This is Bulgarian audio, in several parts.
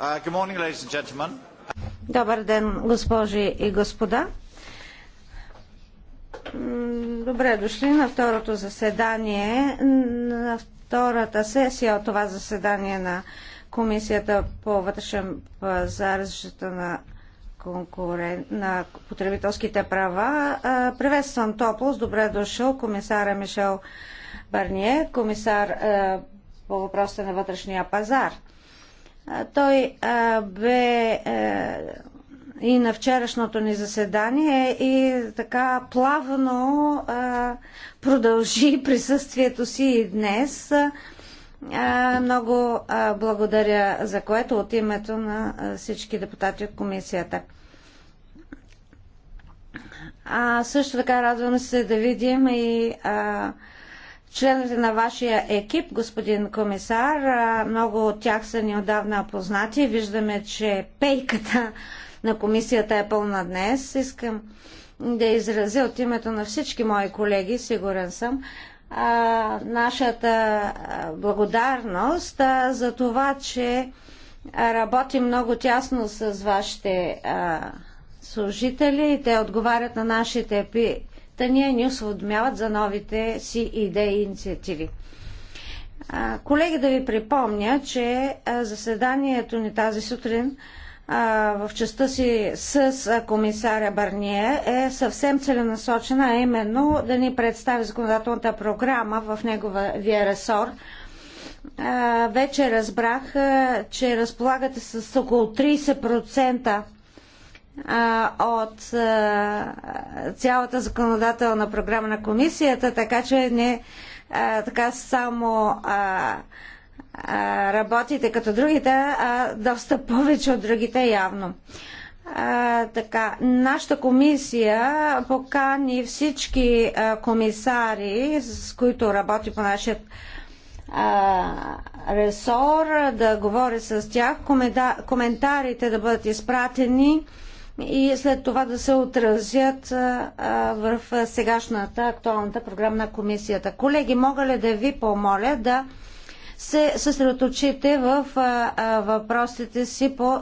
Uh, Добър ден, госпожи и господа. Добре дошли на второто заседание, на втората сесия от това заседание на Комисията по вътрешен пазар защита на, конкурен... на потребителските права. Приветствам топло, с добре дошъл комисара Мишел Барние, комисар по въпросите на вътрешния пазар. Той бе е, и на вчерашното ни заседание и така плавно продължи присъствието си и днес. Много благодаря за което от името на всички депутати от комисията. А, също така радвам се да видим и а, членовете на вашия екип, господин комисар. Много от тях са ни отдавна познати. Виждаме, че пейката на комисията е пълна днес. Искам да изразя от името на всички мои колеги, сигурен съм, нашата благодарност за това, че работим много тясно с вашите служители и те отговарят на нашите питания е ни осведомяват за новите си идеи и инициативи. Колеги, да ви припомня, че заседанието ни тази сутрин в частта си с комисаря Барние е съвсем целенасочена, а именно да ни представи законодателната програма в неговия ресор. Вече разбрах, че разполагате с около 30% от цялата законодателна програма на комисията, така че не така само работите като другите, а доста повече от другите явно. А, така, нашата комисия покани всички а, комисари, с които работи по нашия а, ресор, да говори с тях, коментарите да бъдат изпратени и след това да се отразят в сегашната актуалната програма на комисията. Колеги, мога ли да ви помоля да се съсредоточите в въпросите си по,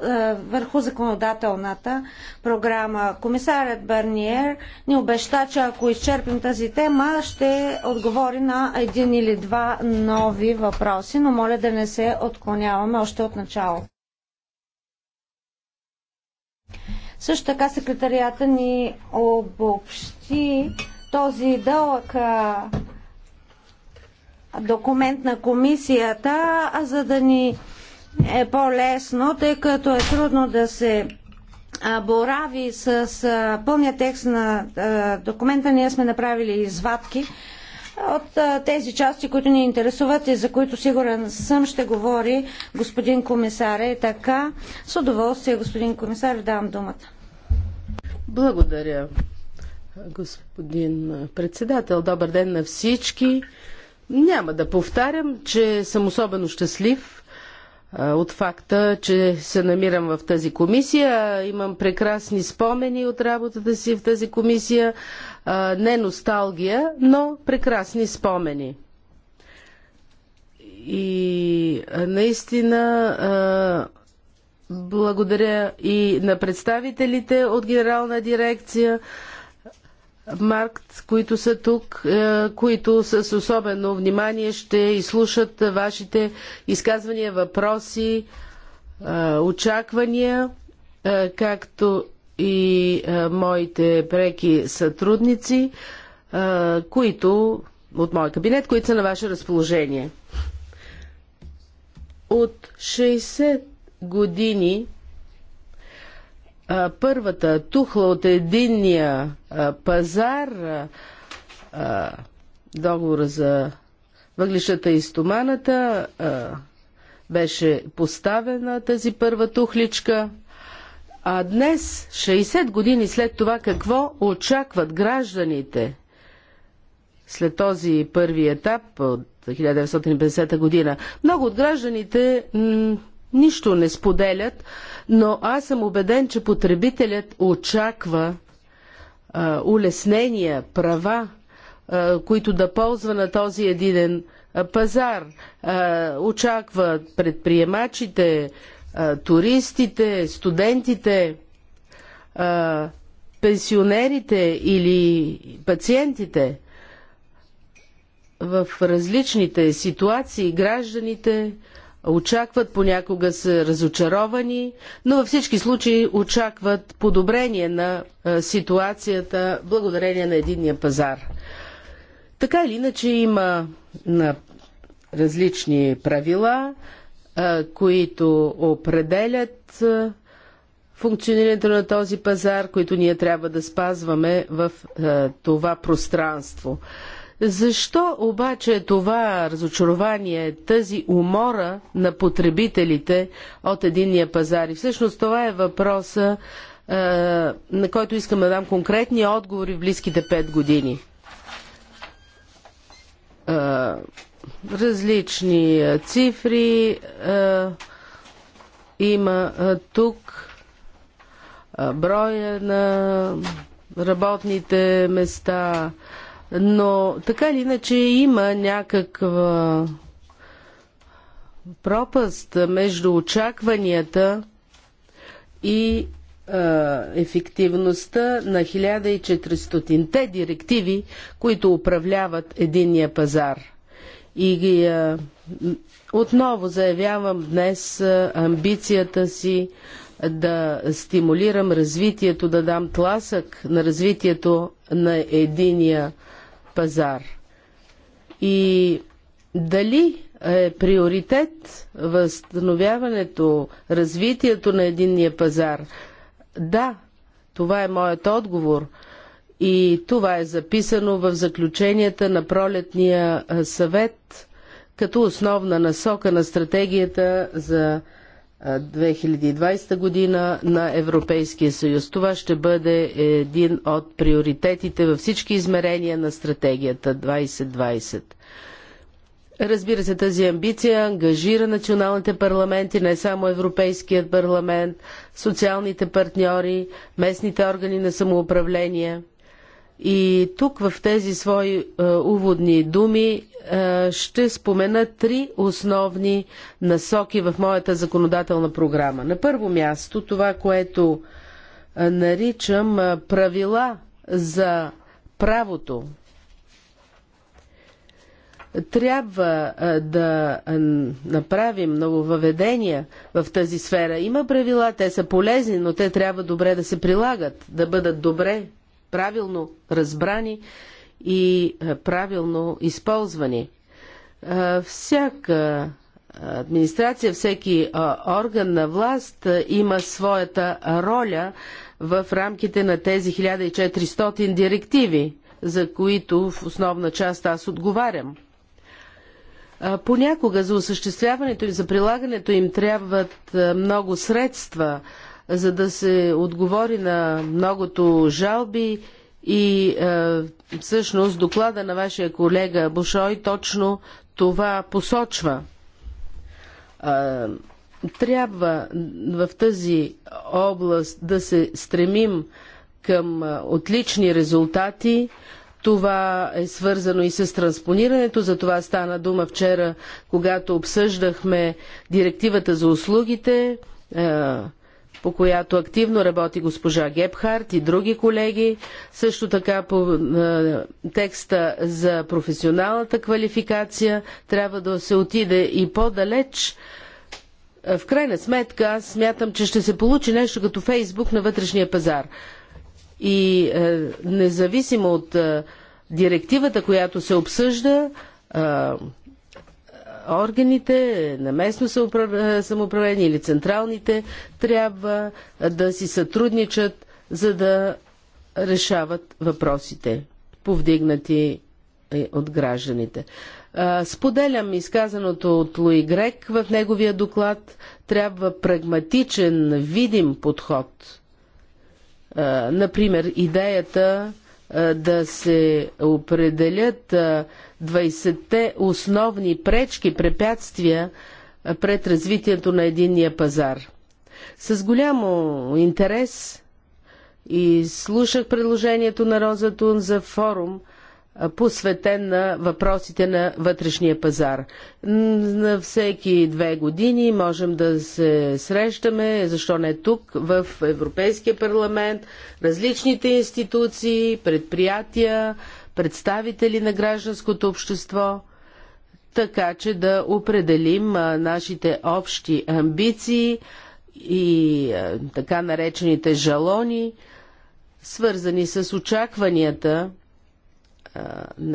върху законодателната програма. Комисарят Барниер ни обеща, че ако изчерпим тази тема, ще отговори на един или два нови въпроси, но моля да не се отклоняваме още от начало. Също така секретарията ни обобщи този дълъг документ на комисията, а за да ни е по-лесно, тъй като е трудно да се борави с пълния текст на документа. Ние сме направили извадки от тези части, които ни интересуват и за които сигурен съм ще говори господин комисар. Е така, с удоволствие, господин комисар, давам думата. Благодаря, господин председател. Добър ден на всички. Няма да повтарям, че съм особено щастлив от факта, че се намирам в тази комисия. Имам прекрасни спомени от работата си в тази комисия не носталгия, но прекрасни спомени. И наистина благодаря и на представителите от Генерална дирекция Маркт, които са тук, които с особено внимание ще изслушат вашите изказвания, въпроси, очаквания, както и а, е, моите преки сътрудници, а, е, които от моя кабинет, които са на ваше разположение. От 60 години а, е, първата тухла от единния а, пазар, а, договора за въглищата и стоманата, а, беше поставена тази първа тухличка – а днес, 60 години след това, какво очакват гражданите след този първи етап от 1950 година? Много от гражданите нищо не споделят, но аз съм убеден, че потребителят очаква а, улеснения, права, а, които да ползва на този единен пазар. А, очаква предприемачите, туристите, студентите, пенсионерите или пациентите в различните ситуации гражданите очакват, понякога са разочаровани, но във всички случаи очакват подобрение на ситуацията благодарение на единния пазар. Така или иначе има на различни правила, които определят функционирането на този пазар, които ние трябва да спазваме в това пространство. Защо обаче това разочарование, тази умора на потребителите от единния пазар? И всъщност това е въпроса, на който искам да дам конкретни отговори в близките 5 години различни е, цифри. Е, има е, тук броя на работните места, но така или иначе има някаква пропаст между очакванията и ефективността на 1400-те директиви, които управляват единния пазар – и а, отново заявявам днес амбицията си да стимулирам развитието, да дам тласък на развитието на единия пазар. И дали е приоритет възстановяването, развитието на единния пазар? Да, това е моят отговор – и това е записано в заключенията на пролетния съвет като основна насока на стратегията за 2020 година на Европейския съюз. Това ще бъде един от приоритетите във всички измерения на стратегията 2020. Разбира се, тази амбиция ангажира националните парламенти, не само Европейският парламент, социалните партньори, местните органи на самоуправление – и тук в тези свои е, уводни думи е, ще спомена три основни насоки в моята законодателна програма. На първо място това, което е, наричам е, правила за правото. Трябва е, да е, направим нововъведения в тази сфера. Има правила, те са полезни, но те трябва добре да се прилагат, да бъдат добре правилно разбрани и е, правилно използвани. Е, всяка е, администрация, всеки орган на власт има своята роля в рамките на тези 1400 директиви, за които в основна част аз отговарям. Понякога за осъществяването и за прилагането им трябват много средства, за да се отговори на многото жалби и е, всъщност доклада на вашия колега Бушой точно това посочва. Е, трябва в тази област да се стремим към е, отлични резултати. Това е свързано и с транспонирането, за това стана дума вчера, когато обсъждахме директивата за услугите. Е, по която активно работи госпожа Гебхарт и други колеги, също така по е, текста за професионалната квалификация, трябва да се отиде и по-далеч. Е, в крайна сметка, аз смятам, че ще се получи нещо като Фейсбук на вътрешния пазар. И е, независимо от е, директивата, която се обсъжда, е, органите на местно самоуправление или централните трябва да си сътрудничат, за да решават въпросите, повдигнати е, от гражданите. Споделям изказаното от Луи Грек в неговия доклад. Трябва прагматичен, видим подход. Например, идеята да се определят 20-те основни пречки, препятствия пред развитието на единния пазар. С голямо интерес и слушах предложението на Роза Тун за форум, посветен на въпросите на вътрешния пазар. На всеки две години можем да се срещаме, защо не тук, в Европейския парламент, различните институции, предприятия, представители на гражданското общество, така че да определим нашите общи амбиции и така наречените жалони, свързани с очакванията,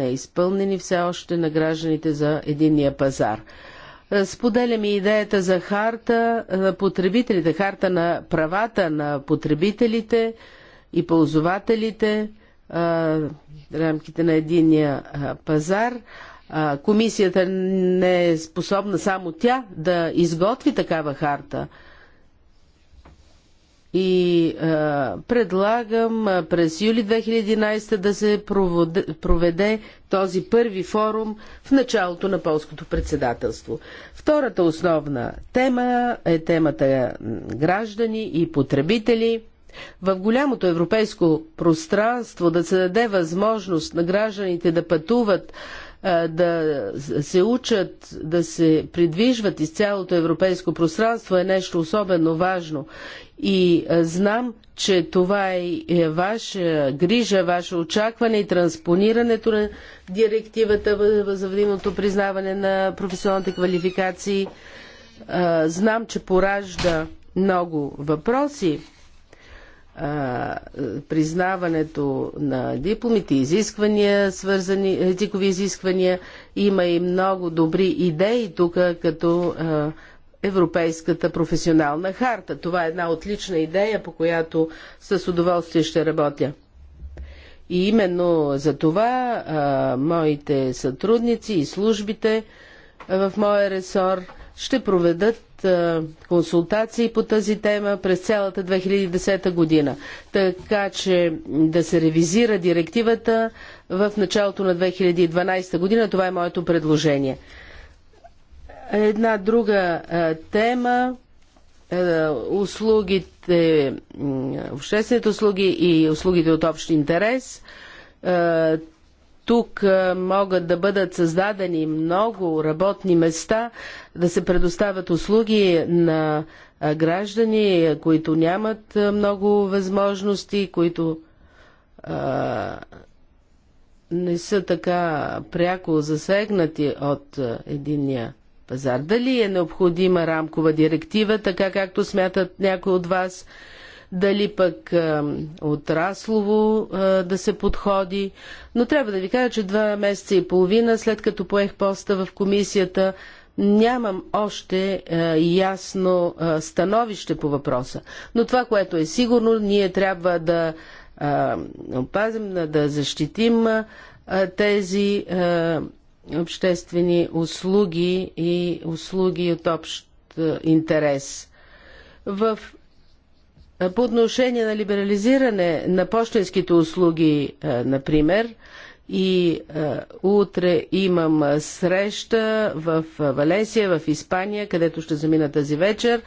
изпълнени все още на гражданите за единния пазар. Споделяме идеята за харта на потребителите, харта на правата на потребителите и ползвателите – рамките на единия пазар. Комисията не е способна само тя да изготви такава харта. И а, предлагам през юли 2011 да се проведе, проведе този първи форум в началото на полското председателство. Втората основна тема е темата граждани и потребители – в голямото европейско пространство да се даде възможност на гражданите да пътуват, да се учат, да се придвижват из цялото европейско пространство е нещо особено важно. И знам, че това е, е ваша грижа, ваше очакване и транспонирането на директивата за взаимното признаване на професионалните квалификации. Знам, че поражда много въпроси а, признаването на дипломите, изисквания, свързани, езикови изисквания. Има и много добри идеи тук, като а, Европейската професионална харта. Това е една отлична идея, по която с удоволствие ще работя. И именно за това а, моите сътрудници и службите в моя ресор ще проведат консултации по тази тема през цялата 2010 година. Така че да се ревизира директивата в началото на 2012 година. Това е моето предложение. Една друга тема услугите, обществените услуги и услугите от общ интерес. Тук могат да бъдат създадени много работни места, да се предоставят услуги на граждани, които нямат много възможности, които а, не са така пряко засегнати от единия пазар. Дали е необходима рамкова директива, така както смятат някои от вас? дали пък е, отраслово е, да се подходи. Но трябва да ви кажа, че два месеца и половина след като поех поста в комисията, нямам още е, ясно становище по въпроса. Но това, което е сигурно, ние трябва да опазим, да защитим тези обществени услуги и услуги от общ интерес. В е, по отношение на либерализиране на почтенските услуги, е, например, и е, утре имам среща в Валенсия, в Испания, където ще замина тази вечер,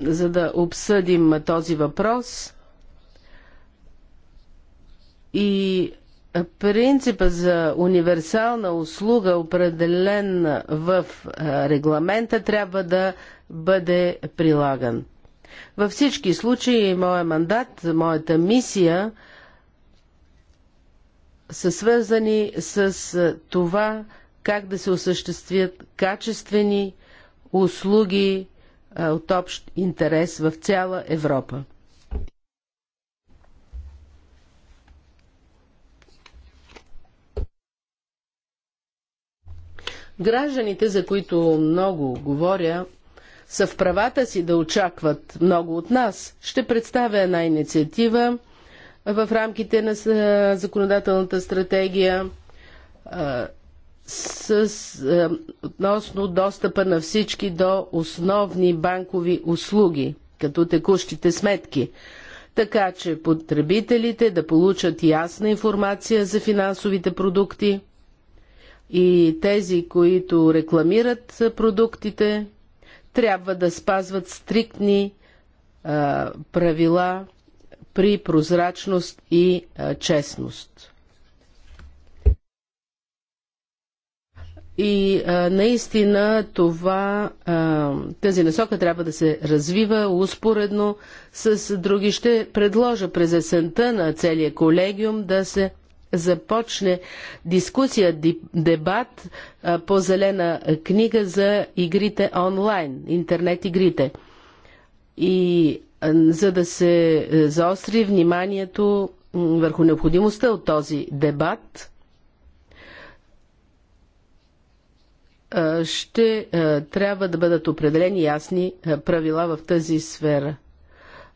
за да обсъдим този въпрос. И Принципа за универсална услуга, определен в регламента, трябва да бъде прилаган. Във всички случаи, моя мандат, моята мисия са свързани с това как да се осъществят качествени услуги от общ интерес в цяла Европа. Гражданите, за които много говоря, са в правата си да очакват много от нас. Ще представя една инициатива в рамките на законодателната стратегия с, относно достъпа на всички до основни банкови услуги, като текущите сметки така че потребителите да получат ясна информация за финансовите продукти, и тези, които рекламират продуктите, трябва да спазват стриктни а, правила при прозрачност и а, честност. И а, наистина това, а, тази насока трябва да се развива успоредно с други. Ще предложа през есента на целия колегиум да се започне дискусия, дебат по зелена книга за игрите онлайн, интернет игрите. И за да се е, заостри вниманието върху необходимостта от този дебат, ще е, трябва да бъдат определени ясни е, правила в тази сфера.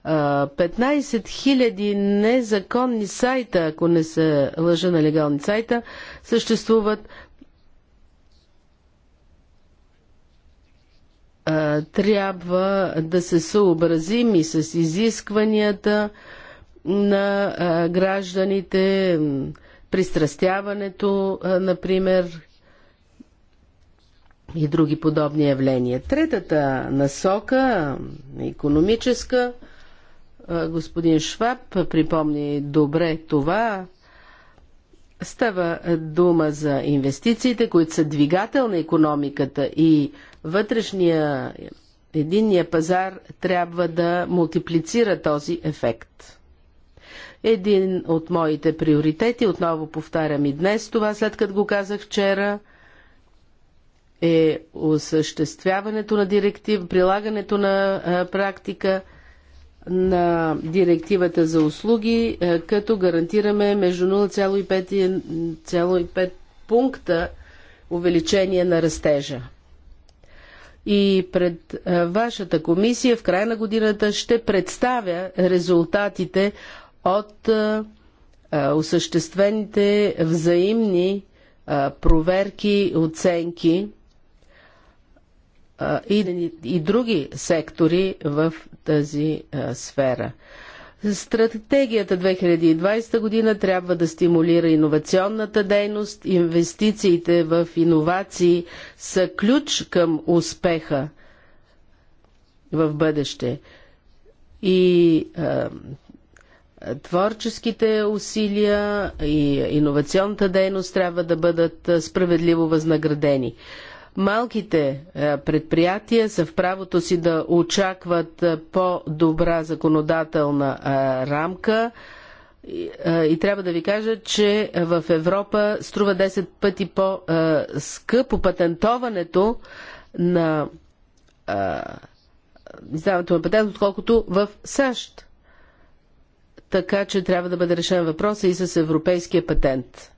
15 000 незаконни сайта, ако не са лъжа на легални сайта, съществуват. Трябва да се съобразим и с изискванията на гражданите, пристрастяването, например, и други подобни явления. Третата насока, економическа, е, господин Шваб припомни добре това. Става дума за инвестициите, които са двигател на економиката и вътрешния единния пазар трябва да мултиплицира този ефект. Един от моите приоритети, отново повтарям и днес това, след като го казах вчера, е осъществяването на директив, прилагането на практика – на директивата за услуги, е, като гарантираме между 0,5 и 0,5 пункта увеличение на растежа. И пред е, вашата комисия в края на годината ще представя резултатите от е, осъществените взаимни проверки, оценки и, и други сектори в тази а, сфера. Стратегията 2020 година трябва да стимулира иновационната дейност. Инвестициите в иновации са ключ към успеха в бъдеще. И а, творческите усилия и иновационната дейност трябва да бъдат справедливо възнаградени. Малките е, предприятия са в правото си да очакват е, по-добра законодателна е, рамка и трябва да ви кажа, че в Европа струва 10 пъти по-скъпо патентоването на издаването на патент, отколкото в САЩ. Така че трябва да бъде решен въпроса и с европейския патент.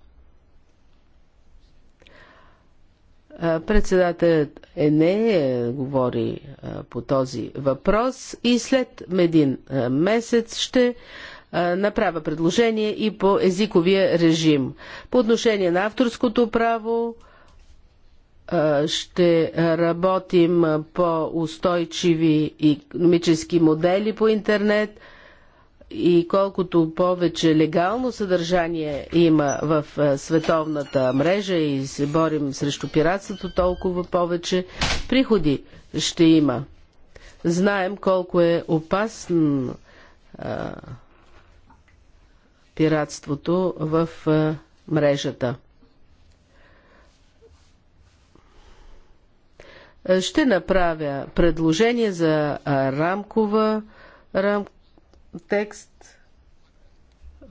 Председателят е НЕ е, говори по този въпрос и след един месец ще направя предложение и по езиковия режим. По отношение на авторското право ще работим по устойчиви економически модели по интернет – и колкото повече легално съдържание има в е, световната мрежа и се борим срещу пиратството, толкова повече приходи ще има. Знаем колко е опасно е, пиратството в а, е, мрежата. Ще направя предложение за рамкова рамка текст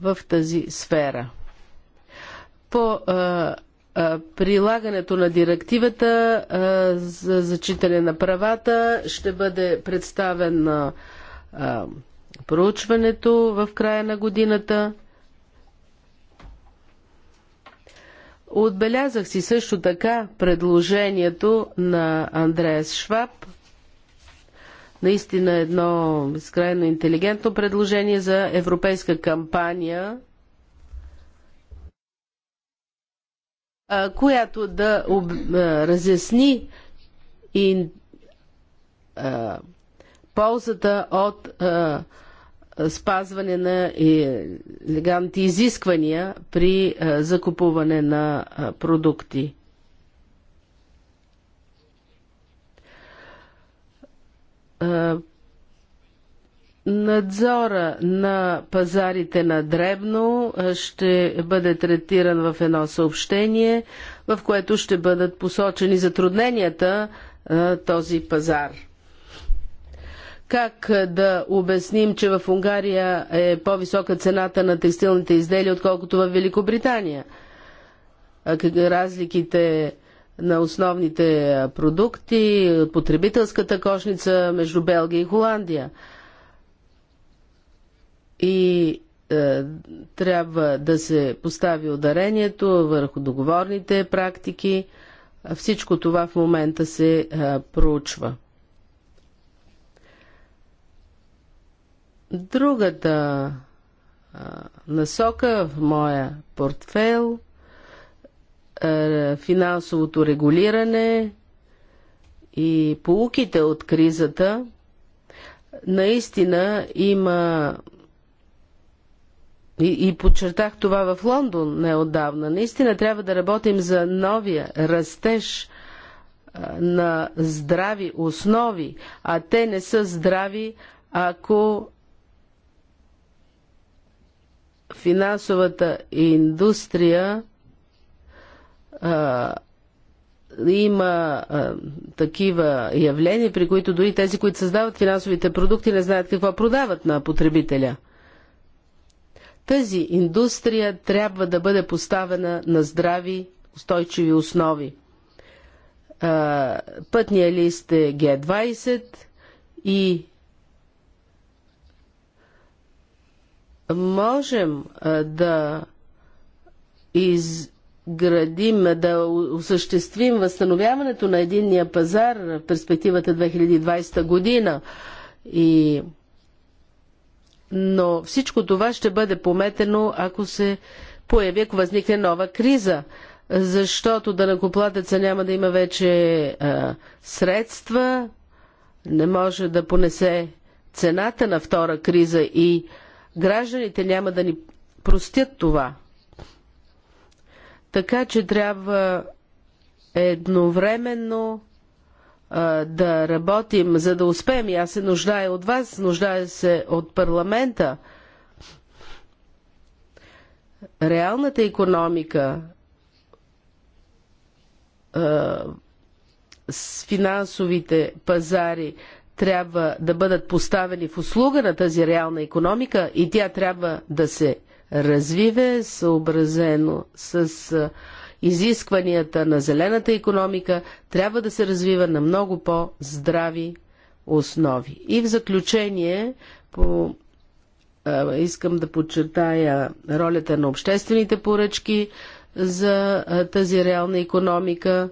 в тази сфера. По а, а, прилагането на директивата а, за зачитане на правата ще бъде представен на проучването в края на годината. Отбелязах си също така предложението на Андреас Шваб – наистина едно безкрайно интелигентно предложение за европейска кампания, която да об... разясни и а, ползата от а, спазване на елегантни изисквания при закупуване на продукти. Надзора на пазарите на Дребно ще бъде третиран в едно съобщение, в което ще бъдат посочени затрудненията на този пазар. Как да обясним, че в Унгария е по-висока цената на текстилните изделия, отколкото в Великобритания? Разликите на основните продукти, от потребителската кошница между Белгия и Холандия. И е, трябва да се постави ударението върху договорните практики. Всичко това в момента се е, проучва. Другата е, насока в моя портфел – е, финансовото регулиране и полуките от кризата, наистина има и, и подчертах това в Лондон неодавна. Наистина трябва да работим за новия растеж е, на здрави основи, а те не са здрави, ако финансовата индустрия а, има а, такива явления, при които дори тези, които създават финансовите продукти, не знаят какво продават на потребителя. Тази индустрия трябва да бъде поставена на здрави, устойчиви основи. А, пътния лист е Г20 и можем а, да из градим, да осъществим възстановяването на единния пазар в перспективата 2020 година. И... Но всичко това ще бъде пометено, ако се появи, ако възникне нова криза, защото да накоплатеца няма да има вече а, средства, не може да понесе цената на втора криза и гражданите няма да ни простят това. Така че трябва едновременно а, да работим, за да успеем. И аз се нуждая от вас, нуждая се от парламента. Реалната економика а, с финансовите пазари трябва да бъдат поставени в услуга на тази реална економика и тя трябва да се развиве, съобразено с изискванията на зелената економика, трябва да се развива на много по-здрави основи. И в заключение, по, а, искам да подчертая ролята на обществените поръчки за а, тази реална економика,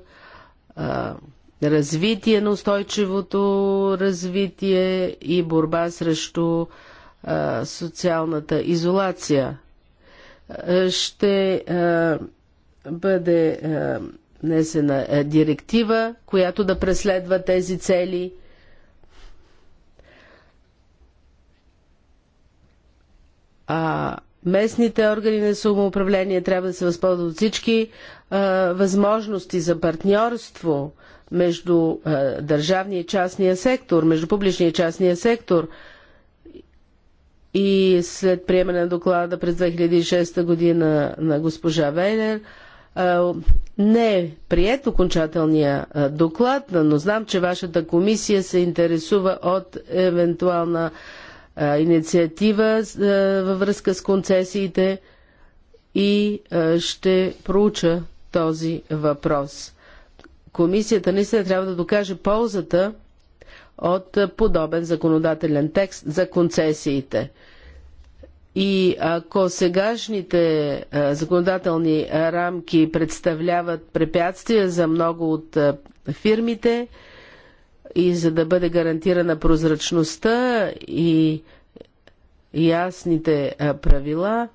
а, развитие на устойчивото развитие и борба срещу социалната изолация е, ще е, бъде е, внесена директива, която да преследва тези цели. А местните органи на самоуправление трябва да се възползват от всички а, възможности за партньорство между а, държавния и частния сектор, между публичния и частния сектор – и след приемане на доклада през 2006 година на госпожа Вейнер, не е прият окончателния доклад, но знам, че вашата комисия се интересува от евентуална инициатива във връзка с концесиите и ще проуча този въпрос. Комисията наистина трябва да докаже ползата от подобен законодателен текст за концесиите. И ако сегашните законодателни рамки представляват препятствия за много от фирмите и за да бъде гарантирана прозрачността и ясните правила,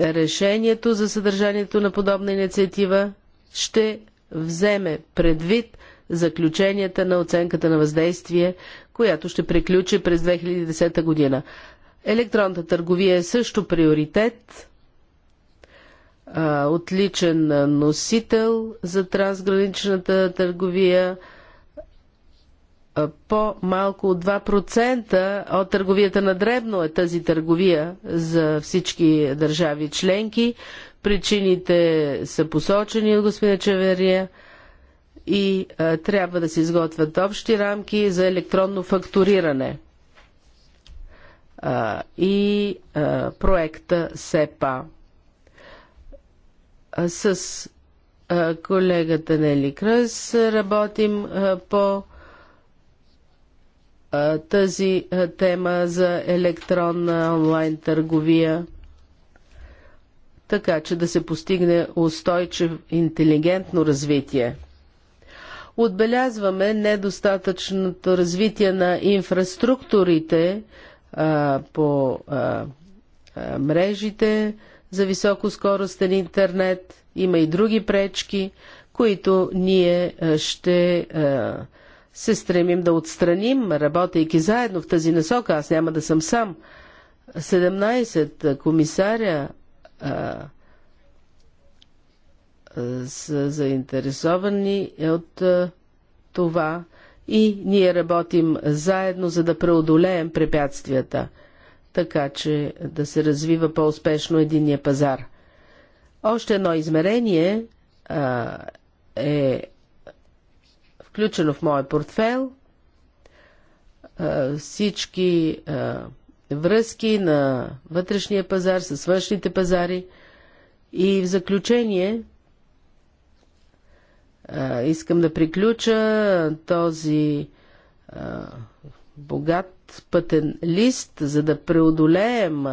решението за съдържанието на подобна инициатива ще вземе предвид заключенията на оценката на въздействие, която ще приключи през 2010 година. Електронната търговия е също приоритет, отличен носител за трансграничната търговия, по-малко от 2% от търговията на дребно е тази търговия за всички държави членки. Причините са посочени от господин Чеверия – и а, е, трябва да се изготвят общи рамки за електронно фактуриране. А, е, и а, е, проекта СЕПА. с а, колегата Нели Кръс работим а, по а, тази а, тема за електронна онлайн търговия така че да се постигне устойчив интелигентно развитие. Отбелязваме недостатъчното развитие на инфраструктурите а, по а, а, мрежите за високоскоростен интернет. Има и други пречки, които ние ще а, се стремим да отстраним, работейки заедно в тази насока. Аз няма да съм сам. 17 комисаря. А, са заинтересовани от това и ние работим заедно, за да преодолеем препятствията, така че да се развива по-успешно единния пазар. Още едно измерение а, е включено в моя портфел. А, всички а, връзки на вътрешния пазар с външните пазари. И в заключение Искам да приключа този богат пътен лист, за да преодолеем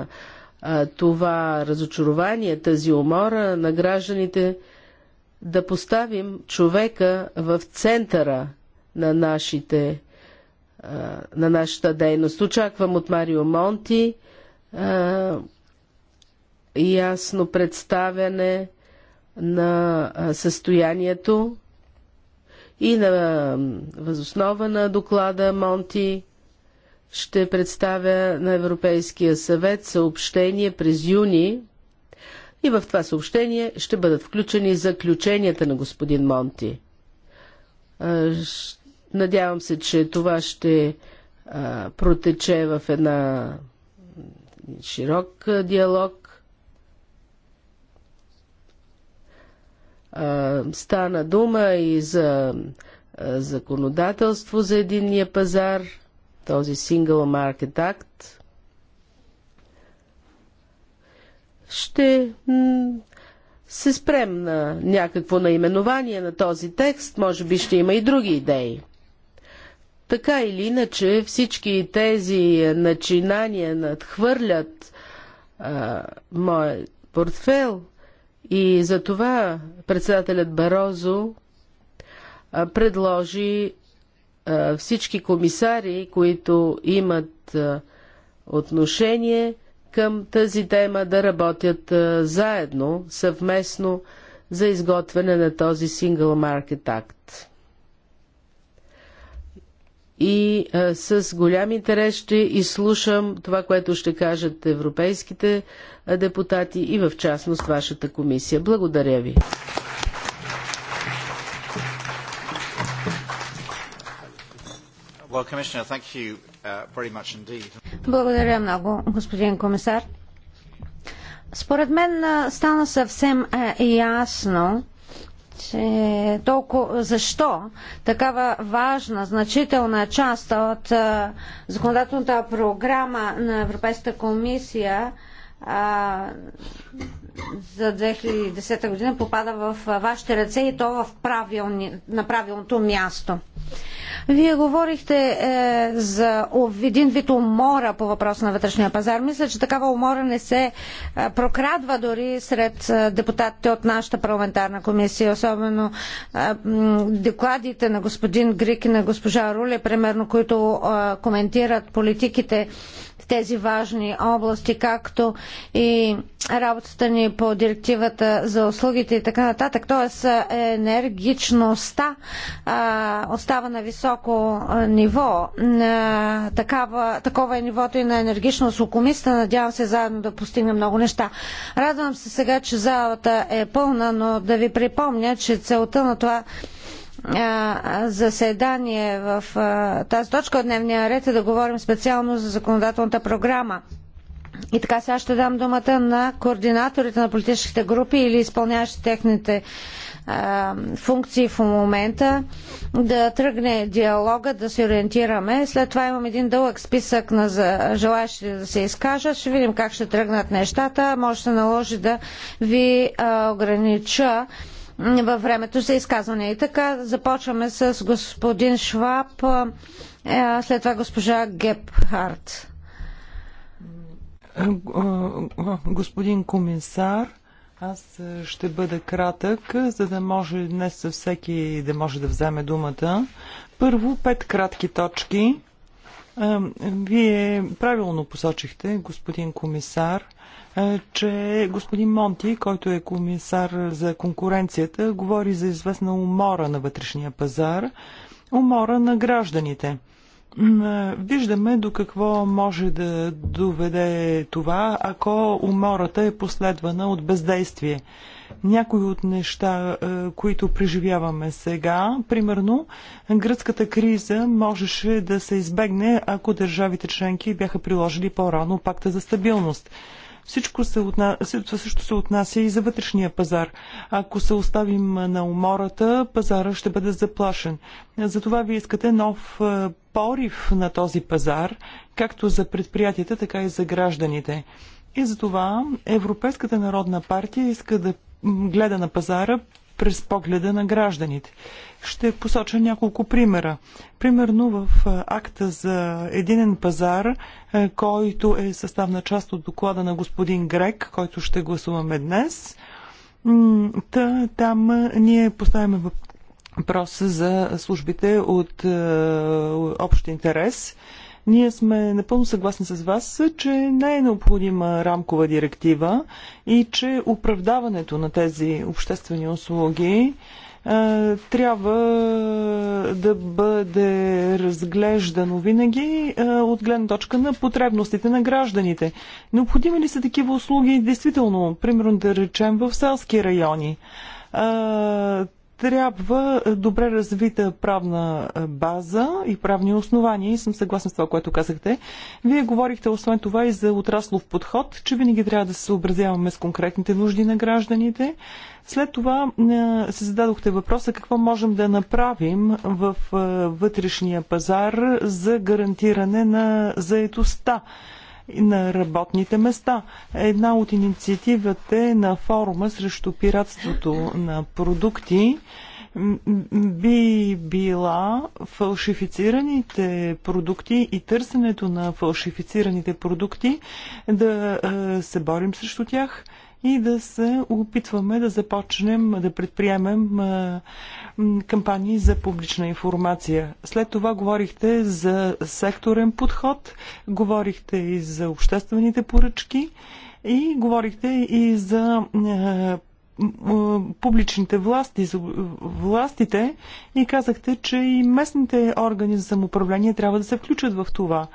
това разочарование, тази умора на гражданите, да поставим човека в центъра на нашите на нашата дейност. Очаквам от Марио Монти а, ясно представяне на състоянието и на възоснова на доклада Монти ще представя на Европейския съвет съобщение през юни и в това съобщение ще бъдат включени заключенията на господин Монти. Надявам се, че това ще протече в една широк диалог. Стана дума и за законодателство за единния пазар, този Single Market Act. Ще се спрем на някакво наименование на този текст, може би ще има и други идеи. Така или иначе, всички тези начинания надхвърлят а, моят портфел – и за това председателят Барозо предложи всички комисари, които имат отношение към тази тема, да работят заедно, съвместно за изготвяне на този Single Market Act и а, е, с голям интерес ще изслушам това, което ще кажат европейските е, депутати и в частност вашата комисия. Благодаря ви. Uh, Благодаря много, господин комисар. Според мен стана съвсем ясно, че толкова, защо такава важна, значителна част от а, законодателната програма на Европейската комисия а, за 2010 година попада в вашите ръце и то в правилни, на правилното място. Вие говорихте е, за един вид умора по въпроса на вътрешния пазар. Мисля, че такава умора не се е, прокрадва дори сред е, депутатите от нашата парламентарна комисия, особено е, докладите на господин Грик и на госпожа Руле, примерно, които е, коментират политиките тези важни области, както и работата ни по директивата за услугите и така нататък. Тоест енергичността а, остава на високо ниво. А, такава, такова е нивото и на енергичност у Надявам се заедно да постигнем много неща. Радвам се сега, че залата е пълна, но да ви припомня, че целта на това заседание в тази точка от дневния ред е да говорим специално за законодателната програма. И така сега ще дам думата на координаторите на политическите групи или изпълняващи техните а, функции в момента да тръгне диалога, да се ориентираме. След това имам един дълъг списък на за... желаящите да се изкажат. Ще видим как ще тръгнат нещата. Може да се наложи да ви а, огранича във времето за изказване. И така, започваме с господин Шваб, след това госпожа Гепхарт. Господин комисар, аз ще бъда кратък, за да може днес всеки да може да вземе думата. Първо, пет кратки точки. Вие правилно посочихте, господин комисар, е, че господин Монти, който е комисар за конкуренцията, говори за известна умора на вътрешния пазар, умора на гражданите. Е, виждаме до какво може да доведе това, ако умората е последвана от бездействие. Някои от неща, е, които преживяваме сега, примерно гръцката криза можеше да се избегне, ако държавите членки бяха приложили по-рано пакта за стабилност. Всичко се отна... също се отнася и за вътрешния пазар. Ако се оставим на умората, пазара ще бъде заплашен. Затова ви искате нов порив на този пазар, както за предприятията, така и за гражданите. И затова Европейската народна партия иска да гледа на пазара през погледа на гражданите. Ще посоча няколко примера. Примерно в акта за единен пазар, който е съставна част от доклада на господин Грек, който ще гласуваме днес, Та, там ние поставяме въпрос за службите от общ интерес. Ние сме напълно съгласни с вас, че не е необходима рамкова директива и че оправдаването на тези обществени услуги е, трябва да бъде разглеждано винаги е, от гледна точка на потребностите на гражданите. Необходими ли са такива услуги действително, примерно да речем в селски райони? Е, трябва е, добре развита правна е, база и правни основания. И съм съгласна с това, което казахте. Вие говорихте освен това и за отраслов подход, че винаги трябва да се съобразяваме с конкретните нужди на гражданите. След това е, се зададохте въпроса какво можем да направим в вътрешния пазар за гарантиране на заетостта на работните места. Една от инициативите на форума срещу пиратството на продукти би била фалшифицираните продукти и търсенето на фалшифицираните продукти да е, се борим срещу тях – и да се опитваме да започнем да предприемем кампании за публична информация. След това говорихте за секторен подход, говорихте и за обществените поръчки и говорихте и за публичните власти, властите и казахте, че и местните органи за самоуправление трябва да се включат в това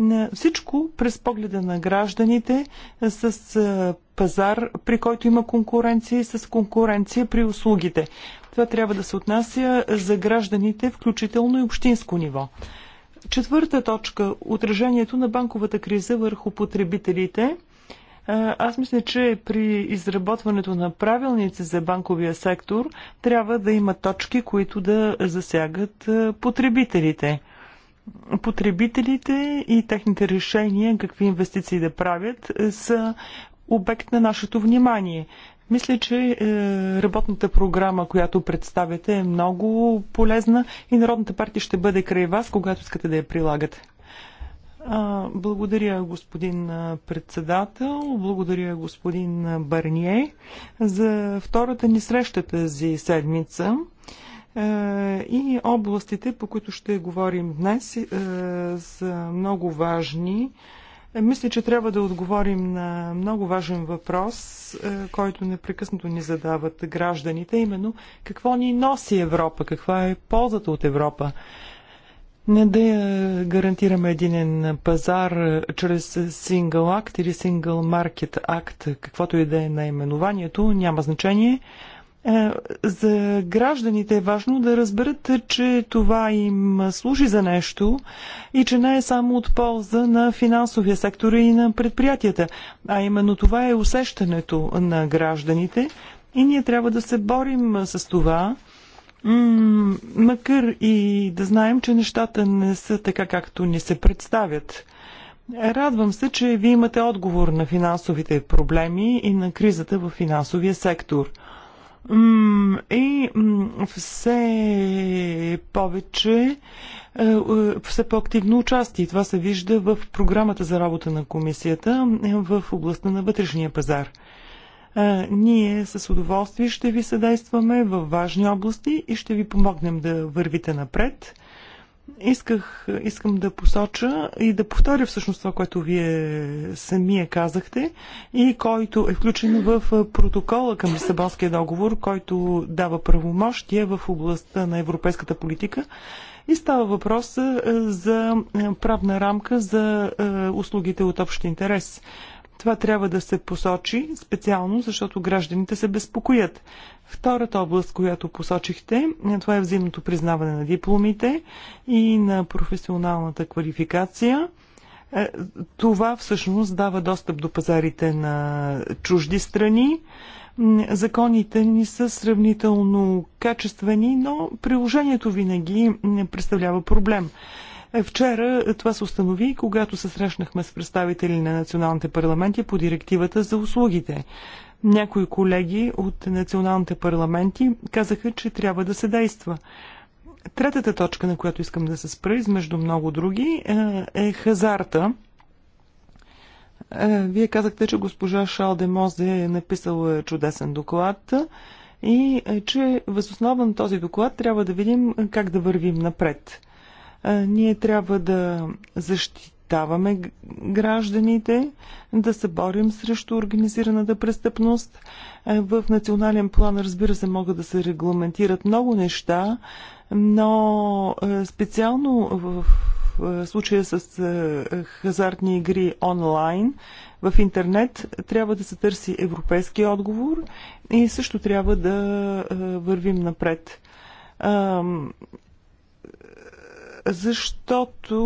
на всичко през погледа на гражданите е, с е, пазар, при който има конкуренция и с конкуренция при услугите. Това трябва да се отнася за гражданите, включително и общинско ниво. Четвърта точка – отражението на банковата криза върху потребителите. Е, аз мисля, че при изработването на правилници за банковия сектор трябва да има точки, които да засягат потребителите потребителите и техните решения, какви инвестиции да правят, е, са обект на нашето внимание. Мисля, че е, работната програма, която представяте, е много полезна и Народната партия ще бъде край вас, когато искате да я прилагате. Благодаря, господин председател. Благодаря, господин Барние. За втората ни среща тази седмица. Е, и областите, по които ще говорим днес, е, са много важни. Е, мисля, че трябва да отговорим на много важен въпрос, който непрекъснато ни задават гражданите, именно какво ни носи Европа, каква е ползата от Европа. Не да гарантираме единен пазар чрез Single Act или Single Market Act, каквото и да е наименованието, няма значение. Е, за гражданите е важно да разберат, че това им служи за нещо и че не е само от полза на финансовия сектор и на предприятията, а именно това е усещането на гражданите и ние трябва да се борим с това, макар и да знаем, че нещата не са така, както ни се представят. Радвам се, че вие имате отговор на финансовите проблеми и на кризата в финансовия сектор – и все повече, е, е, все по-активно участие. Това се вижда в програмата за работа на комисията е, в областта на вътрешния пазар. Ние с удоволствие ще ви съдействаме в важни области и ще ви помогнем да вървите напред. Исках, искам да посоча и да повторя всъщност това, което вие самия казахте и който е включен в протокола към Лисабонския договор, който дава правомощие в областта на европейската политика и става въпрос за правна рамка за услугите от общ интерес. Това трябва да се посочи специално, защото гражданите се безпокоят. Втората област, която посочихте, това е взаимното признаване на дипломите и на професионалната квалификация. Е, това всъщност дава достъп до пазарите на чужди страни. Законите ни са сравнително качествени, но приложението винаги представлява проблем. Е, вчера това се установи, когато се срещнахме с представители на националните парламенти по директивата за услугите. Някои колеги от националните парламенти казаха, че трябва да се действа. Третата точка, на която искам да се спра, измежду много други, е, е хазарта. Е, вие казахте, че госпожа Шал де Мозе е написала чудесен доклад и че възоснован на този доклад трябва да видим как да вървим напред. Ние трябва да защитаваме гражданите, да се борим срещу организираната престъпност. В национален план, разбира се, могат да се регламентират много неща, но специално в случая с хазартни игри онлайн, в интернет, трябва да се търси европейски отговор и също трябва да вървим напред защото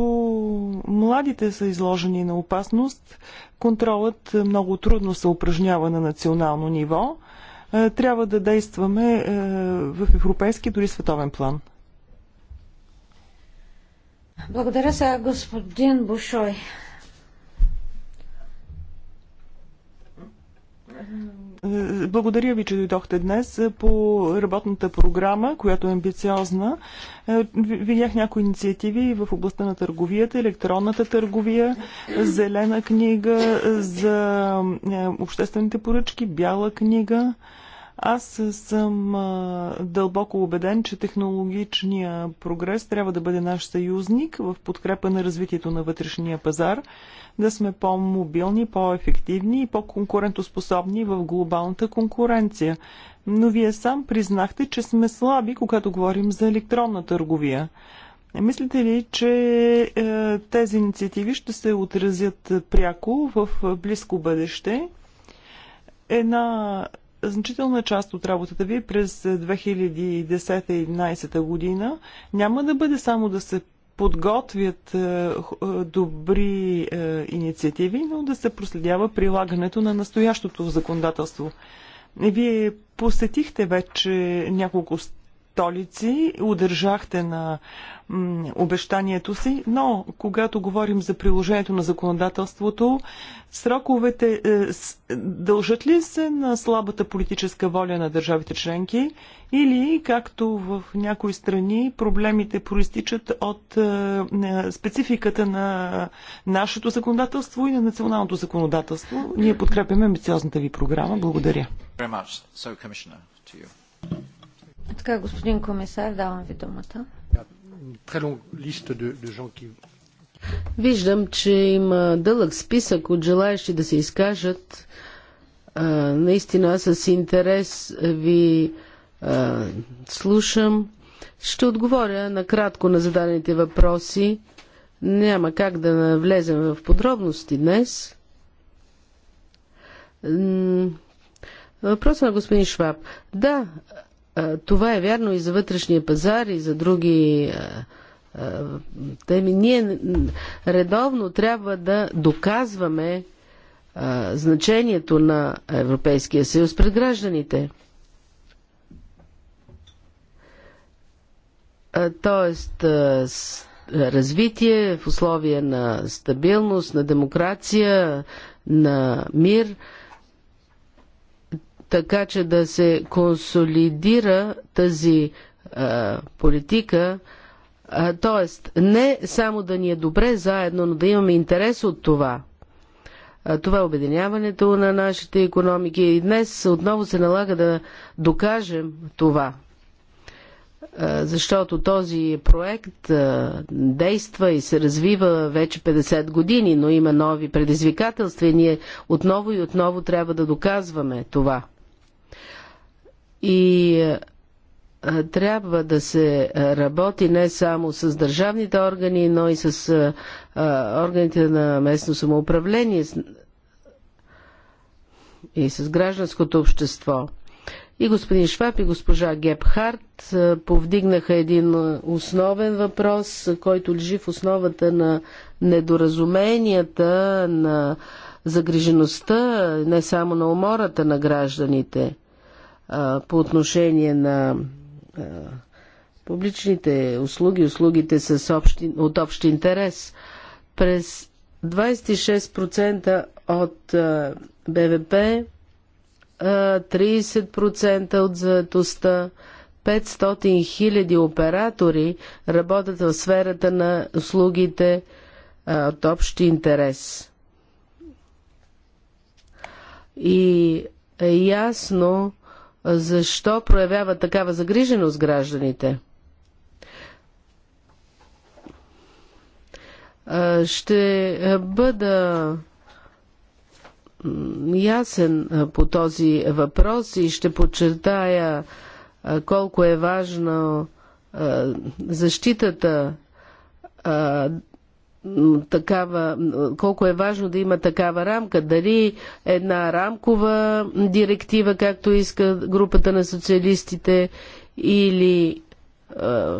младите са изложени на опасност. Контролът много трудно се упражнява на национално ниво. Е, трябва да действаме е, в европейски, дори световен план. Благодаря сега, господин Бушой. Благодаря ви, че дойдохте днес по работната програма, която е амбициозна. Видях някои инициативи в областта на търговията, електронната търговия, зелена книга за обществените поръчки, бяла книга. Аз съм дълбоко убеден, че технологичния прогрес трябва да бъде наш съюзник в подкрепа на развитието на вътрешния пазар, да сме по-мобилни, по-ефективни и по-конкурентоспособни в глобалната конкуренция. Но вие сам признахте, че сме слаби, когато говорим за електронна търговия. Мислите ли, че е, тези инициативи ще се отразят пряко в близко бъдеще? Една значителна част от работата ви през 2010-2011 година няма да бъде само да се подготвят е, е, добри е, инициативи, но да се проследява прилагането на настоящото законодателство. Вие посетихте вече няколко столици, удържахте на обещанието си, но когато говорим за приложението на законодателството, сроковете е, дължат ли се на слабата политическа воля на държавите членки или, както в някои страни, проблемите проистичат от е, спецификата на нашето законодателство и на националното законодателство? Ние подкрепяме амбициозната ви програма. Благодаря. Така, господин комисар, давам ви думата. Виждам, че има дълъг списък от желаящи да се изкажат. наистина аз с интерес ви слушам. Ще отговоря накратко на зададените въпроси. Няма как да навлезем в подробности днес. Въпросът на господин Шваб. Да, това е вярно и за вътрешния пазар, и за други теми. Ние редовно трябва да доказваме значението на Европейския съюз пред гражданите. Тоест, развитие в условия на стабилност, на демокрация, на мир – така че да се консолидира тази а, е, политика, а, е, т.е. не само да ни е добре заедно, но да имаме интерес от това. А, е, това е обединяването на нашите економики и днес отново се налага да докажем това. защото този проект действа и се развива вече 50 години, но има нови предизвикателства и ние отново и отново трябва да доказваме това. И е, е, трябва да се е, работи не само с държавните органи, но и с органите на местно самоуправление и с гражданското общество. И господин Шваб и госпожа Гепхарт повдигнаха един основен въпрос, който лежи в основата на недоразуменията, на загрижеността, не само на умората на гражданите – по отношение на публичните услуги, услугите с общи, от общ интерес. През 26% от БВП, 30% от заедостта, 500 хиляди оператори работят в сферата на услугите от общ интерес. И е ясно, защо проявява такава загриженост гражданите? Ще бъда ясен по този въпрос и ще подчертая колко е важно защитата такава, колко е важно да има такава рамка. Дали една рамкова директива, както иска групата на социалистите, или а,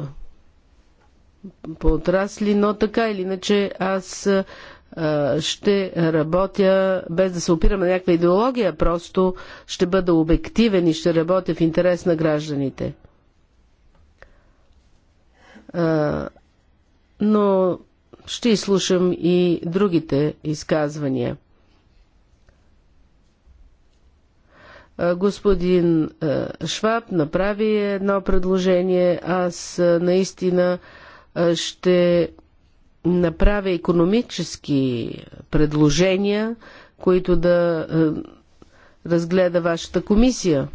по отрасли, но така или иначе аз а, ще работя без да се опирам на някаква идеология, просто ще бъда обективен и ще работя в интерес на гражданите. А, но ще изслушам и другите изказвания. Господин Шваб направи едно предложение. Аз наистина ще направя економически предложения, които да разгледа вашата комисия.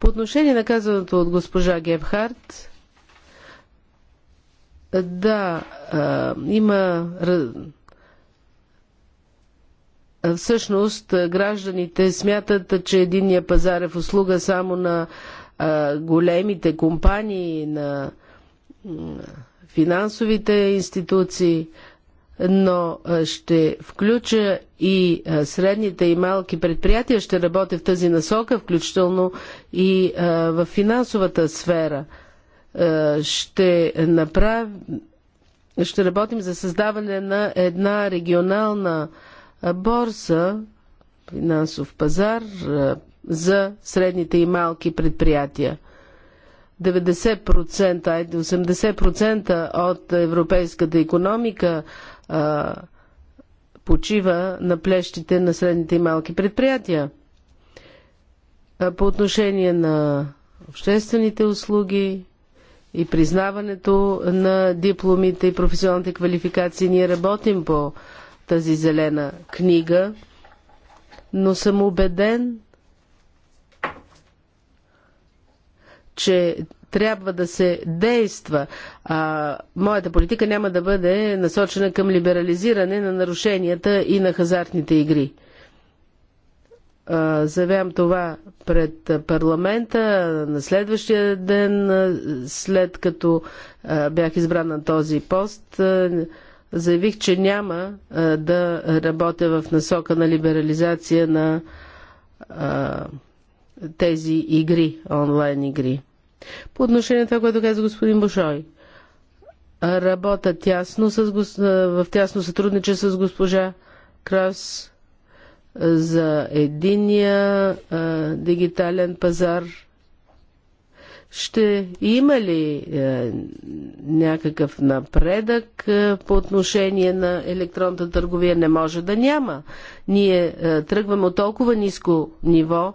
По отношение на казаното от госпожа Гебхарт, да, а, има. Всъщност, гражданите смятат, че единния пазар е в услуга само на а, големите компании, на финансовите институции, но ще включа и средните и малки предприятия, ще работя в тази насока, включително и в финансовата сфера – е, ще направим ще работим за създаване на една регионална е, борса, финансов пазар е, за средните и малки предприятия. 90%, айде 80% от европейската економика а, почива на плещите на средните и малки предприятия. А, по отношение на обществените услуги, и признаването на дипломите и професионалните квалификации. Ние работим по тази зелена книга, но съм убеден, че трябва да се действа. А, моята политика няма да бъде насочена към либерализиране на нарушенията и на хазартните игри. Заявявам това пред парламента на следващия ден, след като бях избран на този пост. Заявих, че няма да работя в насока на либерализация на тези игри, онлайн игри. По отношение на това, което каза господин Бошой, работя тясно с, в тясно сътрудничество с госпожа Крас за единия дигитален пазар. Ще има ли е, някакъв напредък е, по отношение на електронната търговия? Не може да няма. Ние е, тръгваме от толкова ниско ниво,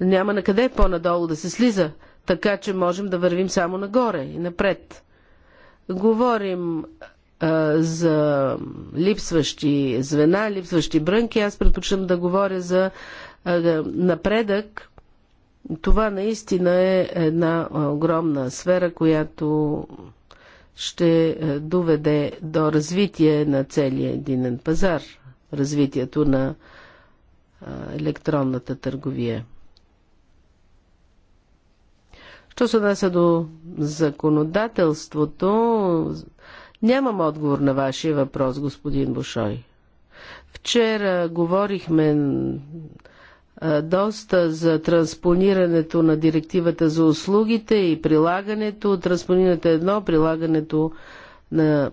няма на къде по-надолу да се слиза, така че можем да вървим само нагоре и напред. Говорим за липсващи звена, липсващи брънки. Аз предпочитам да говоря за напредък. Това наистина е една огромна сфера, която ще доведе до развитие на целия единен пазар, развитието на електронната търговия. Що се отнася до законодателството, Нямам отговор на вашия въпрос, господин Бушой. Вчера говорихме доста за транспонирането на директивата за услугите и прилагането. Транспонирането е едно, прилагането на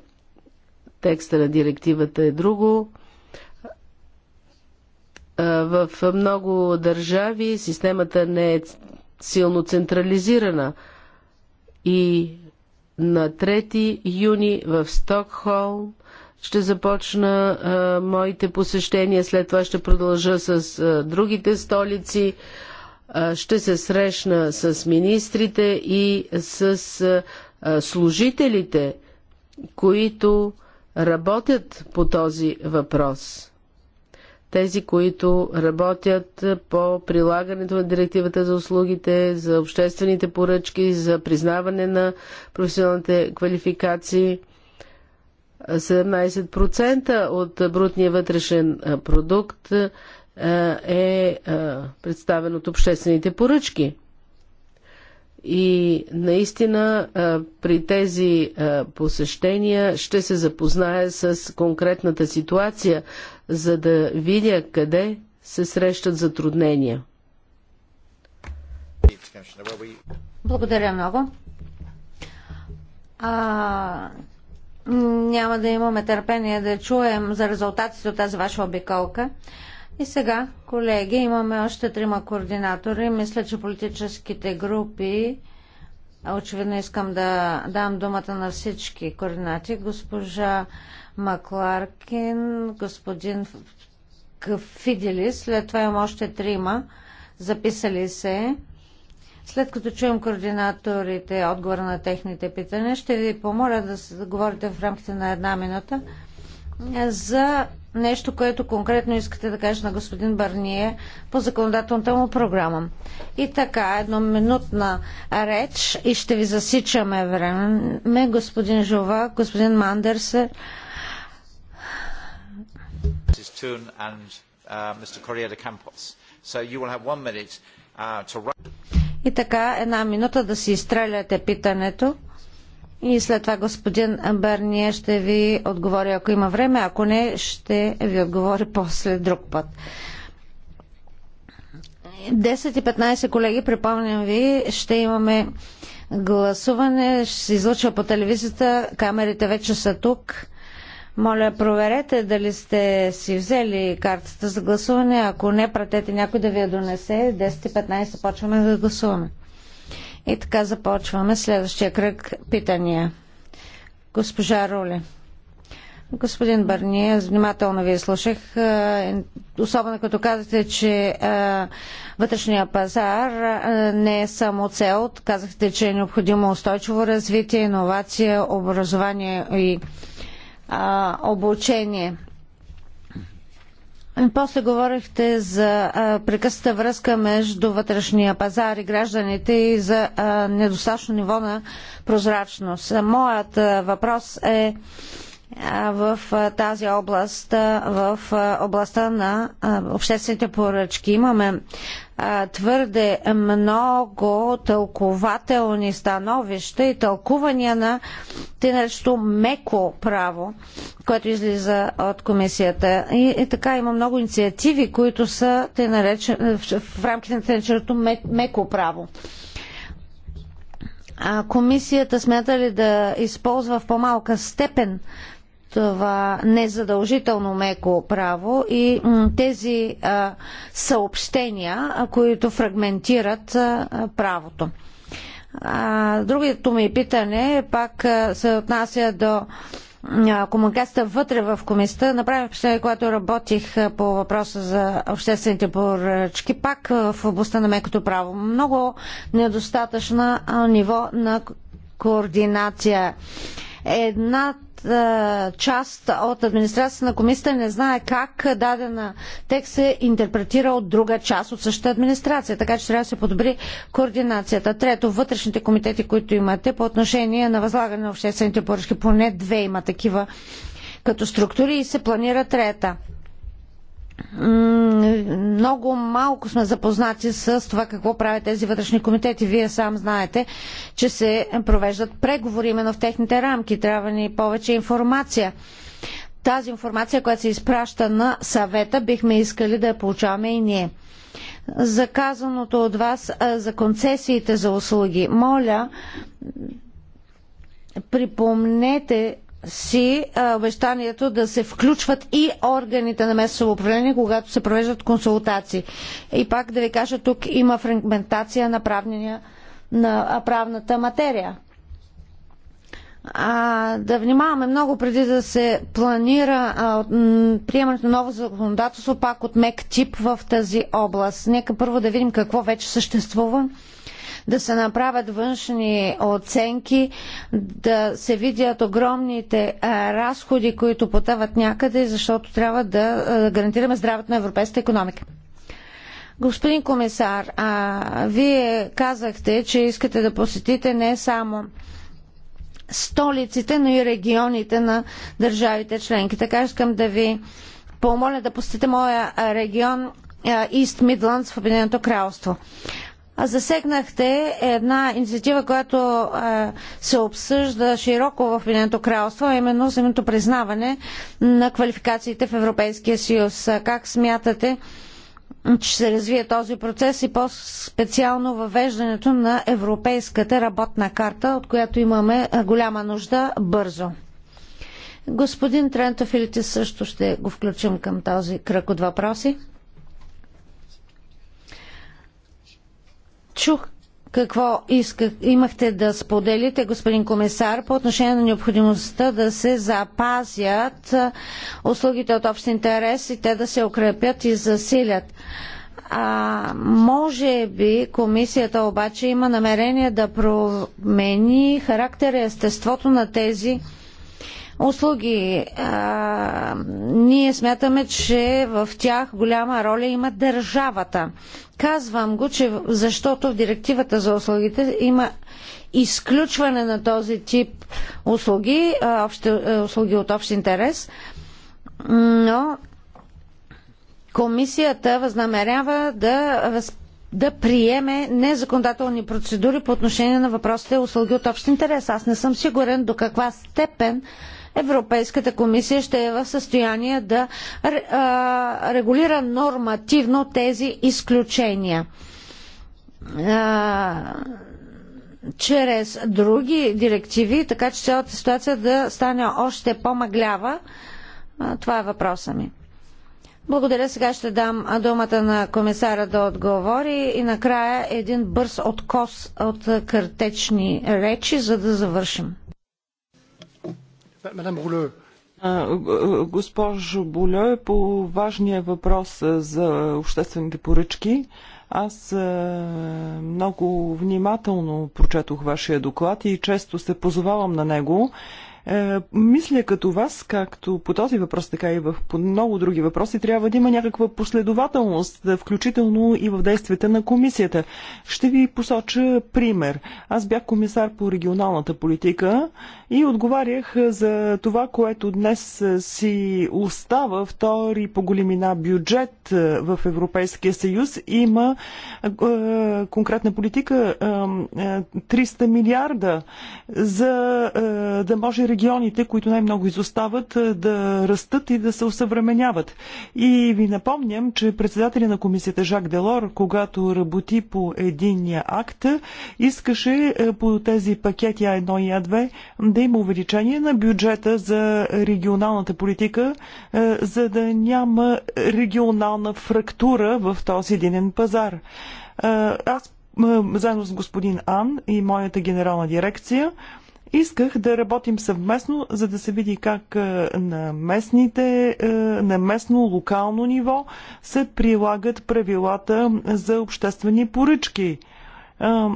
текста на директивата е друго. В много държави системата не е силно централизирана и на 3 юни в Стокхолм ще започна а, моите посещения, след това ще продължа с а, другите столици. А, ще се срещна с министрите и с а, служителите, които работят по този въпрос тези, които работят по прилагането на директивата за услугите, за обществените поръчки, за признаване на професионалните квалификации. 17% от брутния вътрешен продукт е представен от обществените поръчки. И наистина при тези посещения ще се запознае с конкретната ситуация за да видя къде се срещат затруднения. Благодаря много. А, няма да имаме търпение да чуем за резултатите от тази ваша обиколка. И сега, колеги, имаме още трима координатори. Мисля, че политическите групи. Очевидно искам да дам думата на всички координати. Госпожа Макларкин, господин Фидели, след това имам още трима, записали се. След като чуем координаторите отговора на техните питания, ще ви помоля да се говорите в рамките на една минута за нещо, което конкретно искате да кажете на господин Барние по законодателната му програма. И така, едноминутна реч и ще ви засичаме време. Господин Жова, господин Мандерсер, и така, една минута да си изстреляте питането. И след това господин Берния ще ви отговори, ако има време, ако не, ще ви отговори после друг път. 10 и 15 колеги, припомням ви, ще имаме гласуване, ще се излъчва по телевизията, камерите вече са тук. Моля, проверете дали сте си взели картата за гласуване. Ако не, пратете някой да ви я донесе. 10.15 почваме да гласуваме. И така започваме следващия кръг питания. Госпожа Руле. Господин аз внимателно ви слушах, особено като казахте, че вътрешния пазар не е само цел. Казахте, че е необходимо устойчиво развитие, иновация, образование и а, обучение. После говорихте за прекъсната връзка между вътрешния пазар и гражданите и за недостатъчно ниво на прозрачност. Моят въпрос е в тази област, в областта на обществените поръчки. Имаме твърде много тълкователни становища и тълкувания на тенещо меко право, което излиза от комисията. И, и така има много инициативи, които са те наречен, в, в рамките на тенечерото меко право. А комисията смята ли да използва в по-малка степен това незадължително меко право и тези съобщения, които фрагментират правото. другото ми питане е пак се отнася до комуникацията вътре в комисията. Направих впечатление, когато работих по въпроса за обществените поръчки, пак в областта на мекото право. Много недостатъчно ниво на координация една част от администрацията на комисията не знае как дадена текст се интерпретира от друга част от същата администрация, така че трябва да се подобри координацията. Трето, вътрешните комитети, които имате по отношение на възлагане на обществените поръчки, поне две има такива като структури и се планира трета много малко сме запознати с това какво правят тези вътрешни комитети. Вие сам знаете, че се провеждат преговори именно в техните рамки. Трябва ни повече информация. Тази информация, която се изпраща на съвета, бихме искали да я получаваме и ние. Заказаното от вас за концесиите за услуги, моля, припомнете си а, обещанието да се включват и органите на местно управление, когато се провеждат консултации. И пак да ви кажа, тук има фрагментация на, правния, на правната материя. А, да внимаваме много преди да се планира а, приемането на ново законодателство, пак от мек тип в тази област. Нека първо да видим какво вече съществува да се направят външни оценки, да се видят огромните разходи, които потъват някъде, защото трябва да гарантираме здравето на европейската економика. Господин комисар, а, вие казахте, че искате да посетите не само столиците, но и регионите на държавите членки. Така искам да ви помоля да посетите моя регион Ист Мидландс в Обединеното кралство засегнахте една инициатива, която е, се обсъжда широко в Обединеното кралство, а именно самото признаване на квалификациите в Европейския съюз. Как смятате, че се развие този процес и по-специално въвеждането на европейската работна карта, от която имаме е, голяма нужда бързо. Господин Трентофилите също ще го включим към този кръг от въпроси. Чух какво исках, имахте да споделите, господин комисар, по отношение на необходимостта да се запазят услугите от общ интерес и те да се укрепят и засилят. А, може би комисията обаче има намерение да промени характера и естеството на тези услуги. А, ние смятаме, че в тях голяма роля има държавата. Казвам го, че защото в директивата за услугите има изключване на този тип услуги, общи, услуги от общ интерес, но комисията възнамерява да да приеме незаконодателни процедури по отношение на въпросите услуги от общ интерес. Аз не съм сигурен до каква степен Европейската комисия ще е в състояние да регулира нормативно тези изключения чрез други директиви, така че цялата ситуация да стане още по маглява Това е въпроса ми. Благодаря. Сега ще дам думата на комисара да отговори и накрая един бърз откос от картечни речи, за да завършим. Мадам Руле, Госпожо Боле, по важния въпрос за обществените поръчки, аз много внимателно прочетох вашия доклад и често се позовавам на него. Е, мисля като вас, както по този въпрос, така и в по много други въпроси, трябва да има някаква последователност, включително и в действията на комисията. Ще ви посоча пример. Аз бях комисар по регионалната политика и отговарях за това, което днес си остава втори по големина бюджет е, в Европейския съюз. Има е, конкретна политика е, 300 милиарда за е, да може регионите, които най-много изостават, е, да растат и да се усъвременяват. И ви напомням, че председателя на комисията Жак Делор, когато работи по единния акт, искаше е, по тези пакети А1 и А2 да има увеличение на бюджета за регионалната политика, е, за да няма регионална фрактура в този единен пазар. Аз заедно с господин Ан и моята генерална дирекция Исках да работим съвместно, за да се види как е, на, местните, е, на местно, локално ниво се прилагат правилата за обществени поръчки –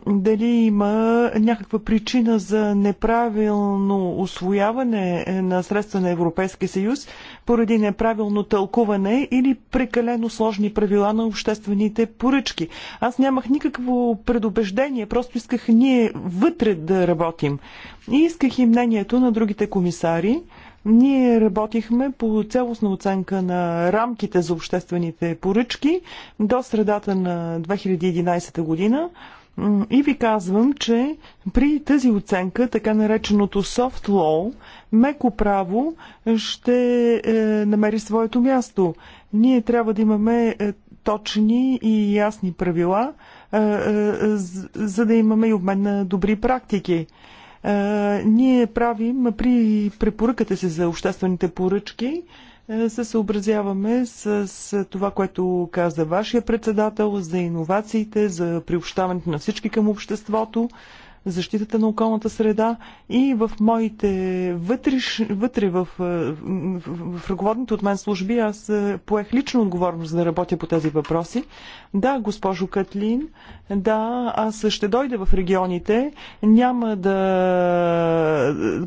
дали има някаква причина за неправилно освояване е, на средства на Европейския съюз поради неправилно тълкуване или прекалено сложни правила на обществените поръчки. Аз нямах никакво предубеждение, просто исках ние вътре да работим. И исках и мнението на другите комисари. Ние работихме по цялостна оценка на рамките за обществените поръчки до средата на 2011 година. И ви казвам, че при тази оценка, така нареченото soft law, меко право ще е, намери своето място. Ние трябва да имаме е, точни и ясни правила, е, е за да имаме и обмен на добри практики. Е, ние правим при препоръката си за обществените поръчки, е, се съобразяваме с това, което каза вашия председател за иновациите, за приобщаването на всички към обществото защитата на околната среда и в моите вътреш, вътре в, в, е, в, в ръководните от мен служби аз е, поех лично отговорност да работя по тези въпроси. Да, госпожо Катлин, да, аз ще дойда в регионите. Няма да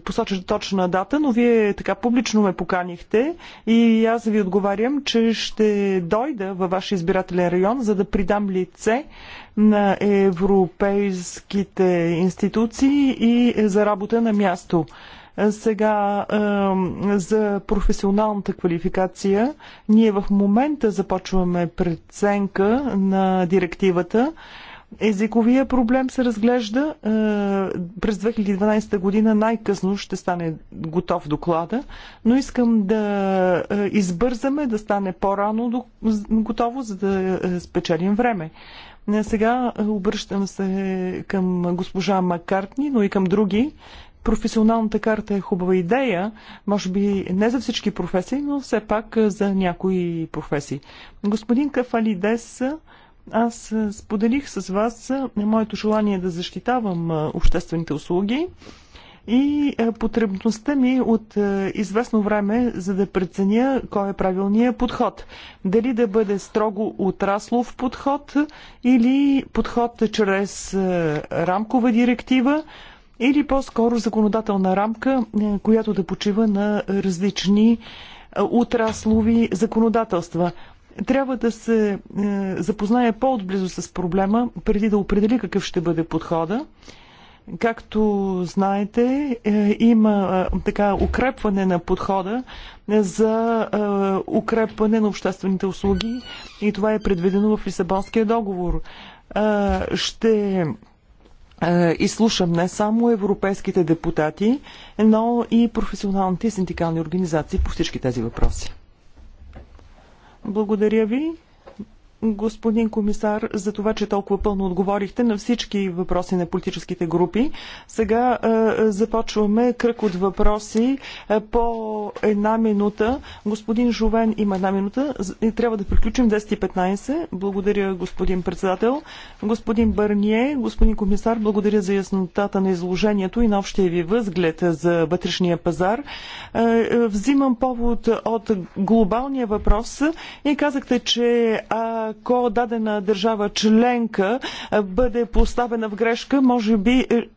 посоча точна дата, но вие така публично ме поканихте и аз ви отговарям, че ще дойда във ваш избирателен район, за да придам лице на европейските институции и за работа на място. Сега за професионалната квалификация. Ние в момента започваме преценка на директивата. Езиковия проблем се разглежда е, през 2012 година най-късно ще стане готов доклада, но искам да е, избързаме да стане по-рано готово, за да е, спечелим време. Не Сега обръщам се към госпожа Маккартни, но и към други. Професионалната карта е хубава идея, може би не за всички професии, но все пак за някои професии. Господин Кафалидес, аз споделих с вас моето желание да защитавам обществените услуги и е, потребността ми от е, известно време, за да преценя кой е правилният подход. Дали да бъде строго отраслов подход или подход чрез е, рамкова директива, или по-скоро законодателна рамка, която да почива на различни отраслови законодателства. Трябва да се запознае по-отблизо с проблема, преди да определи какъв ще бъде подхода. Както знаете, е, има е, така укрепване на подхода е, за укрепване на обществените услуги и това е предвидено в Лисабонския договор. Ще изслушам не само европейските депутати, но и професионалните синдикални организации по всички тези въпроси. Благодаря ви господин комисар, за това, че толкова пълно отговорихте на всички въпроси на политическите групи. Сега е, започваме кръг от въпроси е, по една минута. Господин Жовен има една минута и трябва да приключим 10.15. Благодаря, господин председател. Господин Бърние, господин комисар, благодаря за яснотата на изложението и на общия ви възглед за вътрешния пазар. Е, е взимам повод от глобалния въпрос и казахте, че а, ако дадена държава членка бъде поставена в грешка, може би. Е,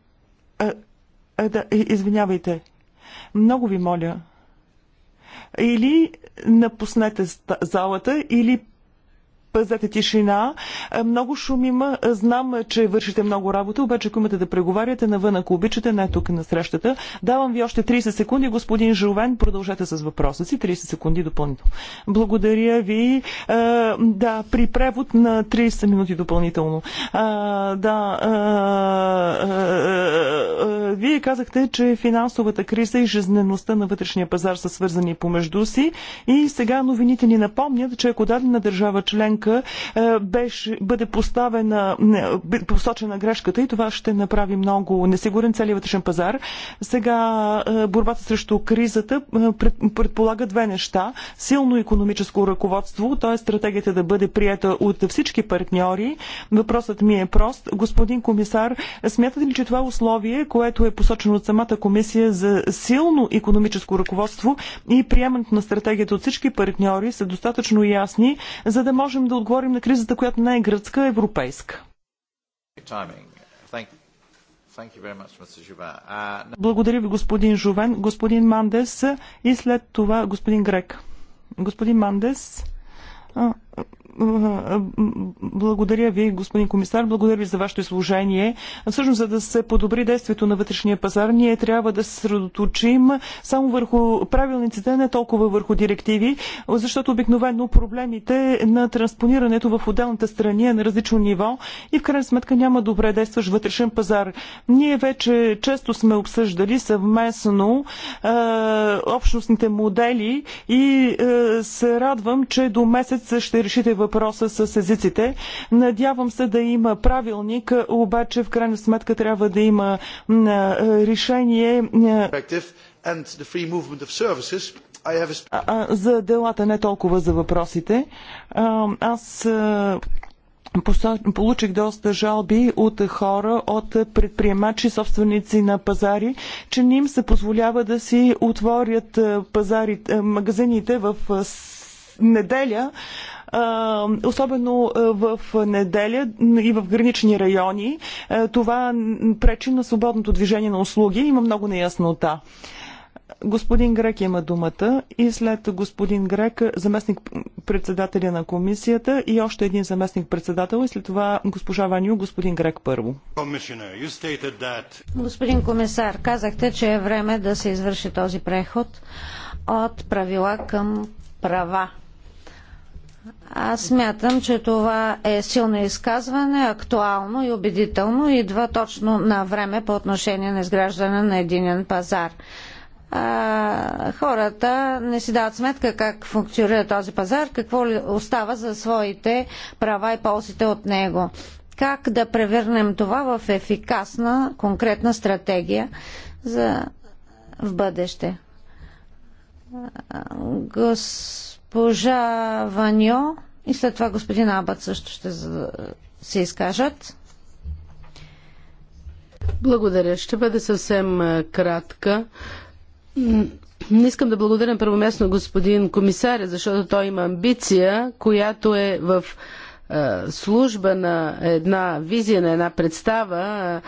е, е, да, извинявайте. Много ви моля. Или напуснете залата, или пазете тишина. Е, много шум има. Знам, че вършите много работа, обаче ако имате да преговаряте навън, ако обичате, не тук на срещата. Давам ви още 30 секунди. Господин Жовен, продължете с въпроса си. 30 секунди допълнително. Благодаря ви. Е, да, при превод на 30 минути допълнително. Е, да. Вие казахте, че финансовата криза и жизнеността на вътрешния пазар са свързани помежду си. И сега новините ни напомнят, че ако дадена държава член оценка е, беше, бъде поставена, посочена грешката и това ще направи много несигурен целият вътрешен пазар. Сега е, борбата срещу кризата е, предполага две неща. Силно економическо ръководство, т.е. стратегията да бъде прията от всички партньори. Въпросът ми е прост. Господин комисар, смятате ли, че това условие, което е посочено от самата комисия за силно економическо ръководство и приемането на стратегията от всички партньори са достатъчно ясни, за да можем да отговорим на кризата, която не е гръцка, а европейска. Uh, Благодаря ви, господин Жовен, господин Мандес и след това господин Грек. Господин Мандес, благодаря ви, господин комисар. Благодаря ви за вашето изложение. Всъщност, за да се подобри действието на вътрешния пазар, ние трябва да се средоточим само върху правилниците, не толкова върху директиви, защото обикновено проблемите на транспонирането в отделните страни е на различно ниво и в крайна сметка няма добре действащ вътрешен пазар. Ние вече често сме обсъждали съвместно е, общностните модели и е, се радвам, че до месец ще решите въпроса въпроса с езиците. Надявам се да има правилник, обаче в крайна сметка трябва да има решение за делата, не толкова за въпросите. Аз Получих доста жалби от хора, от предприемачи, собственици на пазари, че не им се позволява да си отворят пазари, магазините в неделя, особено в неделя и в гранични райони. Това пречи на свободното движение на услуги. Има много неяснота. Господин Грек има думата и след господин Грек заместник председателя на комисията и още един заместник председател и след това госпожа Ваню, господин Грек първо. Господин комисар, казахте, че е време да се извърши този преход от правила към права. Аз смятам, че това е силно изказване, актуално и убедително и идва точно на време по отношение на изграждане на единен пазар. А, хората не си дават сметка как функционира този пазар, какво остава за своите права и ползите от него. Как да превърнем това в ефикасна, конкретна стратегия за в бъдеще. Гос госпожа Ваньо и след това господин Абат също ще се изкажат. Благодаря. Ще бъде съвсем кратка. Не искам да благодаря първоместно господин комисаря, защото той има амбиция, която е в служба на една визия, на една представа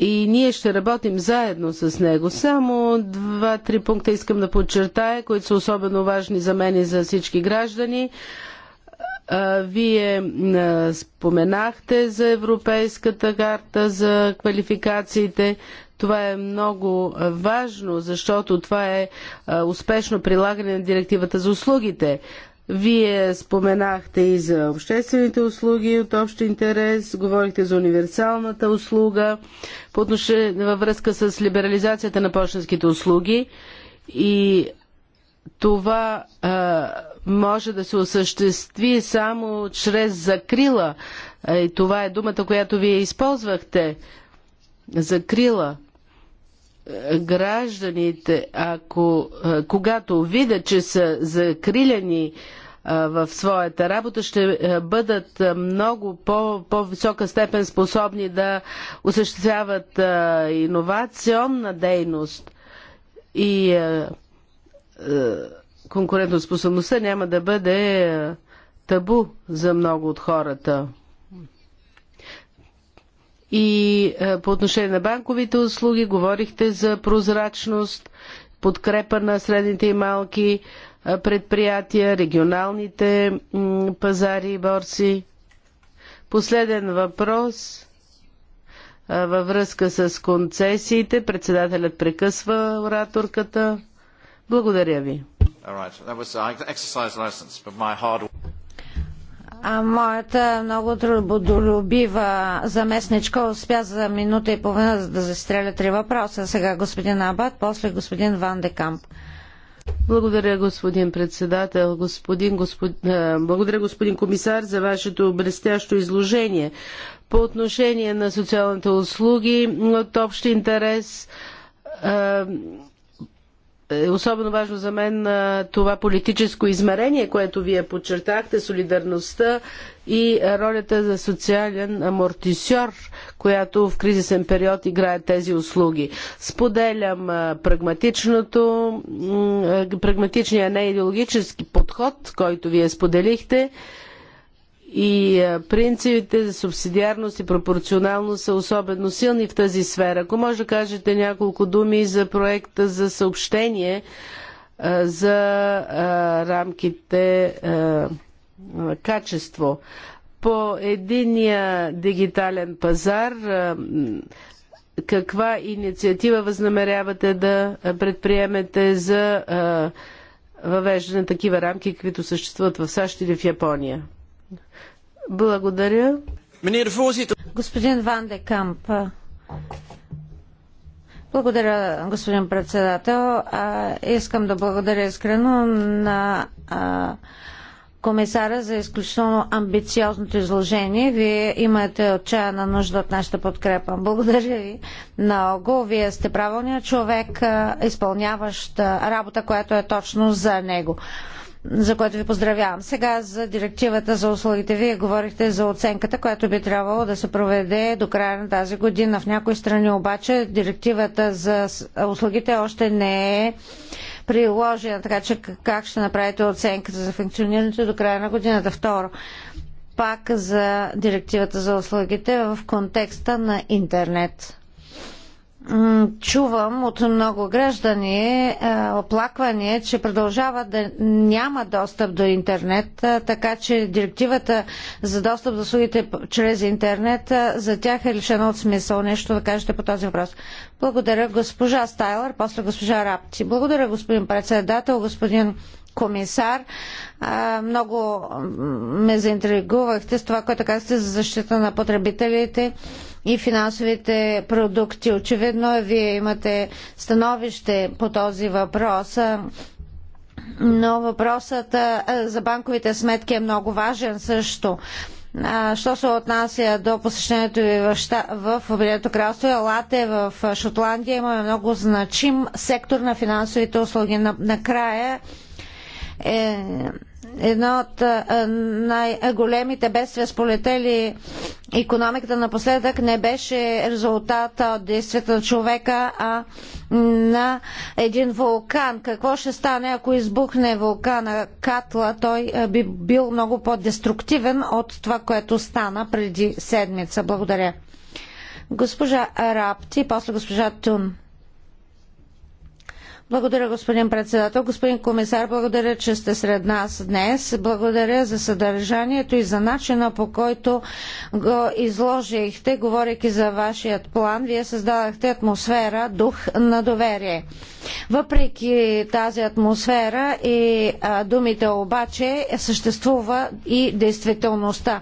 и ние ще работим заедно с него. Само два-три пункта искам да подчертая, които са особено важни за мен и за всички граждани. Вие споменахте за Европейската карта за квалификациите. Това е много важно, защото това е успешно прилагане на директивата за услугите. Вие споменахте и за обществените услуги от общ интерес, говорихте за универсалната услуга по отношение, във връзка с либерализацията на почтенските услуги и това а, може да се осъществи само чрез закрила. И това е думата, която вие използвахте. Закрила гражданите, ако, когато видят, че са закриляни в своята работа, ще бъдат много по, по-висока степен способни да осъществяват иновационна дейност и конкурентоспособността няма да бъде табу за много от хората. И е, по отношение на банковите услуги говорихте за прозрачност, подкрепа на средните и малки е, предприятия, регионалните пазари и борси. Последен въпрос е, във връзка с концесиите. Председателят прекъсва ораторката. Благодаря ви. Uh, а моята много трудолюбива заместничка успя за минута и половина да застреля три въпроса. Сега господин Абат, после господин Ван де Камп. Благодаря, господин председател. Господин, господ... Благодаря, господин комисар, за вашето блестящо изложение. По отношение на социалните услуги, от общ интерес е особено важно за мен това политическо измерение, което вие подчертахте, солидарността и ролята за социален амортисьор, която в кризисен период играе тези услуги. Споделям прагматичното, прагматичния идеологически подход, който вие споделихте и е, принципите за субсидиарност и пропорционалност са особено силни в тази сфера. Ако може да кажете няколко думи за проекта за съобщение е, за е, рамките качество. По единия дигитален пазар каква инициатива възнамерявате да предприемете за въвеждане на такива рамки, каквито съществуват в САЩ или в Япония? Благодаря. Господин Ван де Камп, благодаря, господин председател. А, искам да благодаря искрено на а, комисара за изключително амбициозното изложение. Вие имате отчаяна нужда от нашата подкрепа. Благодаря ви много. Вие сте правилният човек, изпълняващ работа, която е точно за него за което ви поздравявам. Сега за директивата за услугите. Вие говорихте за оценката, която би трябвало да се проведе до края на тази година. В някои страни обаче директивата за услугите още не е приложена, така че как ще направите оценката за функционирането до края на годината? Второ, пак за директивата за услугите в контекста на интернет чувам от много граждани е, оплакване, че продължава да няма достъп до интернет, е, така че директивата за достъп до услугите чрез интернет е, за тях е лишена от смисъл. Нещо да кажете по този въпрос. Благодаря госпожа Стайлер, после госпожа Рапти. Благодаря господин председател, господин комисар. Много ме заинтригувахте с това, което казахте за защита на потребителите и финансовите продукти. Очевидно, вие имате становище по този въпрос. Но въпросът за банковите сметки е много важен също. Що се отнася до посещението ви в, Обединеното кралство, Елате в Шотландия имаме много значим сектор на финансовите услуги. Накрая е, едно от най-големите бедствия сполетели економиката напоследък не беше резултата от действията на човека, а на един вулкан. Какво ще стане, ако избухне вулкана Катла? Той би бил много по-деструктивен от това, което стана преди седмица. Благодаря. Госпожа Рапти, после госпожа Тун. Благодаря, господин председател. Господин комисар, благодаря, че сте сред нас днес. Благодаря за съдържанието и за начина по който го изложихте, говорейки за вашият план. Вие създадахте атмосфера, дух на доверие. Въпреки тази атмосфера и а, думите обаче съществува и действителността.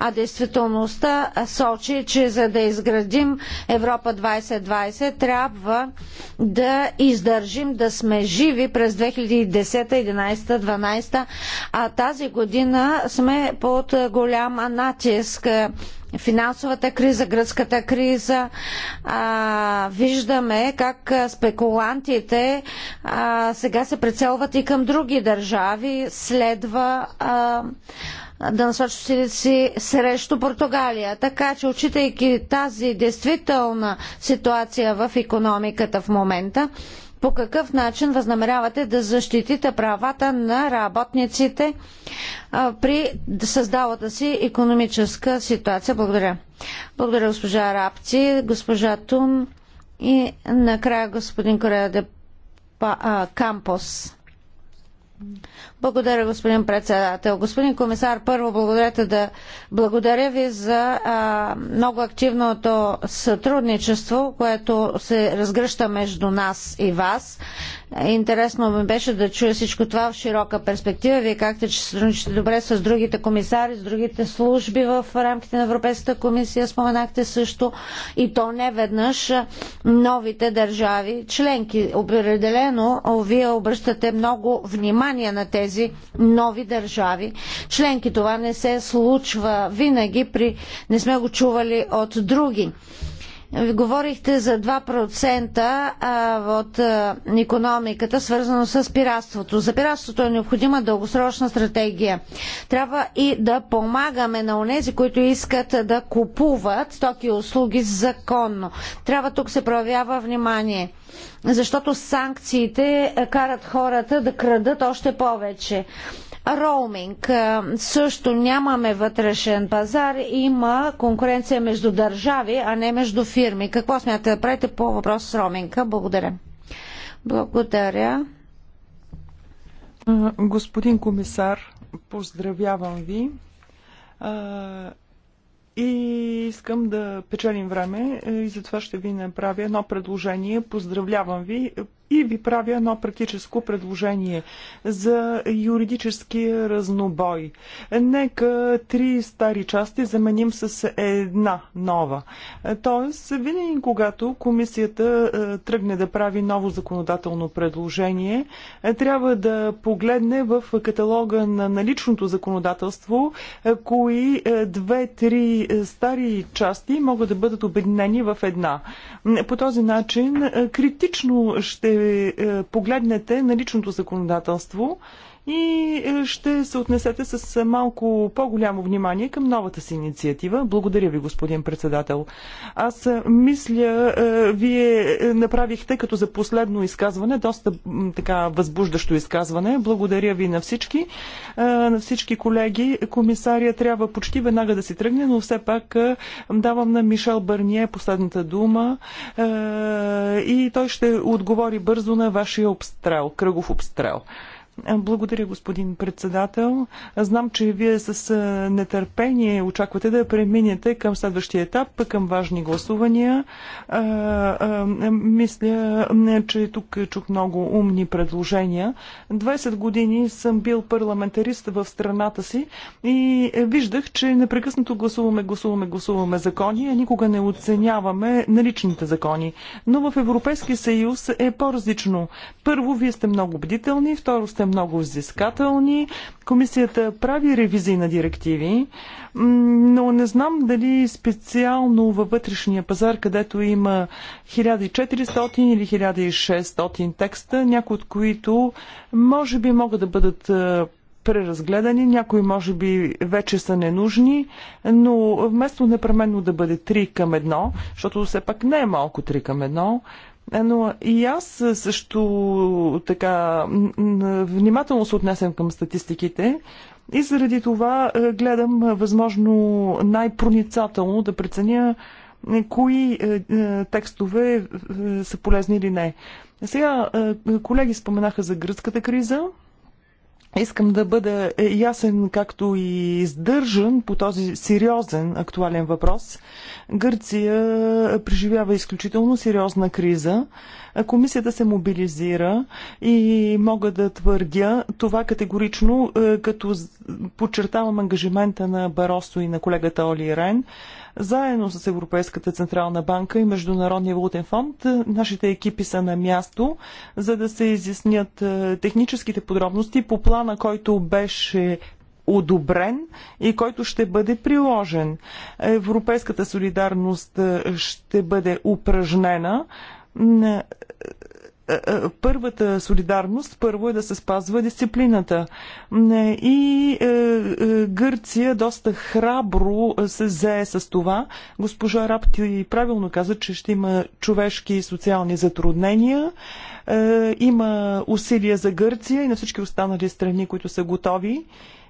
А действителността сочи, че за да изградим Европа 2020 трябва да издържим продължим да сме живи през 2010, 2011, 2012, а тази година сме под голям натиск финансовата криза, гръцката криза, а, виждаме как спекулантите а, сега се прицелват и към други държави, следва а, да насочат усилите си срещу Португалия. Така че, отчитайки тази действителна ситуация в економиката в момента, по какъв начин възнамерявате да защитите правата на работниците при създалата си економическа ситуация? Благодаря. Благодаря госпожа Рапци, госпожа Тун и накрая господин Корея де Кампос. Благодаря, господин председател. Господин комисар, първо благодаря, да, благодаря ви за а, много активното сътрудничество, което се разгръща между нас и вас. Интересно ми беше да чуя всичко това в широка перспектива. Вие както че сътрудничате добре с другите комисари, с другите служби в рамките на Европейската комисия. Споменахте също и то не веднъж новите държави членки. Определено вие обръщате много внимание на тези нови държави членки. Това не се случва винаги, при... не сме го чували от други. Говорихте за 2% от економиката, свързано с пиратството. За пиратството е необходима дългосрочна стратегия. Трябва и да помагаме на онези, които искат да купуват стоки и услуги законно. Трябва тук се проявява внимание, защото санкциите карат хората да крадат още повече роуминг. Е, също нямаме вътрешен пазар, има конкуренция между държави, а не между фирми. Какво смятате да правите по въпрос с роуминга? Благодаря. Благодаря. Е, господин комисар, поздравявам ви. Е, и искам да печелим време и затова ще ви направя едно предложение. Поздравлявам ви и ви правя едно практическо предложение за юридически разнобой. Нека три стари части заменим с една нова. Тоест, винаги когато комисията е, тръгне да прави ново законодателно предложение, е, трябва да погледне в каталога на наличното законодателство, е, кои две-три стари части могат да бъдат обединени в една. По този начин критично ще е, е, погледнете наличното законодателство и е, ще се отнесете с е, малко по-голямо внимание към новата си инициатива. Благодаря ви, господин председател. Аз е, мисля, вие направихте като за последно изказване, доста така възбуждащо изказване. Благодаря ви на всички, на всички колеги. Комисария трябва почти веднага да си тръгне, но все пак давам на Мишел Бърние последната дума и той ще отговори бързо на вашия обстрел, кръгов обстрел. Благодаря, господин председател. Знам, че вие с нетърпение очаквате да преминете към следващия етап, към важни гласувания. Мисля, че тук чух много умни предложения. 20 години съм бил парламентарист в страната си и виждах, че непрекъснато гласуваме, гласуваме, гласуваме закони, а никога не оценяваме наличните закони. Но в Европейския съюз е по-различно. Първо, вие сте много бдителни, второ, сте са много взискателни. Комисията прави ревизии на директиви, но не знам дали специално във вътрешния пазар, където има 1400 или 1600 текста, някои от които може би могат да бъдат преразгледани, някои може би вече са ненужни, но вместо непременно да бъде 3 към 1, защото все пак не е малко 3 към 1, е, но и аз също така внимателно се отнесем към статистиките и заради това е, гледам е, възможно най-проницателно да преценя кои текстове са полезни или не. Сега колеги споменаха за гръцката криза. Искам да бъда е, ясен, както и издържан по този сериозен актуален въпрос. Гърция преживява изключително сериозна криза. Комисията се мобилизира и мога да твърдя това категорично, е, като подчертавам ангажимента на Баросо и на колегата Оли Рен. Заедно с Европейската Централна банка и Международния валутен фонд, е, нашите екипи са на място, за да се изяснят е, техническите подробности по плана, който беше одобрен и който ще бъде приложен. Европейската солидарност е, ще бъде упражнена е, е, първата солидарност първо е да се спазва дисциплината. Е, и Гърция доста храбро се зае с това. Госпожа Рапти правилно каза, че ще има човешки и социални затруднения. Има усилия за Гърция и на всички останали страни, които са готови.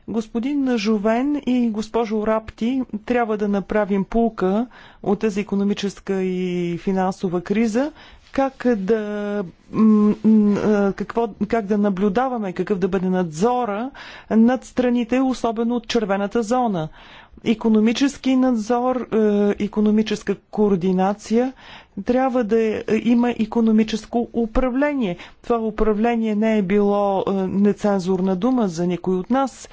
Господин Жовен и госпожо Рапти, трябва да направим пулка от тази економическа и финансова криза как да, какво, как да наблюдаваме, какъв да бъде надзора над страните, особено от червената зона. Економически надзор, економическа координация, трябва да е, има економическо управление. Това управление не е било е, нецензурна дума за никой от нас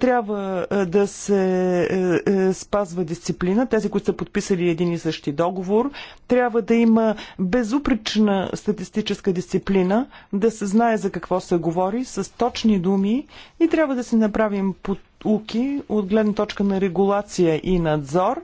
трябва е, да се е, е, спазва дисциплина. Тези, които са подписали един и същи договор, трябва да има безупречна статистическа дисциплина, да се знае за какво се говори, с точни думи и трябва да си направим потуки от гледна точка на регулация и надзор.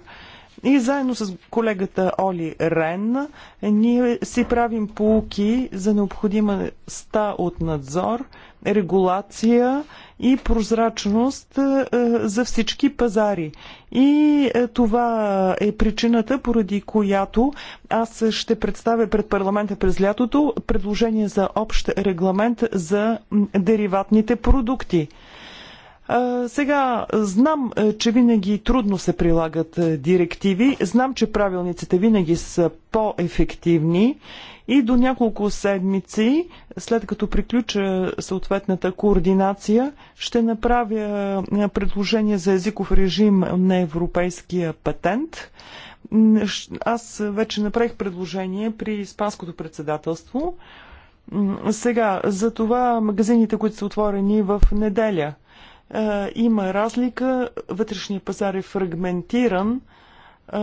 И заедно с колегата Оли Рен ние си правим полуки за необходимостта от надзор, регулация и прозрачност е, е, за всички пазари. И е, това е причината, поради която аз ще представя пред парламента през лятото предложение за общ регламент за дериватните продукти сега, знам, е, че винаги трудно се прилагат е, директиви, знам, че правилниците винаги са по-ефективни и до няколко седмици, след като приключа съответната координация, ще направя е, предложение за езиков режим на европейския патент. Аз вече направих предложение при Испанското председателство. Сега, за това магазините, които са отворени в неделя – е, има разлика, вътрешния пазар е фрагментиран, е,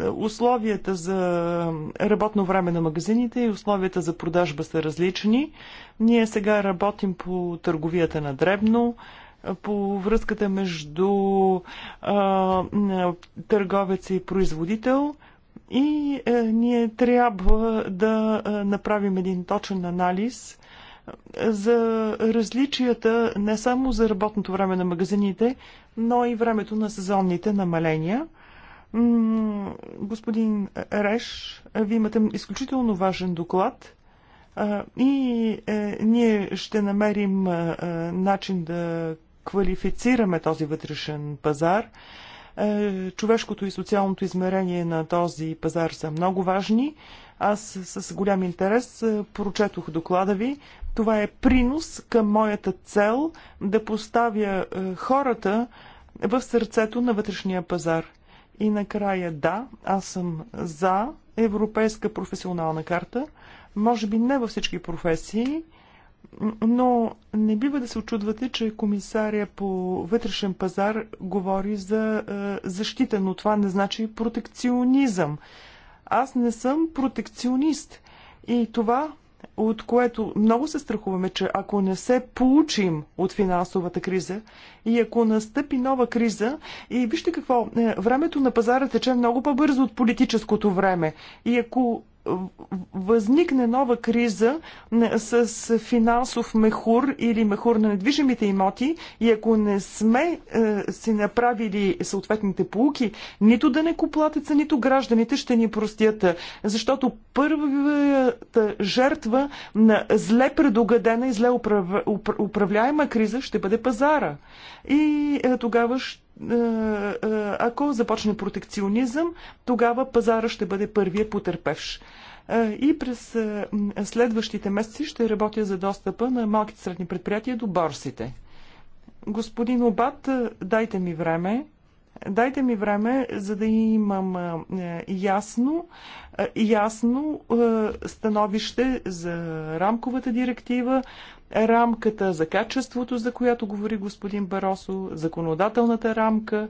е, условията за работно време на магазините и условията за продажба са различни. Ние сега работим по търговията на дребно, по връзката между а, търговец и производител и а, ние трябва да направим един точен анализ за различията не само за работното време на магазините, но и времето на сезонните намаления. Господин Реш, ви имате изключително важен доклад и е, ние ще намерим начин да квалифицираме този вътрешен пазар. Е, човешкото и социалното измерение на този пазар са много важни. Аз с голям интерес е, прочетох доклада ви. Това е принос към моята цел да поставя е, хората в сърцето на вътрешния пазар. И накрая да, аз съм за европейска професионална карта. Може би не във всички професии, но не бива да се очудвате, че комисаря по вътрешен пазар говори за е, защита, но това не значи протекционизъм. Аз не съм протекционист. И това от което много се страхуваме, че ако не се получим от финансовата криза и ако настъпи нова криза, и вижте какво, е, времето на пазара тече много по-бързо от политическото време. И ако възникне нова криза с финансов мехур или мехур на недвижимите имоти и ако не сме е, си направили съответните полуки, нито да не коплатеца, нито гражданите ще ни простят. Защото първата жертва на зле предугадена и зле управляема криза ще бъде пазара. И е, тогава ще е, е, ако започне протекционизъм, тогава пазара ще бъде първия потерпевш. Е, и през следващите месеци ще работя за достъпа на малките средни предприятия до борсите. Господин Обат, дайте ми време. Дайте ми време, за да имам ясно, ясно становище за рамковата директива, рамката, за качеството, за която говори господин Баросо, законодателната рамка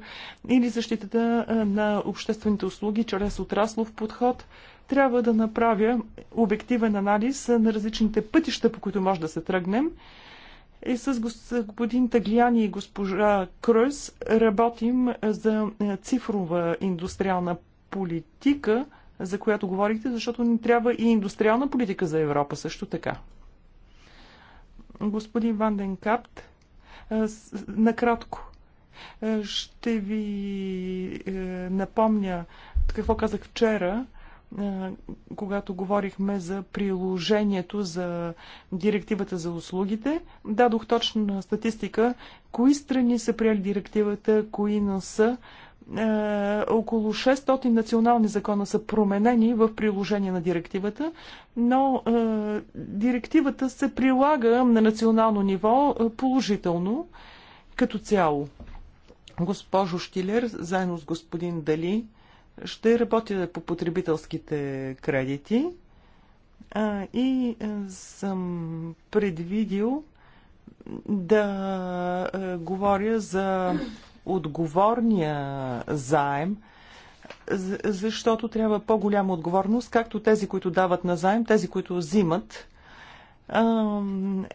или защитата на обществените услуги чрез отраслов подход, трябва да направя обективен анализ на различните пътища, по които може да се тръгнем. И с господин Таглияни и госпожа Кръс работим за цифрова индустриална политика, за която говорихте, защото ни трябва и индустриална политика за Европа също така господин Ванден Капт, накратко ще ви е, напомня какво казах вчера, когато говорихме за приложението за директивата за услугите. Дадох точна статистика, кои страни са приели директивата, кои не са. Е, около 600 национални закона са променени в приложение на директивата, но е, директивата се прилага на национално ниво е, положително като цяло. Госпожо Штилер, заедно с господин Дали, ще работя по потребителските кредити а, и е, съм предвидил да говоря за отговорния заем, защото трябва по-голяма отговорност, както тези, които дават на заем, тези, които взимат.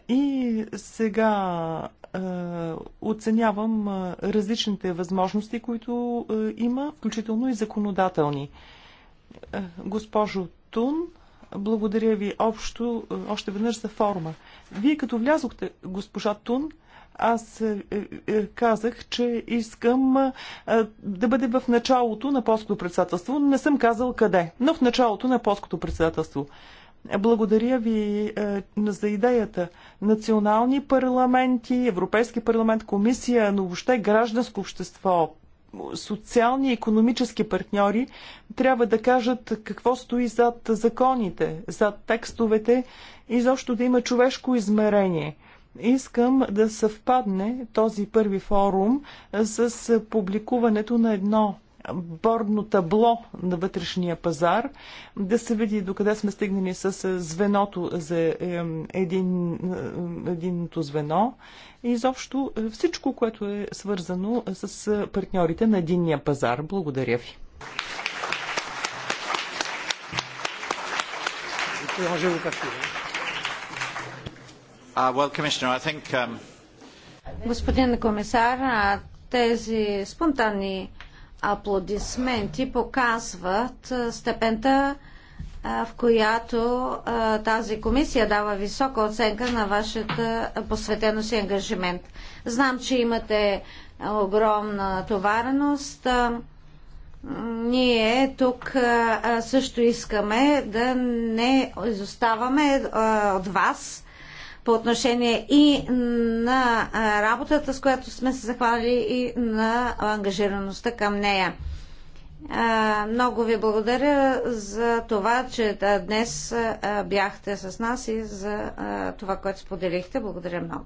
И сега оценявам различните възможности, които има, включително и законодателни. Госпожо Тун, благодаря ви общо, още веднъж за форма. Вие като влязохте, госпожа Тун, аз е, е, е, казах, че искам да бъде в началото на полското председателство. Не съм казал къде, но в началото на полското председателство. Благодаря ви за идеята. Национални парламенти, Европейски парламент, комисия, но въобще гражданско общество, социални и економически партньори трябва да кажат какво стои зад законите, зад текстовете и защо да има човешко измерение – Искам да съвпадне този първи форум с публикуването на едно бордно табло на вътрешния пазар, да се види докъде сме стигнали с е, звеното за е, един, е, единното звено и изобщо всичко, което е свързано с партньорите на единния пазар. Благодаря ви. Продължаваме Uh, um, Господин комисар, тези спонтанни аплодисменти показват степента, в която тази комисия дава висока оценка на вашата посветеност и ангажимент. Знам, че имате огромна товареност. Ние тук също искаме да не изоставаме от вас по отношение и на работата, с която сме се захвалили, и на ангажираността към нея. Много ви благодаря за това, че днес бяхте с нас и за това, което споделихте. Благодаря много.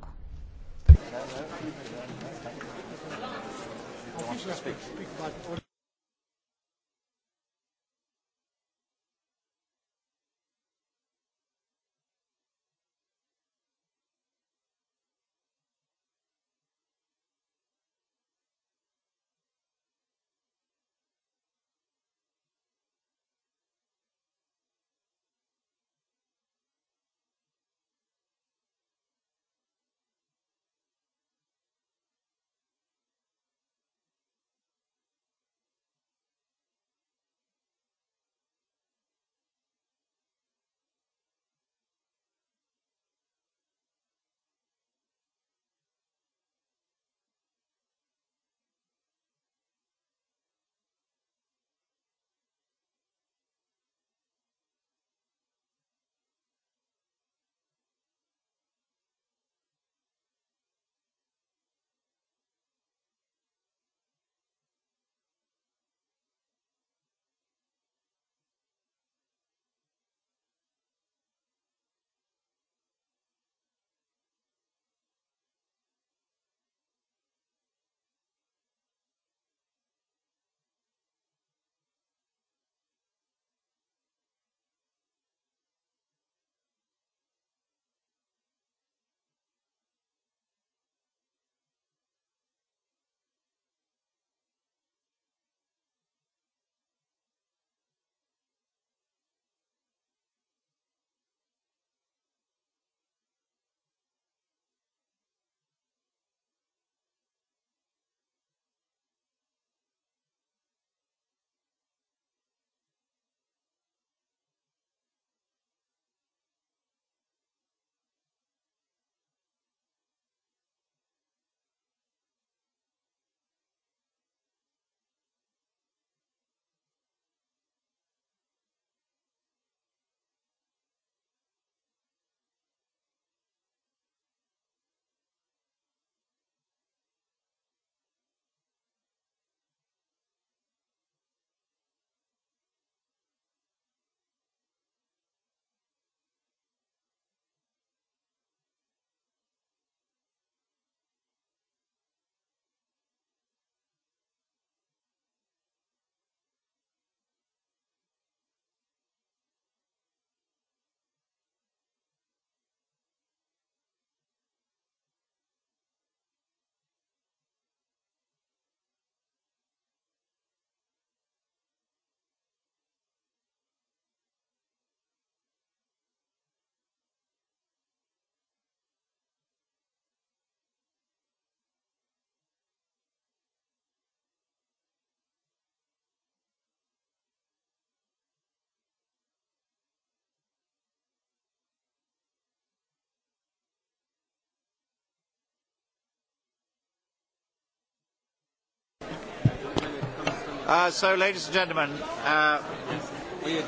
Uh, so, ladies and gentlemen, uh,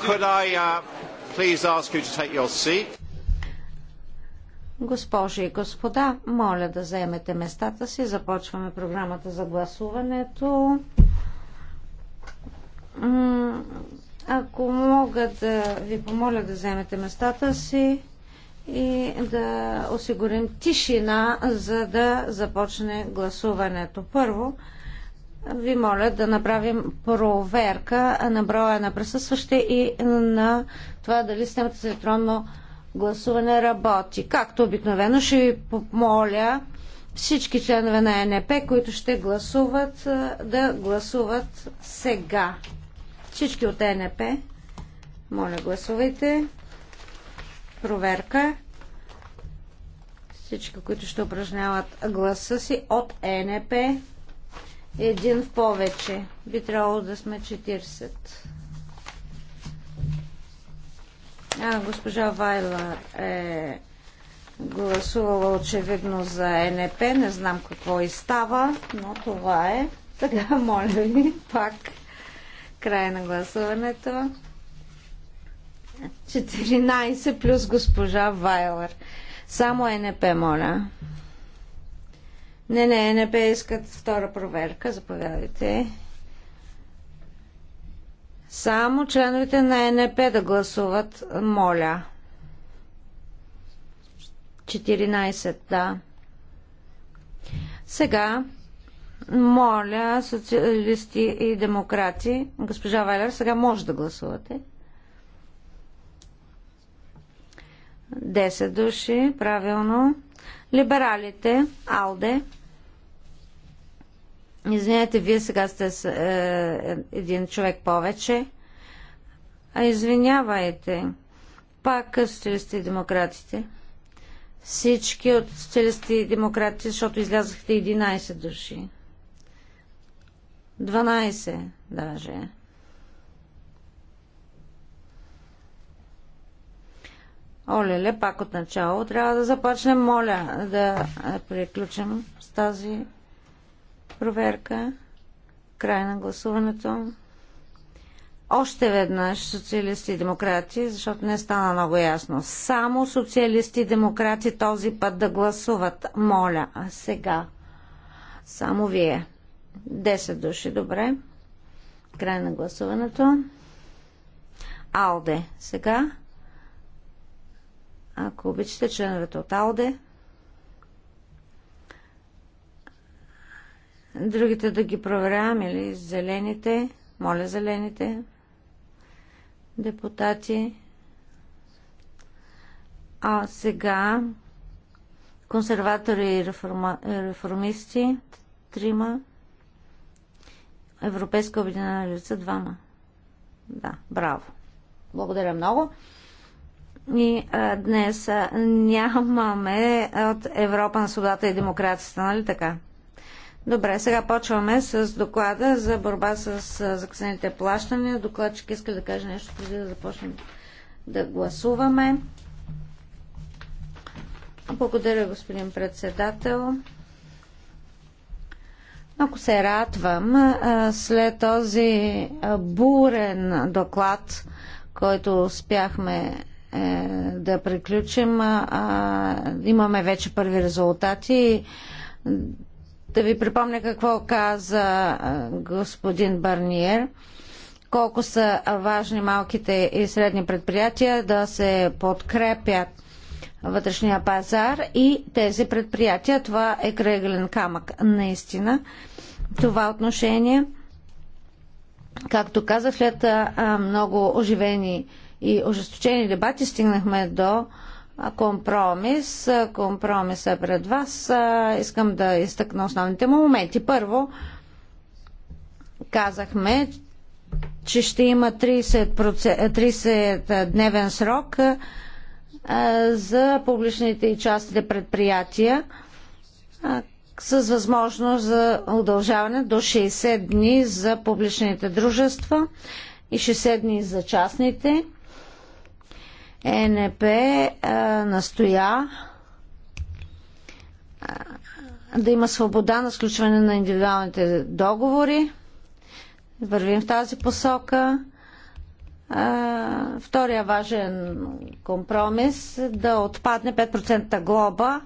could I uh, please ask you to take your seat? Госпожи и господа, моля да заемете местата си. Започваме програмата за гласуването. Ако мога да ви помоля да вземете местата си и да осигурим тишина, за да започне гласуването. Първо, ви моля да направим проверка на броя на присъстващите и на това дали системата за електронно гласуване работи. Както обикновено ще ви помоля всички членове на ЕНП, които ще гласуват, да гласуват сега. Всички от ЕНП, моля гласувайте. Проверка. Всички, които ще упражняват гласа си от ЕНП, един в повече. Би трябвало да сме 40. А, госпожа Вайла е гласувала очевидно за НП. Не знам какво и става, но това е. Така, моля ви, пак край на гласуването. 14 плюс госпожа Вайлер. Само НП, моля. Не, не, НП искат втора проверка. Заповядайте. Само членовете на НП да гласуват, моля. 14, да. Сега, моля, социалисти и демократи, госпожа Вайлер, сега може да гласувате. 10 души, правилно. Либералите, Алде. Извинете, вие сега сте с, е, един човек повече. А извинявайте, пак социалисти и демократите. Всички от социалисти и демократите, защото излязахте 11 души. 12 даже. Оле-ле, пак от начало трябва да започнем. Моля да е, приключим с тази Проверка. Край на гласуването. Още веднъж социалисти и демократи, защото не стана много ясно. Само социалисти и демократи този път да гласуват. Моля, а сега. Само вие. 10 души, добре. Край на гласуването. Алде, сега. Ако обичате членовете от Алде. Другите да ги проверявам или Зелените, моля зелените депутати. А сега консерватори и реформа, реформисти, трима. Европейска обединена лица, двама. Да, браво. Благодаря много. И а, днес а, нямаме от Европа на свободата и демокрацията, нали така? Добре, сега почваме с доклада за борба с закъснените плащания. Докладчик иска да каже нещо преди да започнем да гласуваме. Благодаря, господин председател. Много се радвам след този бурен доклад, който успяхме е, да приключим. Имаме вече първи резултати да ви припомня какво каза господин Барниер. Колко са важни малките и средни предприятия да се подкрепят вътрешния пазар и тези предприятия. Това е кръглен камък, наистина. Това отношение, както казах, след много оживени и ожесточени дебати стигнахме до компромис. Компромис е пред вас. Искам да изтъкна основните му моменти. Първо, казахме, че ще има 30-дневен срок за публичните и частните предприятия с възможност за удължаване до 60 дни за публичните дружества и 60 дни за частните. ЕНП настоя да има свобода на сключване на индивидуалните договори. Вървим в тази посока. Втория важен компромис е да отпадне 5% глоба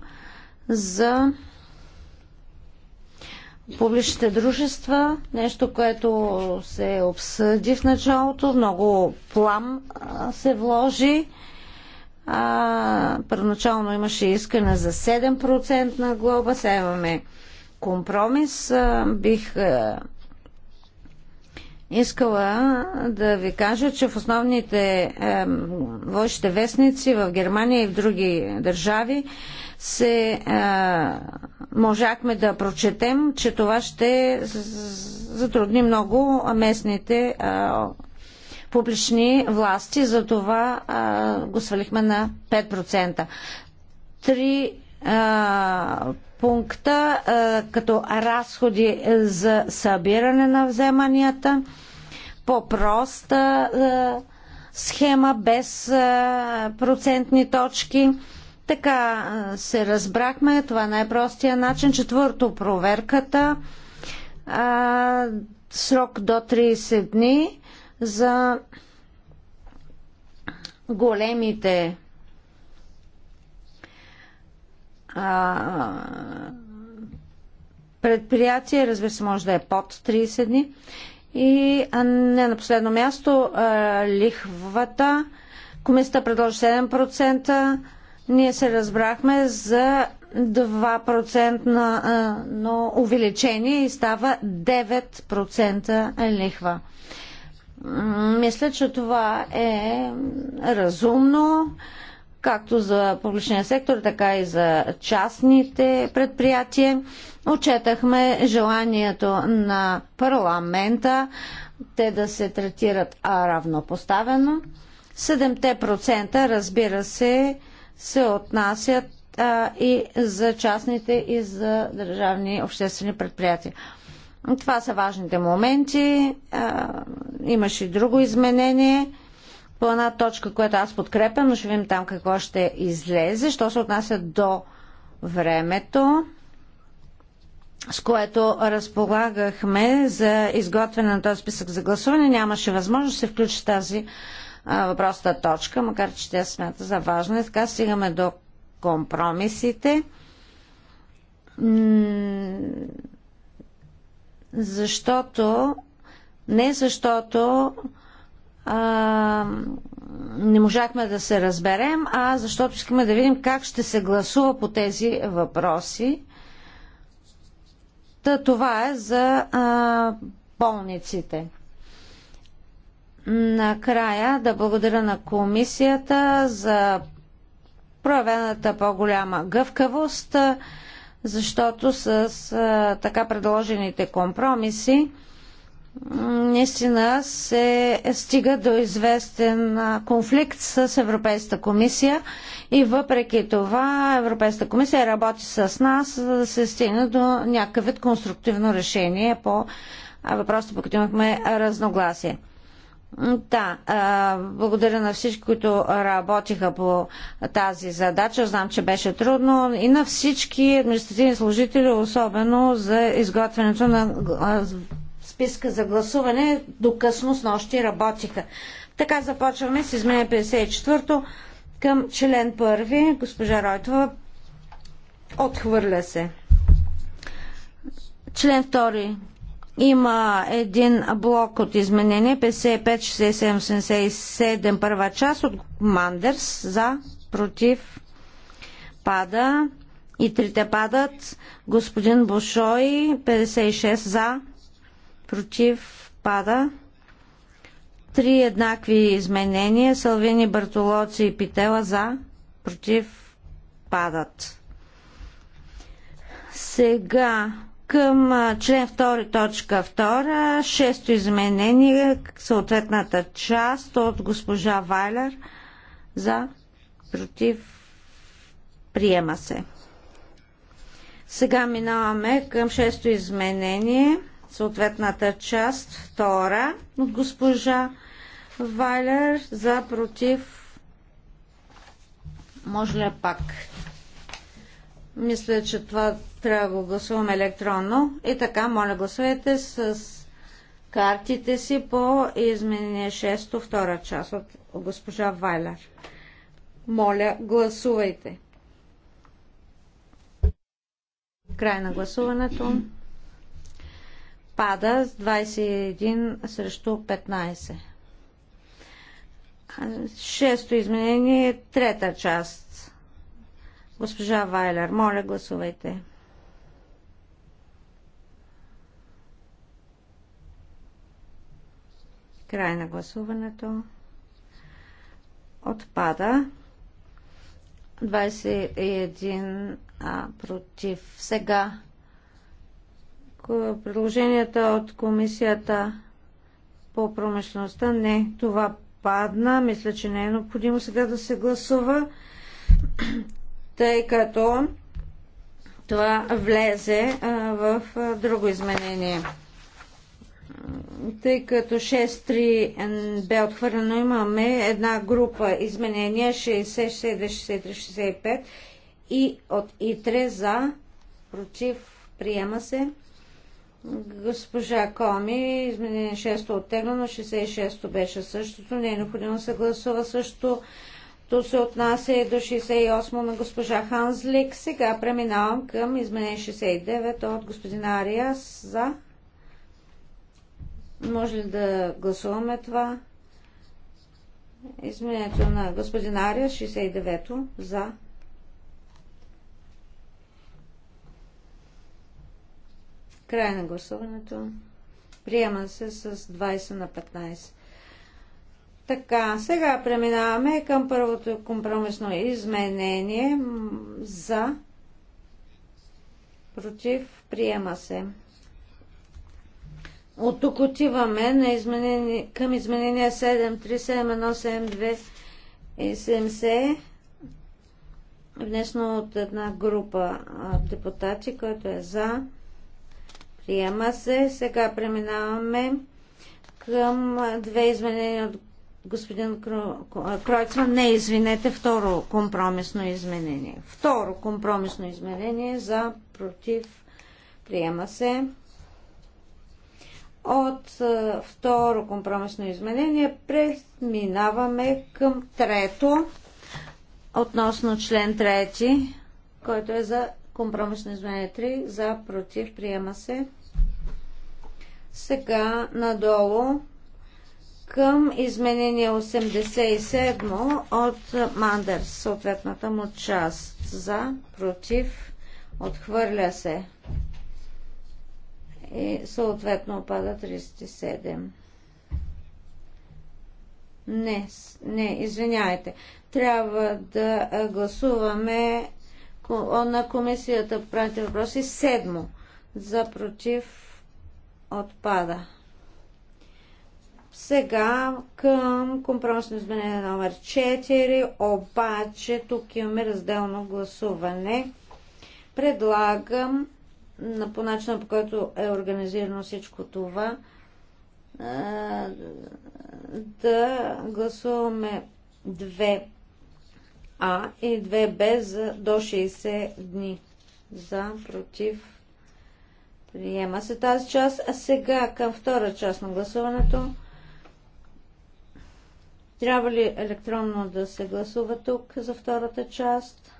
за публичните дружества, нещо, което се обсъди в началото, много плам се вложи а, първоначално имаше искане за 7% на глоба, сега имаме компромис. А, бих а, искала да ви кажа, че в основните е, вестници в Германия и в други държави се а, можахме да прочетем, че това ще затрудни много местните а, публични власти, за а, го свалихме на 5%. Три а, пункта а, като разходи за събиране на вземанията, по-проста а, схема без а, процентни точки. Така се разбрахме, това е най-простия начин. Четвърто, проверката. А, срок до 30 дни за големите а, предприятия, разбира се, може да е под 30 дни. И не на последно място, а, лихвата. Комисията предложи 7%. Ние се разбрахме за 2% на, а, но увеличение и става 9% лихва. Мисля, че това е разумно както за публичния сектор, така и за частните предприятия. Отчетахме желанието на парламента те да се третират равнопоставено. 7% разбира се се отнасят а, и за частните и за държавни обществени предприятия. Това са важните моменти. А, имаше и друго изменение по една точка, която аз подкрепям, но ще видим там какво ще излезе. Що се отнася до времето, с което разполагахме за изготвяне на този списък за гласуване, нямаше възможност да се включи тази а, въпросната точка, макар че тя смята за важна. И така стигаме до компромисите защото не защото а, не можахме да се разберем, а защото искаме да видим как ще се гласува по тези въпроси. Та това е за а, болниците. Накрая да благодаря на комисията за проявената по-голяма гъвкавост защото с а, така предложените компромиси наистина се стига до известен конфликт с Европейската комисия и въпреки това Европейската комисия работи с нас, за да се стигне до някакъв конструктивно решение по въпросите, по които имахме разногласие. Да, благодаря на всички, които работиха по тази задача. Знам, че беше трудно и на всички административни служители, особено за изготвянето на списка за гласуване. До късно с нощи работиха. Така започваме с измене 54 то към член 1. Госпожа Ройтова отхвърля се. Член втори. Има един блок от изменения 55, 67, 77, първа част от Мандерс за, против, пада. И трите падат. Господин Бошой 56 за, против, пада. Три еднакви изменения. Салвини, Бартолоци и Питела за, против, падат. Сега към член 2, точка 2, шесто изменение, съответната част от госпожа Вайлер за против приема се. Сега минаваме към шесто изменение, съответната част втора от госпожа Вайлер за против. Може ли пак? Мисля, че това трябва да го гласуваме електронно. И така, моля гласувайте с картите си по изменение 6, втора част от госпожа Вайлер. Моля, гласувайте. Край на гласуването. Пада с 21 срещу 15. Шесто изменение, трета част Госпожа Вайлер, моля гласувайте. Край на гласуването. Отпада. 21 а, против. Сега предложенията от комисията по промишлеността не, това падна. Мисля, че не е необходимо сега да се гласува тъй като това влезе в друго изменение. Тъй като 6-3 бе отхвърлено, имаме една група изменения 60 63 65 и от ИТРЕ за, против, приема се. Госпожа Коми, изменение 6 е оттеглено, 66 беше същото, не е необходимо да се гласува също. То се отнася и до 68 на госпожа Ханзлик. Сега преминавам към изменение 69 от господин Ариас за. Може ли да гласуваме това? Изменението на господин Ариас 69 за. Край на гласуването. Приема се с 20 на 15. Така, сега преминаваме към първото компромисно изменение за против приема се. От тук отиваме на изменение, към изменение 7, 3, и 70, внесено от една група депутати, който е за. Приема се. Сега преминаваме към две изменения от господин Кройцман, не извинете, второ компромисно изменение. Второ компромисно изменение за против приема се. От второ компромисно изменение преминаваме към трето относно член трети, който е за компромисно изменение 3, за против приема се. Сега надолу към изменение 87 от Мандерс, съответната му част. За, против, отхвърля се. И съответно пада 37. Не, не, извиняйте. Трябва да гласуваме на комисията по правите въпроси седмо. За против отпада. Сега към компромисно изменение номер 4, обаче тук имаме разделно гласуване. Предлагам на по начина по който е организирано всичко това, да гласуваме 2А и 2Б за до 60 дни. За, против, приема се тази част. А сега към втора част на гласуването. Трябва ли електронно да се гласува тук за втората част?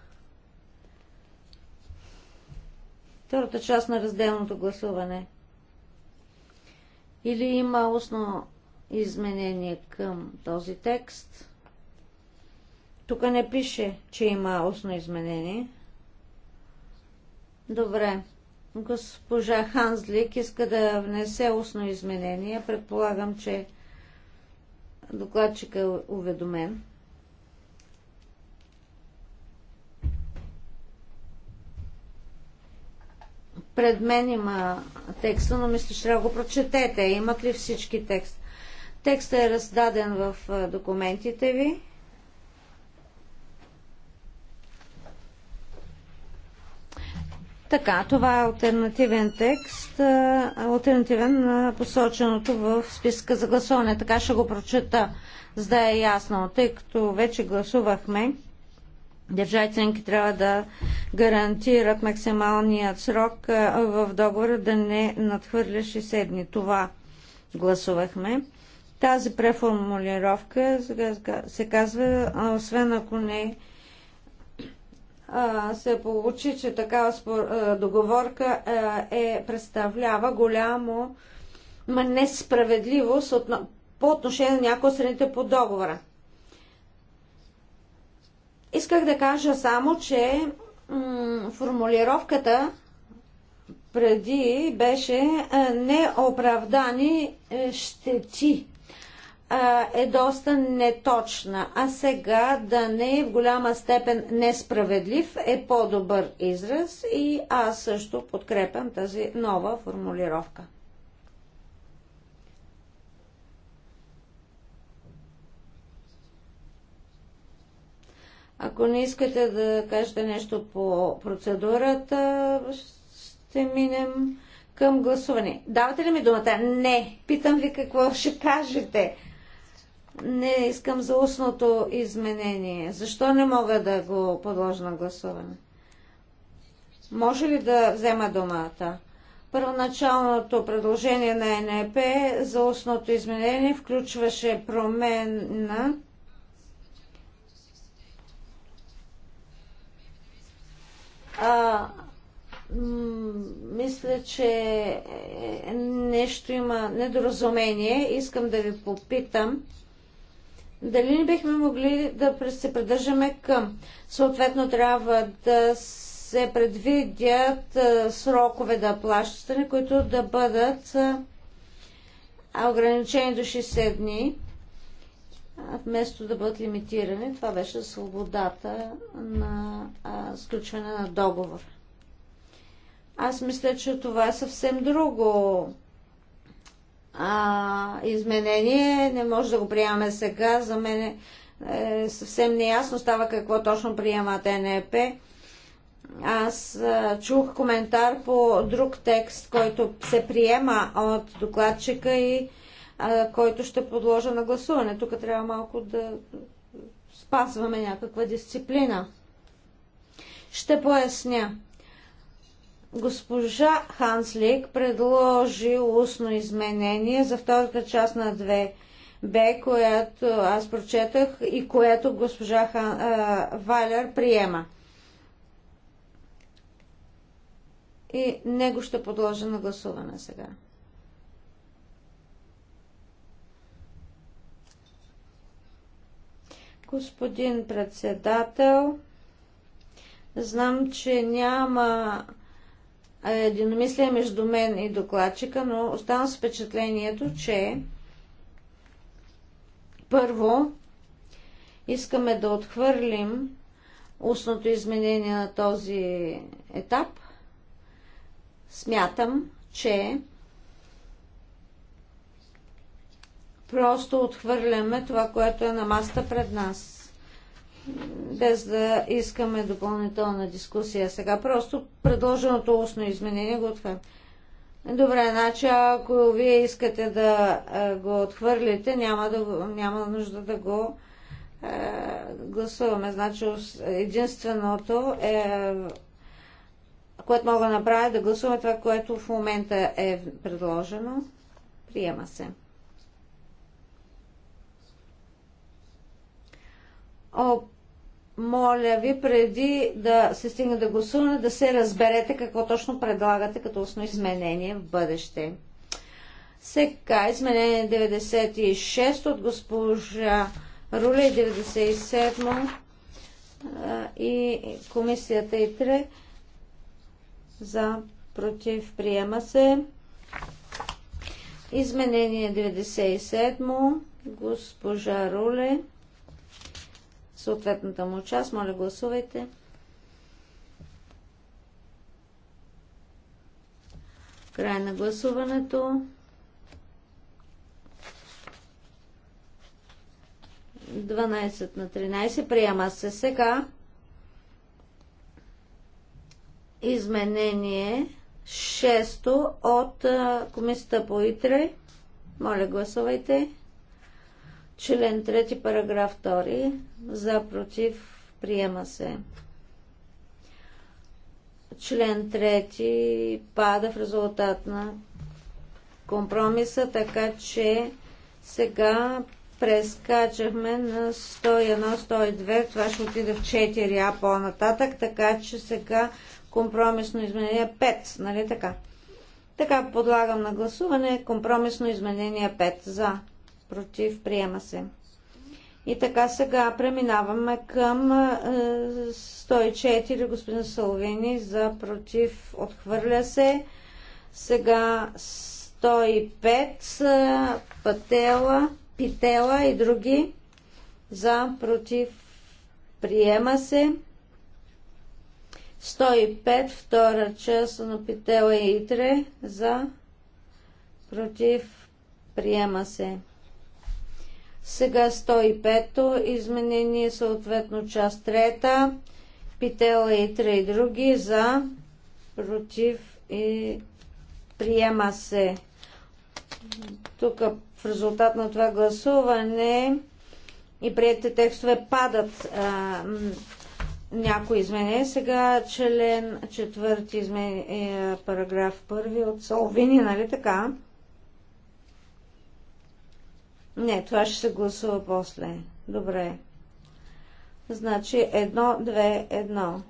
Втората част на разделното гласуване. Или има устно изменение към този текст? Тук не пише, че има устно изменение. Добре. Госпожа Ханзлик иска да внесе устно изменение. Предполагам, че Докладчик е уведомен. Пред мен има текста, но мисля, че трябва да го прочетете. Имат ли всички текст? Текстът е раздаден в документите ви. Така, това е альтернативен текст, альтернативен на посоченото в списка за гласуване. Така ще го прочета, за да е ясно, тъй като вече гласувахме. Държави ценки трябва да гарантират максималният срок в договора да не надхвърля 60 дни. Това гласувахме. Тази преформулировка се казва, освен ако не е се получи, че такава договорка е, представлява голямо несправедливост по отношение на някои от страните по договора. Исках да кажа само, че формулировката преди беше неоправдани е, щети е доста неточна, а сега да не е в голяма степен несправедлив е по-добър израз и аз също подкрепям тази нова формулировка. Ако не искате да кажете нещо по процедурата, ще минем към гласуване. Давате ли ми думата? Не. Питам ви какво ще кажете не искам за устното изменение. Защо не мога да го подложа на гласуване? Може ли да взема думата? Първоначалното предложение на НЕП за устното изменение включваше промена а, мисля, че нещо има недоразумение. Искам да ви попитам дали не бихме могли да се придържаме към? Съответно трябва да се предвидят срокове да плащане, които да бъдат ограничени до 60 дни, вместо да бъдат лимитирани. Това беше свободата на сключване на договор. Аз мисля, че това е съвсем друго а, изменение. Не може да го приемаме сега. За мен е, е съвсем неясно става какво точно приемат НЕП. Аз а, чух коментар по друг текст, който се приема от докладчика и а, който ще подложа на гласуване. Тук трябва малко да спазваме някаква дисциплина. Ще поясня. Госпожа Ханслик предложи устно изменение за втората част на 2Б, което аз прочетах и което госпожа Хан, а, Вайлер приема. И него ще подложа на гласуване сега. Господин председател, знам, че няма единомислие между мен и докладчика, но оставам с впечатлението, че първо искаме да отхвърлим устното изменение на този етап. Смятам, че просто отхвърляме това, което е на маста пред нас без да искаме допълнителна дискусия сега. Просто предложеното устно изменение го отхвърляме. Добре, значи ако вие искате да го отхвърлите, няма, да, няма нужда да го е, гласуваме. Значи единственото е което мога да направя, е да гласуваме това, което в момента е предложено. Приема се. О, моля ви, преди да се стигне да гласуване, да се разберете какво точно предлагате като основно изменение в бъдеще. Сега изменение 96 от госпожа Руле 97 и комисията и 3 за против приема се. Изменение 97 госпожа Руле съответната му част. Моля, гласувайте. Край на гласуването. Дванайсет на 13. Приема се сега. Изменение 6 от Комисията по ИТРЕ. Моля, гласувайте. Член 3, параграф 2. За, против, приема се. Член 3 пада в резултат на компромиса, така че сега прескачахме на 101-102, това ще отиде в 4А по-нататък, така че сега компромисно изменение 5, нали така? Така подлагам на гласуване компромисно изменение 5 за против, приема се. И така сега преминаваме към 104 е, господин Соловини, за против отхвърля се. Сега 105 пътела, е, Питела и други за против приема се. 105 втора част на Питела и Итре за против приема се. Сега 105-то изменение, съответно част трета, Питела и 3 и други за, против и приема се. Тук в резултат на това гласуване и приятите текстове падат а, някои изменения. Сега член четвърти измен... параграф първи от Солвини, нали така? Не, това ще се гласува после. Добре. Значи едно, две, едно.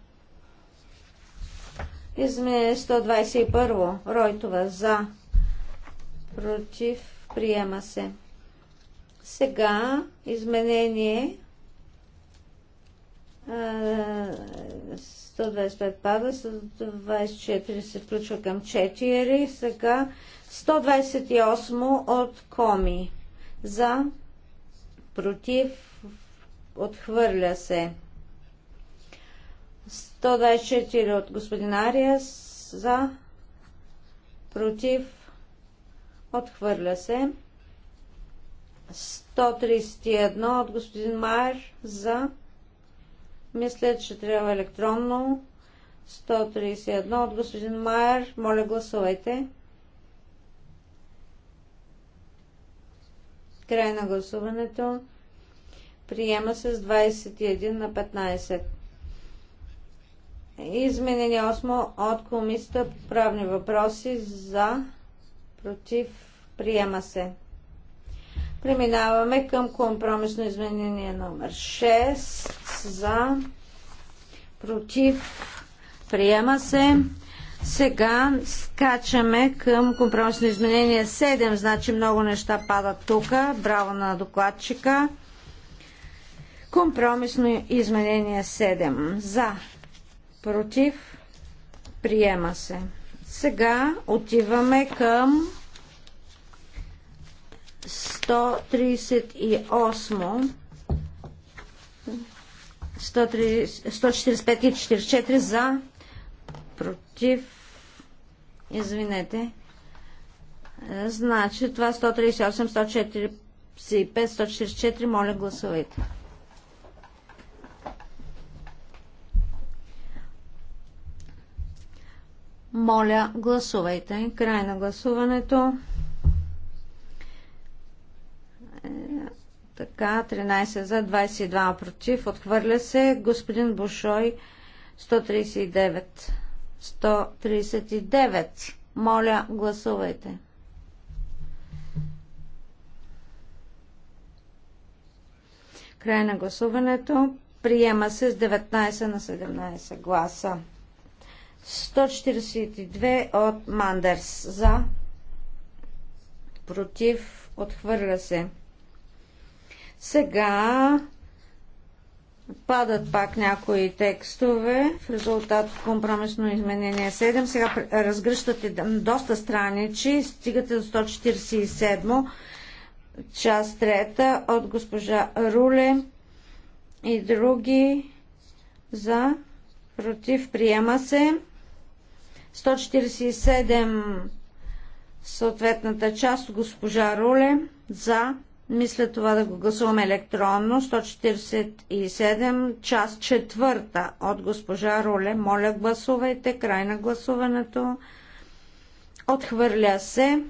Изменение 121. Ройтова за. Против. Приема се. Сега изменение 125 пада, 124 се включва към 4. Сега 128 от коми за, против, отхвърля се. 124 от господин Ариас за, против, отхвърля се. 131 от господин Майер за, мисля, че трябва електронно. 131 от господин Майер, моля гласувайте. Край на гласуването. Приема се с 21 на 15. Изменение 8 от Комисията по правни въпроси за против приема се. Преминаваме към компромисно изменение номер 6 за против приема се. Сега скачаме към компромисно изменение 7, значи много неща падат тук. Браво на докладчика. Компромисно изменение 7. За. Против. Приема се. Сега отиваме към 138. 145 и 44 за против. Извинете. Е, значи това 138, 145, 144. Моля, гласувайте. Моля, гласувайте. Край на гласуването. Е, така, 13 за, 22 против. Отхвърля се господин Бушой 139. 139. Моля, гласувайте. Край на гласуването. Приема се с 19 на 17 гласа. 142 от Мандерс. За. Против. Отхвърля се. Сега Падат пак някои текстове в резултат от компромисно изменение 7. Сега разгръщате доста страничи, стигате до 147, част трета от госпожа Руле и други за против приема се. 147 съответната част от госпожа Руле за мисля това да го гласуваме електронно. 147, част четвърта от госпожа Роле. Моля, гласувайте. Край на гласуването. Отхвърля се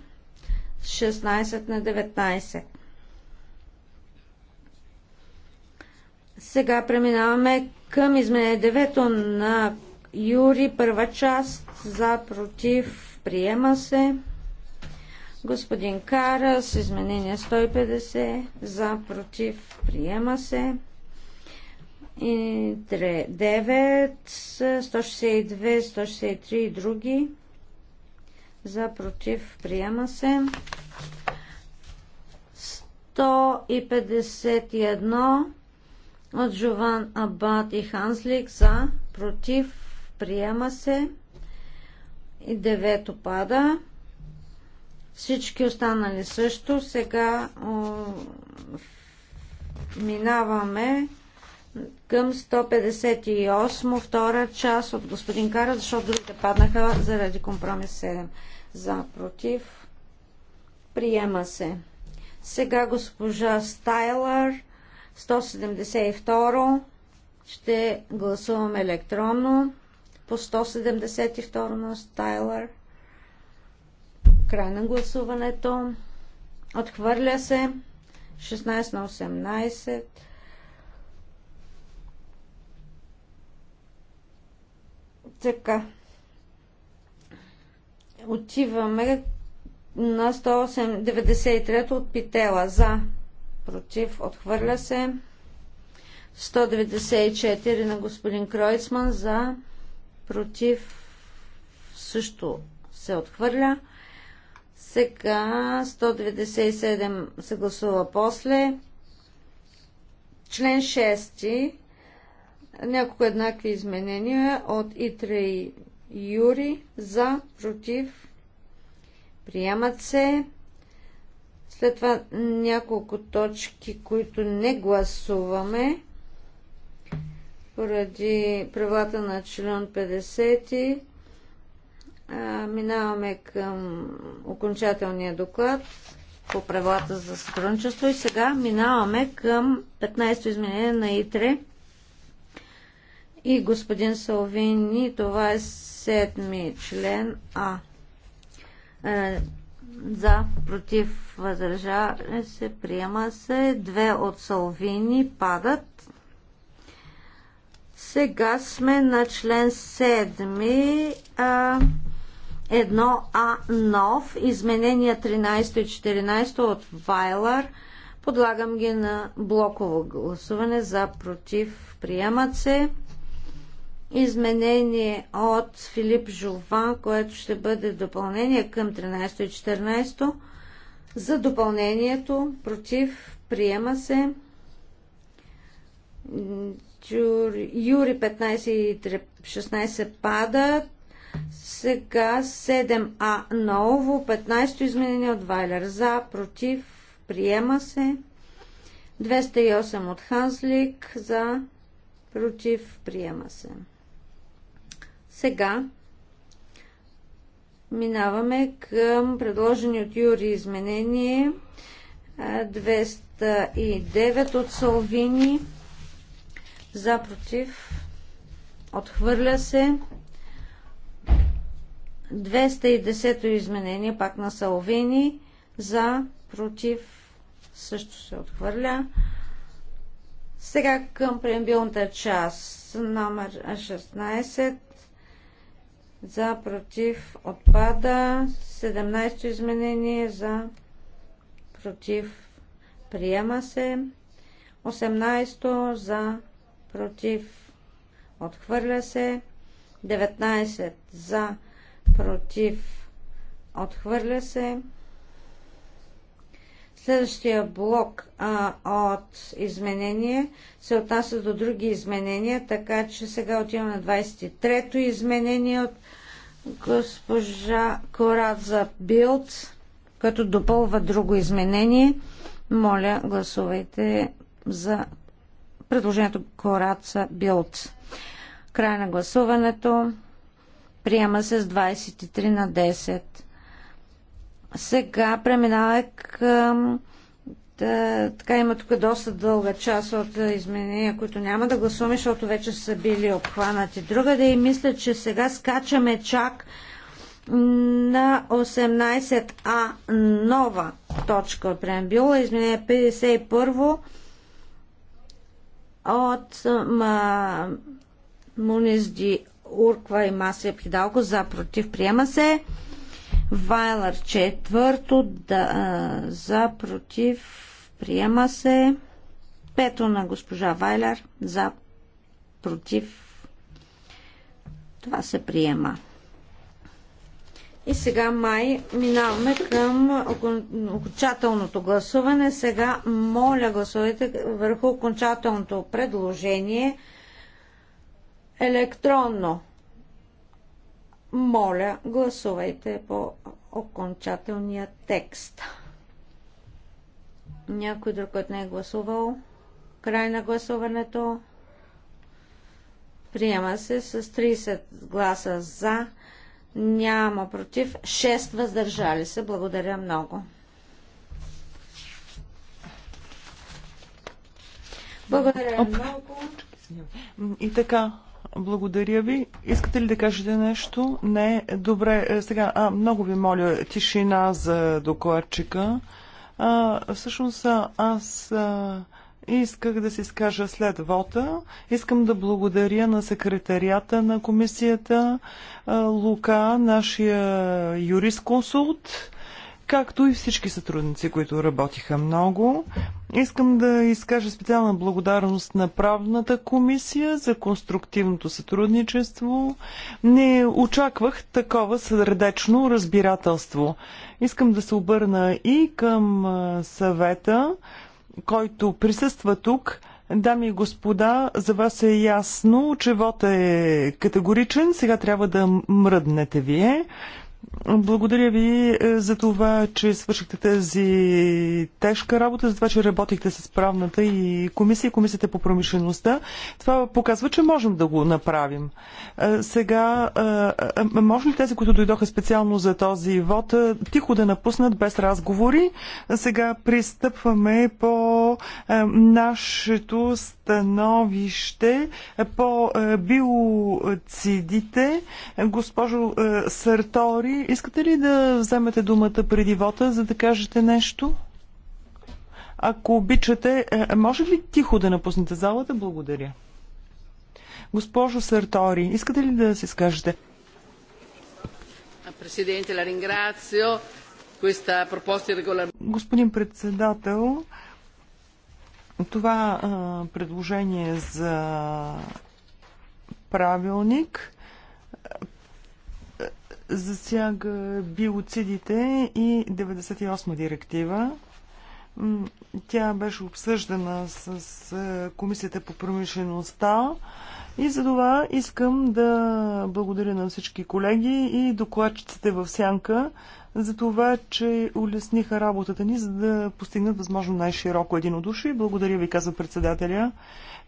16 на 19. Сега преминаваме към изменение 9 на Юри, първа част, за, против, приема се. Господин Кара с изменение 150 за против приема се. И 9, 162, 163 и други за против приема се. 151 от Жован Абат и Ханслик за против приема се. И 9 пада. Всички останали също. Сега о, минаваме към 158, втора част от господин Кара, защото другите паднаха заради компромис 7. За, против, приема се. Сега госпожа Стайлър, 172, ще гласуваме електронно по 172 на Стайлър. 172. Край на гласуването. Отхвърля се. 16 на 18. Така. Отиваме на 193 от Питела. За. Против. Отхвърля се. 194 на господин Кройцман. За. Против. Също се отхвърля. Сега 197 се гласува после. Член 6. Няколко еднакви изменения от Итре и Юри за, против, приемат се. След това няколко точки, които не гласуваме поради правата на член 50 Минаваме към окончателния доклад по правилата за сътрудничество и сега минаваме към 15-то изменение на ИТРЕ и господин Салвини, това е седми член А. Е, за, против, въздържали се, приема се. Две от Салвини падат. Сега сме на член 7. А, 1А нов, изменения 13 и 14 от Вайлар. Подлагам ги на блоково гласуване за против. Приемат се. Изменение от Филип Жован, което ще бъде допълнение към 13 и 14. За допълнението против приема се. Юри 15 и 16 падат. Сега 7А ново, 15-то изменение от Вайлер. За, против, приема се. 208 от Ханслик. За, против, приема се. Сега минаваме към предложени от Юри изменение 209 от Салвини. За, против, отхвърля се. 210-то изменение пак на Салвини за, против, също се отхвърля. Сега към преамбилната част, номер 16, за, против, отпада, 17-то изменение за, против, приема се, 18-то за, против, отхвърля се, 19 за, против, против, отхвърля се. Следващия блок а, от изменение се отнася до други изменения, така че сега отиваме на 23-то изменение от госпожа Кораза Билд, като допълва друго изменение. Моля, гласувайте за предложението Кораца Билд. Край на гласуването. Приема се с 23 на 10. Сега преминава към да, така има тук доста дълга част от изменения, които няма да гласуваме, защото вече са били обхванати друга. Да и мисля, че сега скачаме чак на 18А нова точка от преамбюла, изменение 51 от Мунизди Урква и Масия Пхидалко за против приема се. Вайлар четвърто да, за против приема се. Пето на госпожа Вайлер за против. Това се приема. И сега май минаваме към окончателното гласуване. Сега моля гласовете върху окончателното предложение електронно. Моля, гласувайте по окончателния текст. Някой друг от не е гласувал. Край на гласуването. Приема се с 30 гласа за, няма против, 6 въздържали се. Благодаря много. Благодаря Оп. много. И така, благодаря ви. Искате ли да кажете нещо? Не. Добре. Е, сега, а, много ви моля, тишина за докладчика. А, всъщност, аз а, исках да си скажа след вота. Искам да благодаря на секретарията на комисията а, Лука, нашия юрисконсулт както и всички сътрудници, които работиха много. Искам да изкажа специална благодарност на правната комисия за конструктивното сътрудничество. Не очаквах такова сърдечно разбирателство. Искам да се обърна и към съвета, който присъства тук. Дами и господа, за вас е ясно, че вота е категоричен. Сега трябва да мръднете вие. Благодаря ви е, за това, че свършихте тази тежка работа, за това, че работихте с правната и комисия, комисията по промишлеността. Това показва, че можем да го направим. Е, сега, е, може ли тези, които дойдоха специално за този вод, тихо да напуснат без разговори? Сега пристъпваме по нашето становище по биоцидите. Госпожо Сартори, ви. Ами, искате ли да вземете думата преди вота, за да кажете нещо? Ако обичате, е, може ли тихо да напуснете залата? Благодаря. Госпожо Сартори, искате ли да се скажете? Президенте, ла ringrazio. Questa proposta Господин председател, това а, е, предложение за правилник засяга биоцидите и 98 директива. Тя беше обсъждана с е, Комисията по промишлеността и за това искам да благодаря на всички колеги и докладчиците в Сянка за това, че улесниха работата ни, за да постигнат възможно най-широко единодушие. Благодаря ви, каза председателя.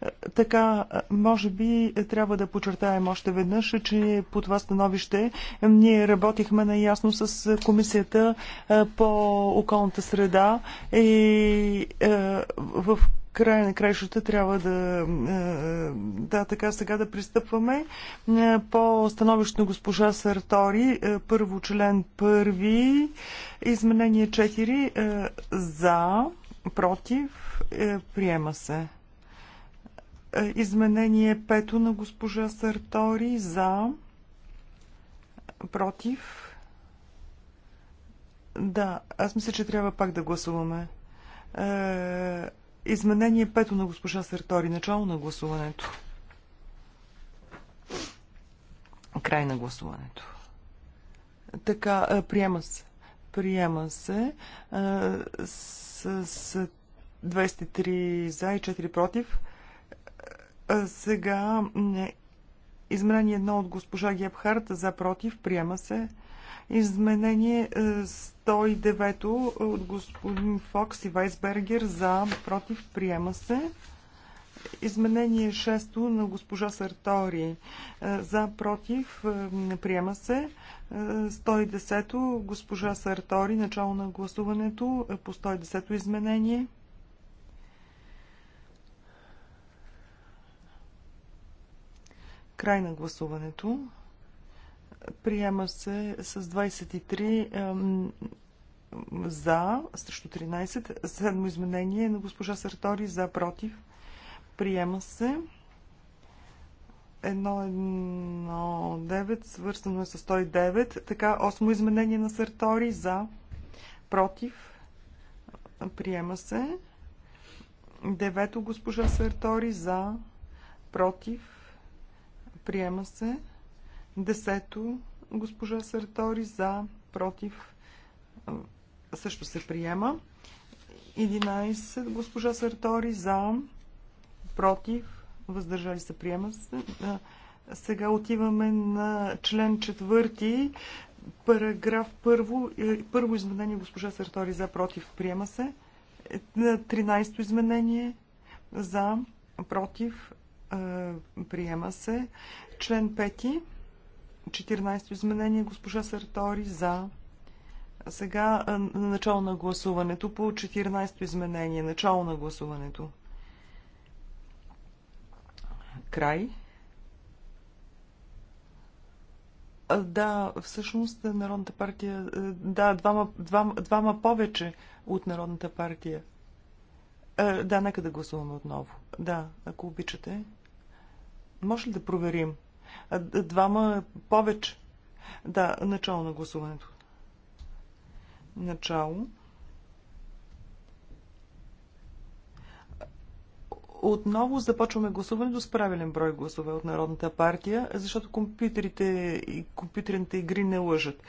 Е, така, е, може би е, трябва да подчертаем още веднъж, че по това становище ние работихме наясно с комисията по околната среда и в края на краищата трябва да, е, е, да така сега да пристъпваме е, по становище на госпожа Сартори, първо член първи, изменение 4, за, против, приема се. Изменение 5 на госпожа Сартори, за, против, да, аз мисля, че трябва пак да гласуваме. Изменение пето на госпожа Сартори. Начало на гласуването. Край на гласуването. Така, приема се. Приема се с, с 203 за и 4 против. Сега изменение едно от госпожа Гебхарт за против. Приема се. Изменение 109 е, от господин Фокс и Вайсбергер за, против, приема се. Изменение 6 на госпожа Сартори е, за, против, е, приема се. 110 госпожа Сартори, начало на гласуването по 110 изменение. Край на гласуването. Приема се с 23 за, срещу 13. Седмо изменение на госпожа Сартори за, против. Приема се. 9, свързано е с 109. Така, 8 изменение на Сартори за, против. Приема се. 9 госпожа Сартори за, против. Приема се. Десето, госпожа Сартори, за, против, също се приема. 11, госпожа Сартори, за, против, въздържали се, приема се. Сега отиваме на член четвърти, параграф първо, е, първо изменение, госпожа Сартори, за, против, приема се. 13-то е, изменение, за, против, приема се. Член пети 14 то изменение, госпожа Сартори, за. Сега на начало на гласуването по 14 то изменение. Начало на гласуването. Край. Да, всъщност Народната партия... Да, двама, двама, двама повече от Народната партия. Да, нека да гласуваме отново. Да, ако обичате. Може ли да проверим? Двама повече. Да, начало на гласуването. Начало. Отново започваме гласуването с правилен брой гласове от Народната партия, защото компютрите и компютърните игри не лъжат.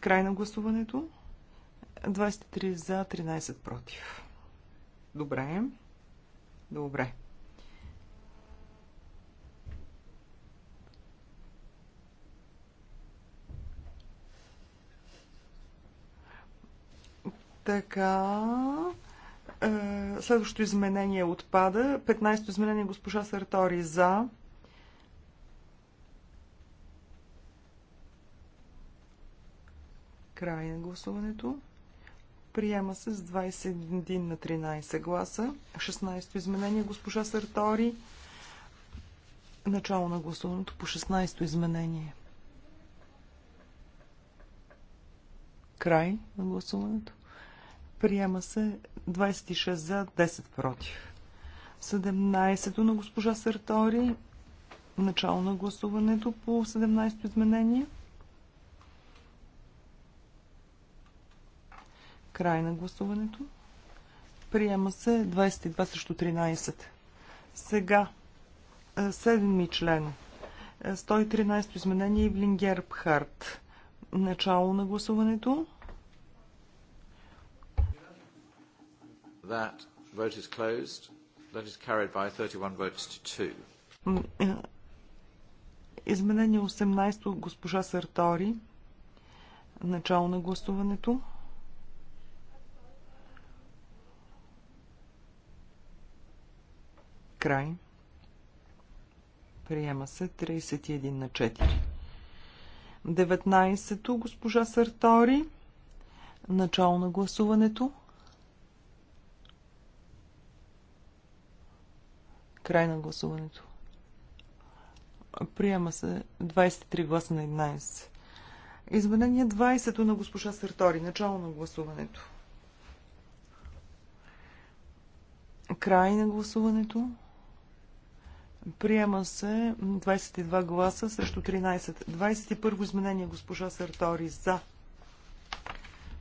край на гласуването. 23 за, 13 против. Добре. Добре. Така. Е, следващото изменение отпада. 15-то изменение госпожа Сартори за. Край на гласуването. Приема се с 21 на 13 гласа. 16-то изменение госпожа Сартори. Начало на гласуването по 16-то изменение. Край на гласуването. Приема се 26 за 10 против. 17-то на госпожа Сартори. Начало на гласуването по 17-то изменение. Край на гласуването. Приема се 22 срещу 13. Сега, е, седми член. 113-то е, изменение Евлингер Пхарт. Начало на гласуването. That vote is closed. That is carried by 31 votes to 2. Е, изменение 18 от госпожа Сартори. Начало на гласуването. Край. Приема се 31 на 4. 19-то госпожа Сартори. Начало на гласуването. Край на гласуването. Приема се 23 гласа на 11. Изменение 20 на госпожа Сартори. Начало на гласуването. Край на гласуването. Приема се 22 гласа срещу 13. 21 изменение госпожа Сартори за.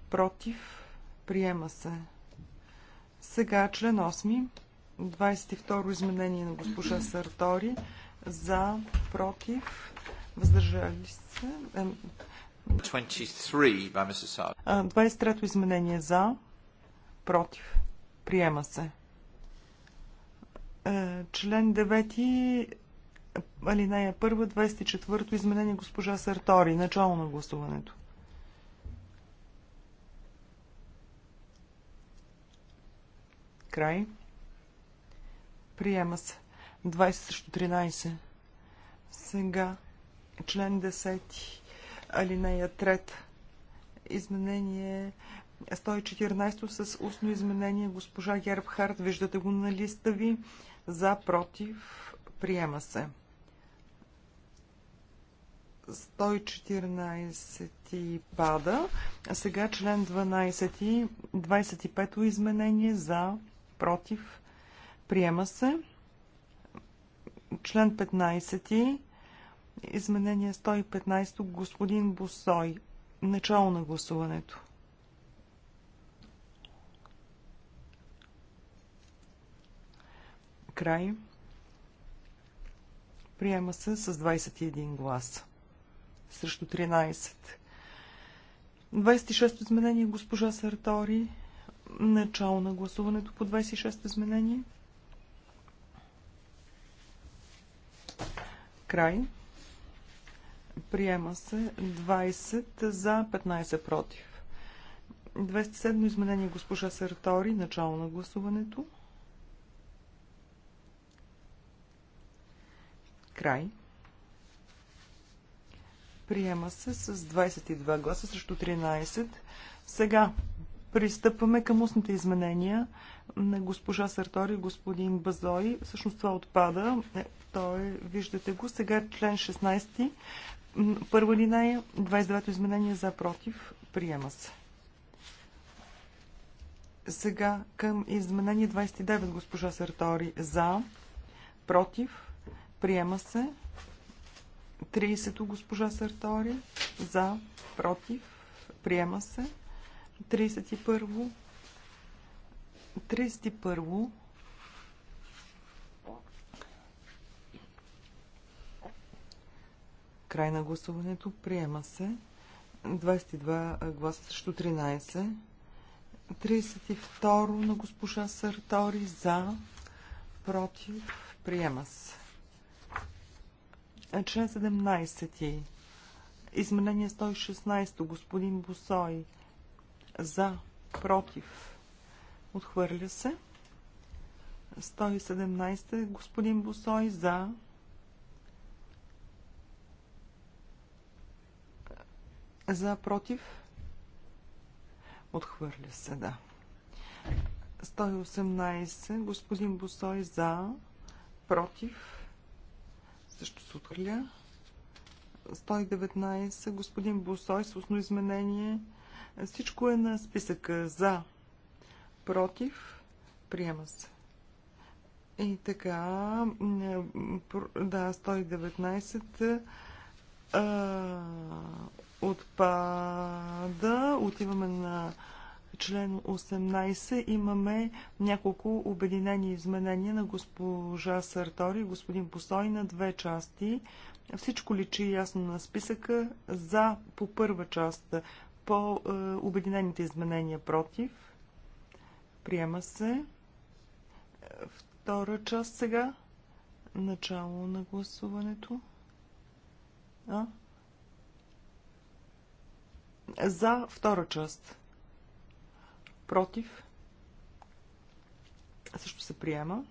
Против. Приема се. Сега член 8. 22 изменение на госпожа Сартори. За, против, въздържали се. 23 изменение за, против, приема се. Е, член 9, алинея 1, 24 изменение госпожа Сартори. Начало на гласуването. Край. Приема се. 20 срещу 13. Сега член 10, алинея 3. Изменение 114 с устно изменение. Госпожа Гербхард, виждате го на листа ви. За, против, приема се. 114 пада. А сега член 12, 25 изменение за, против, Приема се. Член 15. Изменение 115. Господин Босой. Начало на гласуването. Край. Приема се с 21 гласа. Срещу 13. 26 изменение госпожа Сартори. Начало на гласуването по 26 изменение. Край. Приема се 20 за 15 против. 27 изменение госпожа Сертори, Начало на гласуването. Край. Приема се с 22 гласа срещу 13. Сега Пристъпваме към устните изменения на госпожа Сартори, господин Базой. Всъщност това отпада. Е, той, виждате го. Сега е член 16. Първа линия, 29-то изменение за против. Приема се. Сега към изменение 29, госпожа Сартори. За, против, приема се. 30-то госпожа Сартори. За, против, приема се. 31. 31. Край на гласуването. Приема се. 22 гласа срещу 13. 32 на госпожа Сартори за. Против. Приема се. Член 17. Изменение 116. Господин Босой за, против, отхвърля се. 117 господин Босой за. За, против, отхвърля се, да. 118 господин Босой за, против, също се отхвърля. 119 господин Босой с основно изменение всичко е на списъка за, против, приема се. И така, да, 119 а, отпада. Отиваме на член 18. Имаме няколко обединени изменения на госпожа Сартори и господин Посой на две части. Всичко личи ясно на списъка за по първа част по обединените изменения против. Приема се. Втора част сега. Начало на гласуването. А? За втора част. Против. Също се приема.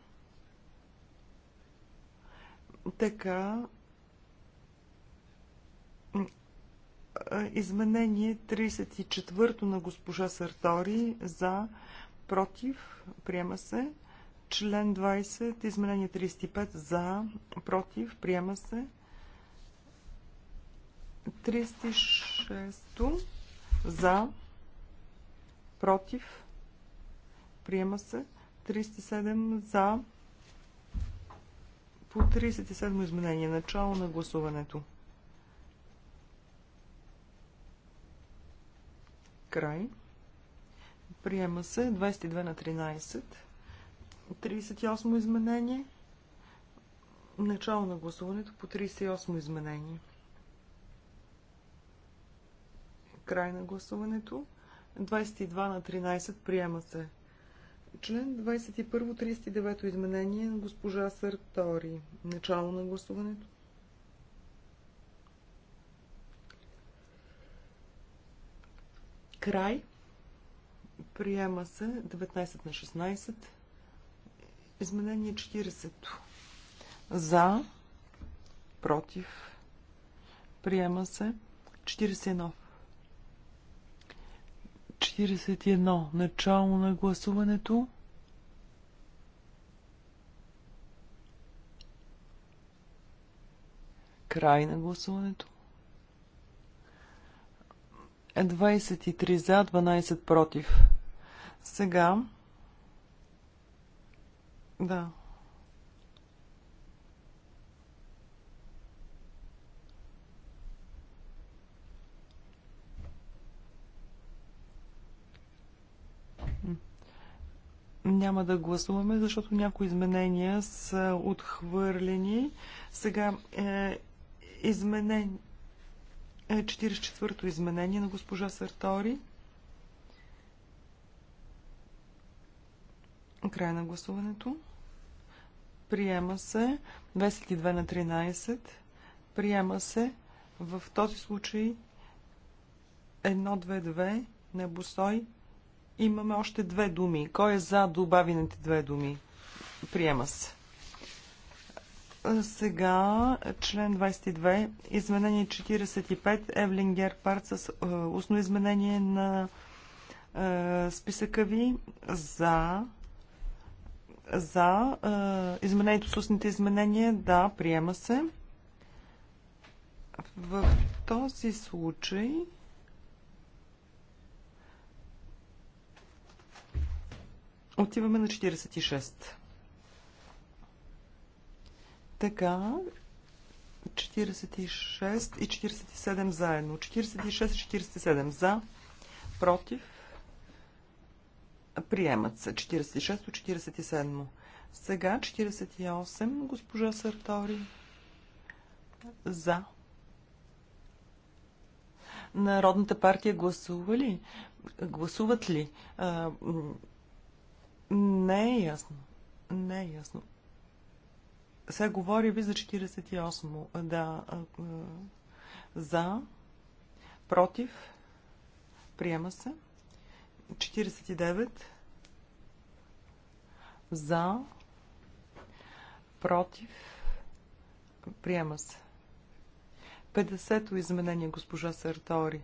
Така, Изменение 34 то на госпожа Сартори за, против, приема се. Член 20, изменение 35 за, против, приема се. 36 за, против, приема се. 37 за, по 37 изменение, начало на гласуването. Край. Приема се 22 на 13. 38 изменение. Начало на гласуването по 38 изменение. Край на гласуването. 22 на 13 приема се. Член 21-39 изменение на госпожа Сартори. Начало на гласуването. Край. Приема се 19 на 16. Изменение 40. За. Против. Приема се 41. 41. Начало на гласуването. Край на гласуването. 23 за, 12 против. Сега. Да. Няма да гласуваме, защото някои изменения са отхвърлени. Сега е, изменение 44-то е изменение на госпожа Сартори. Край на гласуването. Приема се 22 на 13. Приема се в този случай 1-2-2 на Имаме още две думи. Кой е за добавените две думи? Приема се. Сега член 22, изменение 45, Евлин Герпарт с устно изменение на е, списъка ви за за е, изменението с устните изменения, да, приема се. В този случай отиваме на 46. Така, 46 и 47 заедно. 46 и 47 за, против, приемат се. 46 и 47. Сега 48, госпожа Сартори, за. Народната партия гласува ли? Гласуват ли? А, не е ясно. Не е ясно. Сега говори ви за 48. Да. За. Против. Приема се. 49. За. Против. Приема се. 50-то изменение, госпожа Сартори.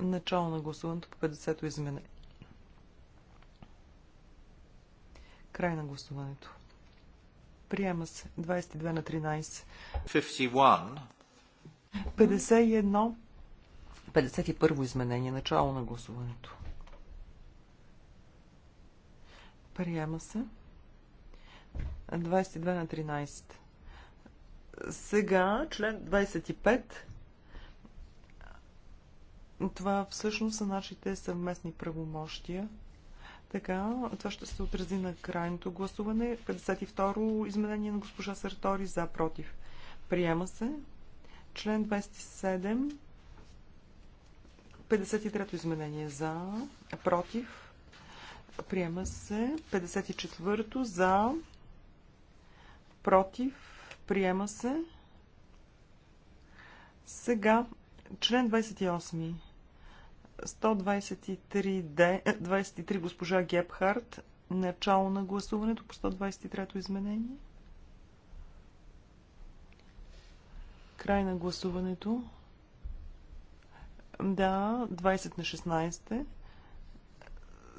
Начало на гласуването по 50-то изменение. Край на гласуването. Приема се. 22 на 13. 51. 51. 51 изменение. Начало на гласуването. Приема се. 22 на 13. Сега, член 25. Това всъщност са нашите съвместни правомощия. Така, това ще се отрази на крайното гласуване. 52-ро изменение на госпожа Сартори за против. Приема се. Член 27. 53-то изменение за против. Приема се. 54-то за против. Приема се. Сега, член 28. 123 де, 123 госпожа Гепхарт, начало на гласуването по 123-то изменение. Край на гласуването. Да, 20 на 16.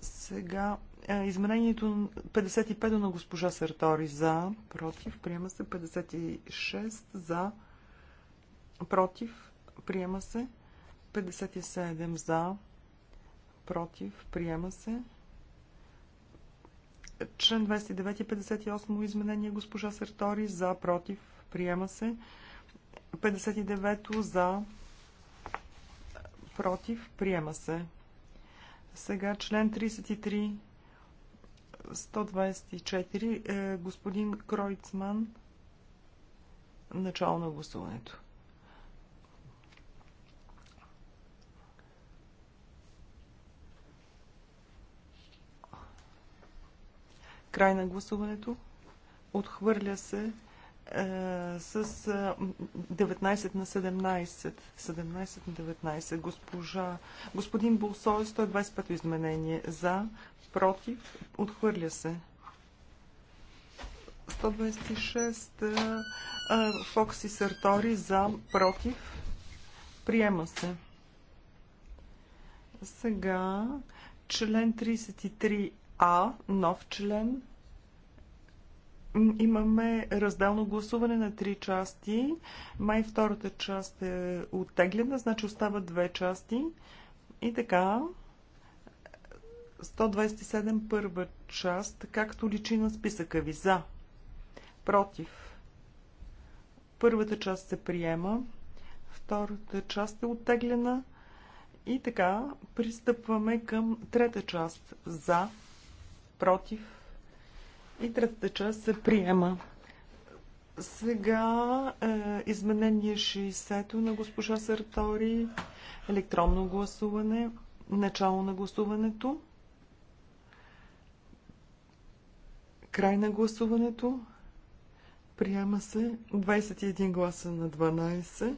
Сега е, изменението 55 на госпожа Сартори за, против, приема се 56 за, против, приема се 57 за, против, приема се. Член 29 и 58 изменение госпожа Сертори за, против, приема се. 59 за, против, приема се. Сега член 33, 124, е, господин Кройцман, начало на гласуването. Край на гласуването. Отхвърля се е, с 19 е, на 17. 17 на 19. Госпожа, господин Булсой, 125 изменение. За, против, отхвърля се. 126 е, Фокси Сартори за, против, приема се. Сега член 33А, нов член Имаме разделно гласуване на три части. Май втората част е оттеглена, значи остават две части. И така, 127 първа част, както личи на списъка ви. За. Против. Първата част се приема. Втората част е оттеглена. И така, пристъпваме към трета част. За. Против и третата част се приема. Сега е, изменение 60-то на госпожа Сартори, електронно гласуване, начало на гласуването, край на гласуването, приема се 21 гласа на 12.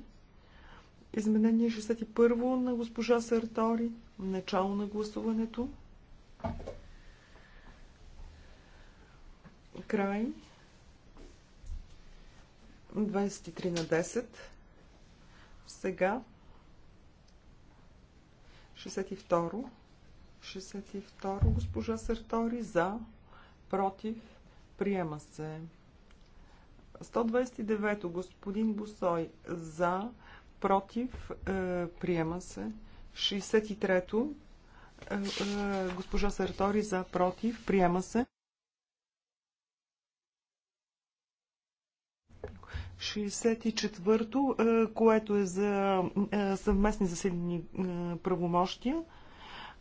Изменение 61 на госпожа Сартори, начало на гласуването, Край. 23 на 10. Сега. 62. 62. Госпожа Сертори За. Против. Приема се. 129. Господин Босой. За. Против. Е, приема се. 63. Е, е, госпожа Сертори За. Против. Приема се. 64-то, е, което е за е, съвместни заседени е, правомощия.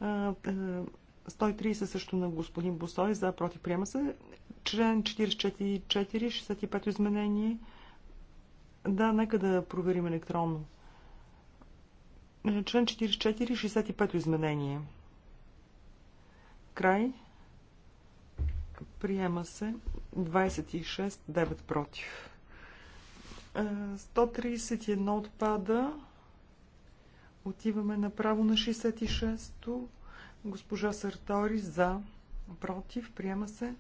130 също на господин Босой, за против приема се. Член 44, 65 изменение. Да, нека да проверим електронно. Член 44, 65 изменение. Край. Приема се 26, 9 против. 131 е, отпада. Отиваме направо на 66-то. Госпожа Сартори за, против, приема се.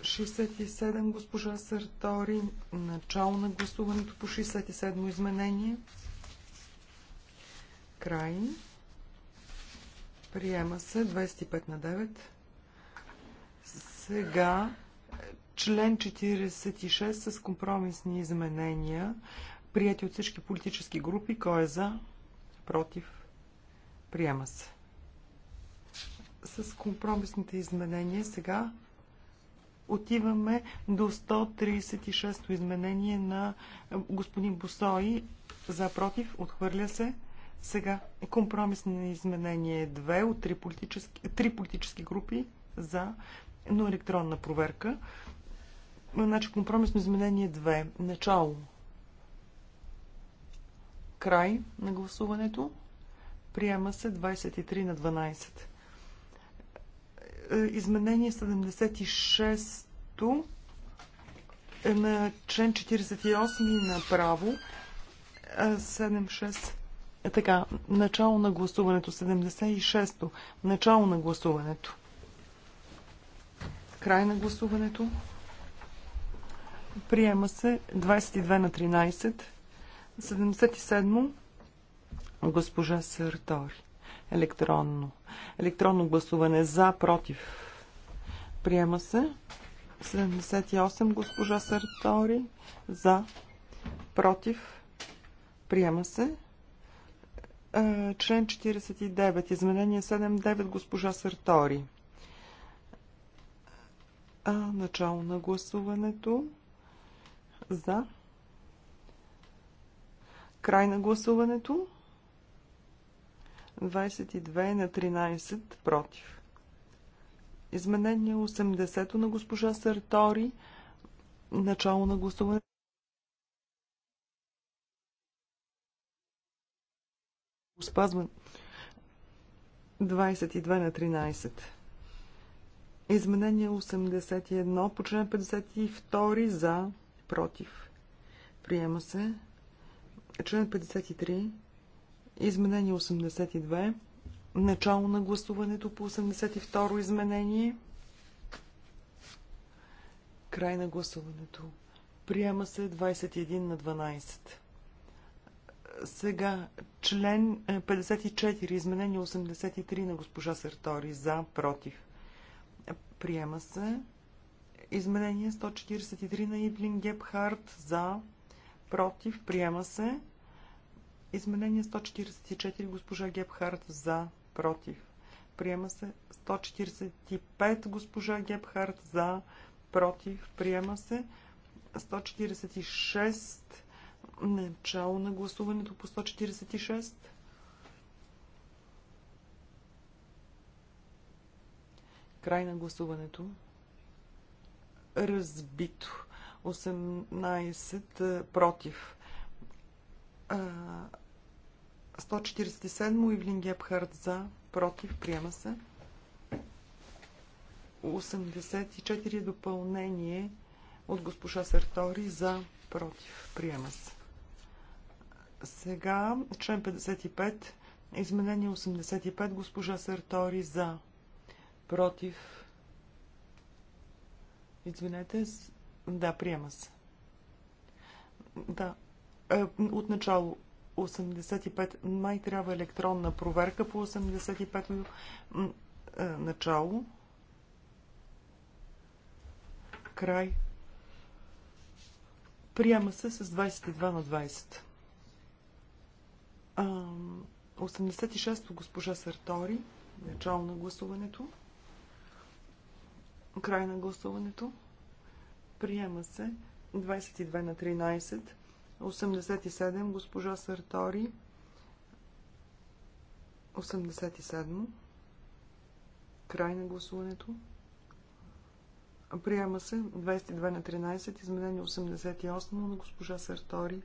67 госпожа Сартори, начало на гласуването по 67 изменение. Край. Приема се 25 на 9. Сега Член 46 с компромисни изменения, прияти от всички политически групи. Кой е за? Против? Приема се. С компромисните изменения сега отиваме до 136-то изменение на е, господин Босои за против, отхвърля се. Сега компромисно изменение 2 от 3 политически, 3 политически групи за, но електронна проверка. Значи компромисно изменение 2. Начало. Край на гласуването. Приема се 23 на 12. Е, изменение 76-то е на член 48 направо. 7-6. Е, е, така, начало на гласуването. 76-то. Начало на гласуването. Край на гласуването. Приема се 22 на 13. 77. Госпожа Съртори. Електронно. Електронно гласуване за, против. Приема се. 78. Госпожа Съртори, За, против. Приема се. Е, член 49. Изменение 7.9. Госпожа Съртори. А, начало на гласуването. За. Край на гласуването. 22 на 13 против. Изменение 80 на госпожа Сартори. Начало на гласуване. Спазване. 22 на 13. Изменение 81 по член 52 за против, приема се. Член 53, изменение 82, начало на гласуването по 82 изменение, край на гласуването. Приема се 21 на 12. Сега, член 54, е, изменение 83 на госпожа Сартори, за, против. Приема се. Изменение 143 на Ивлин Гепхарт за, против, приема се. Изменение 144 госпожа Гепхарт за, против, приема се. 145 госпожа Гепхарт за, против, приема се. 146 начало на гласуването по 146. Край на гласуването разбито. 18 е, против. 147 Ивлин Гепхард за, против, приема се. 84 е допълнение от госпожа Сертори, за, против, приема се. Сега член 55, изменение 85, госпожа Сертори за, против, Извинете. Да, приема се. Да. Е, Отначало 85. Май трябва електронна проверка по 85 е, начало. Край. Приема се с 22 на 20. 86-то госпожа Сартори. Начало на гласуването. Край на гласуването. Приема се 22 на 13. 87. Госпожа Сартори. 87. Край на гласуването. Приема се 22 на 13. Изменение 88 на госпожа Сартори.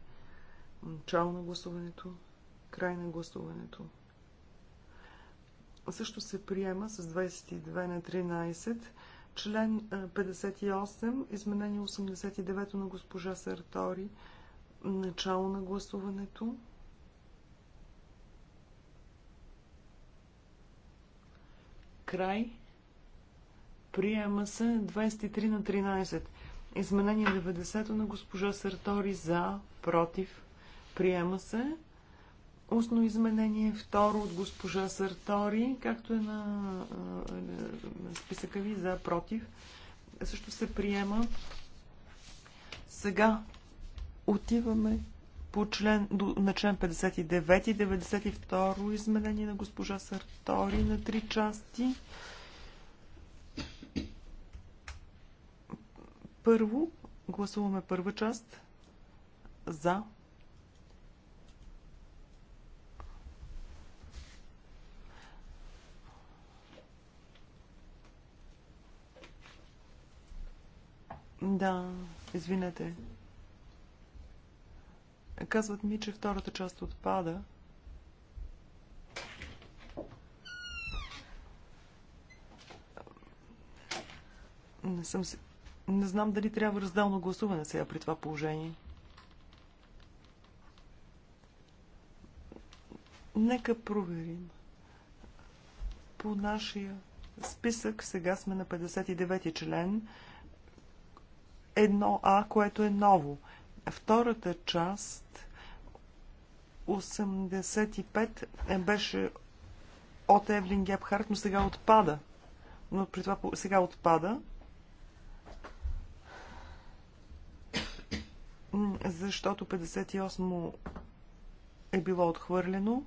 Начало на гласуването. Край на гласуването. Също се приема с 22 на 13. Член 58, изменение 89 на госпожа Сартори, начало на гласуването. Край. Приема се 23 на 13. Изменение 90 на госпожа Сартори за, против. Приема се. Устно изменение второ от госпожа Сартори, както е на, е, на списъка ви за против, също се приема. Сега отиваме по член, на член 59 и 92 изменение на госпожа Сартори на три части. Първо, гласуваме първа част за Да, извинете. Казват ми, че втората част отпада. Не съм си... Не знам дали трябва раздално гласуване сега при това положение. Нека проверим. По нашия списък сега сме на 59 член. Едно а което е ново. Втората част 85 е, беше от Евлин Гепхарт, но сега отпада. Но при това сега отпада. Защото 58 е било отхвърлено.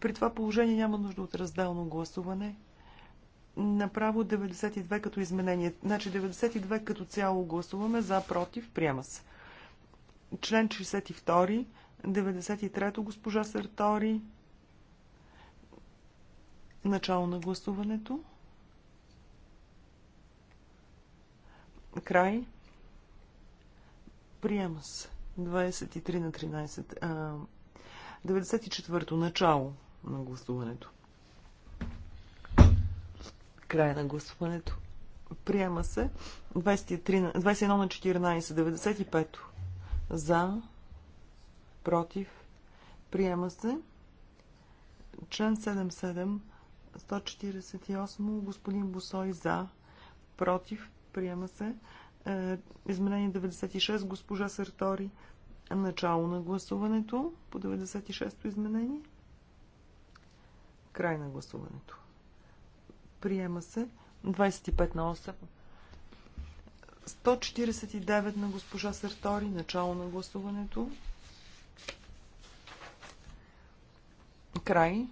При това положение няма нужда от разделно гласуване. Направо 92 като изменение. Значи 92 като цяло гласуваме за, против, приема се. Член 62, 93 госпожа Сертори, Начало на гласуването. Край. Приема се. 23 на 13. 94-то начало на гласуването. Край на гласуването. Приема се 21 на 14, 95 за, против, приема се. Член 77, 148, господин Босой за, против, приема се. Е, изменение 96, госпожа Сартори, начало на гласуването по 96-то изменение. Край на гласуването. Приема се. 25 на 8. 149 на госпожа Сартори. Начало на гласуването. Край.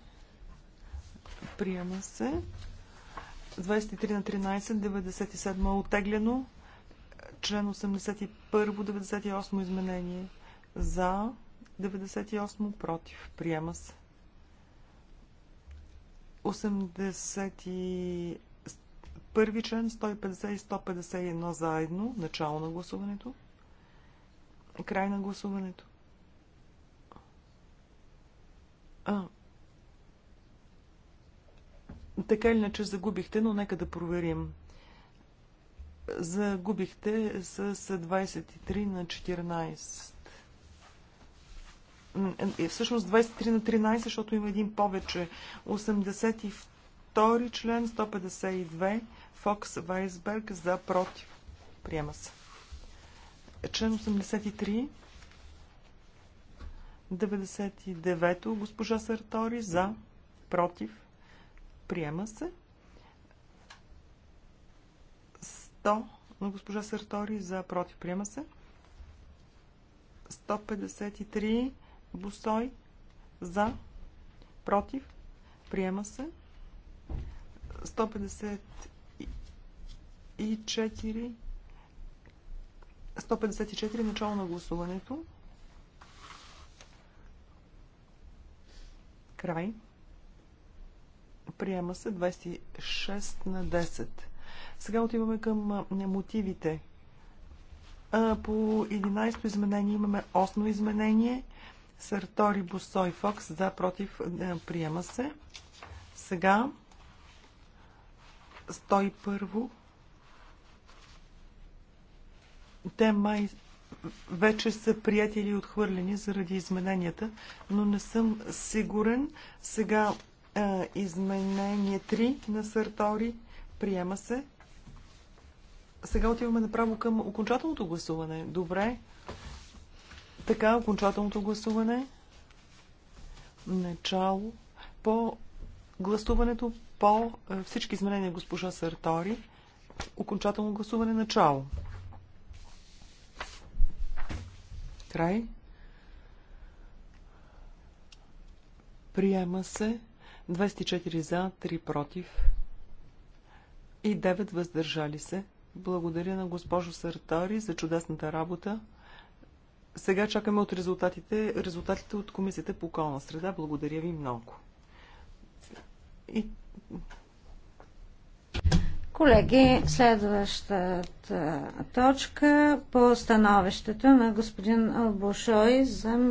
Приема се. 23 на 13, 97 отеглено. Член 81, 98 изменение. За 98 против. Приема се. 81 член 150 и 151 заедно. Начало на гласуването. Край на гласуването. А. Така или иначе загубихте, но нека да проверим. Загубихте с 23 на 14. Е, всъщност 23 на 13, защото има един повече. 82 член 152 Фокс Вайсберг за против. Приема се. Член 83 99 госпожа Сартори за против. Приема се. 100 на госпожа Сартори за против. Приема се. 153 Босой за, против, приема се. 154 154 начало на гласуването. Край. Приема се 26 на 10. Сега отиваме към мотивите. По 11-то изменение имаме 8 изменение – Сартори, Босой, Фокс, за, против, приема се. Сега 101. Те май вече са прияти или отхвърлени заради измененията, но не съм сигурен. Сега е, изменение 3 на Сартори приема се. Сега отиваме направо към окончателното гласуване. Добре. Така, окончателното гласуване. Начало по гласуването по е, всички изменения госпожа Сартори. Окончателно гласуване начало. Край. Приема се 24 за, 3 против и 9 въздържали се. Благодаря на госпожо Сартори за чудесната работа. Сега чакаме от резултатите, резултатите от Комисията по околна среда. Благодаря ви много. И... Колеги, следващата точка по становището на господин Бошой за,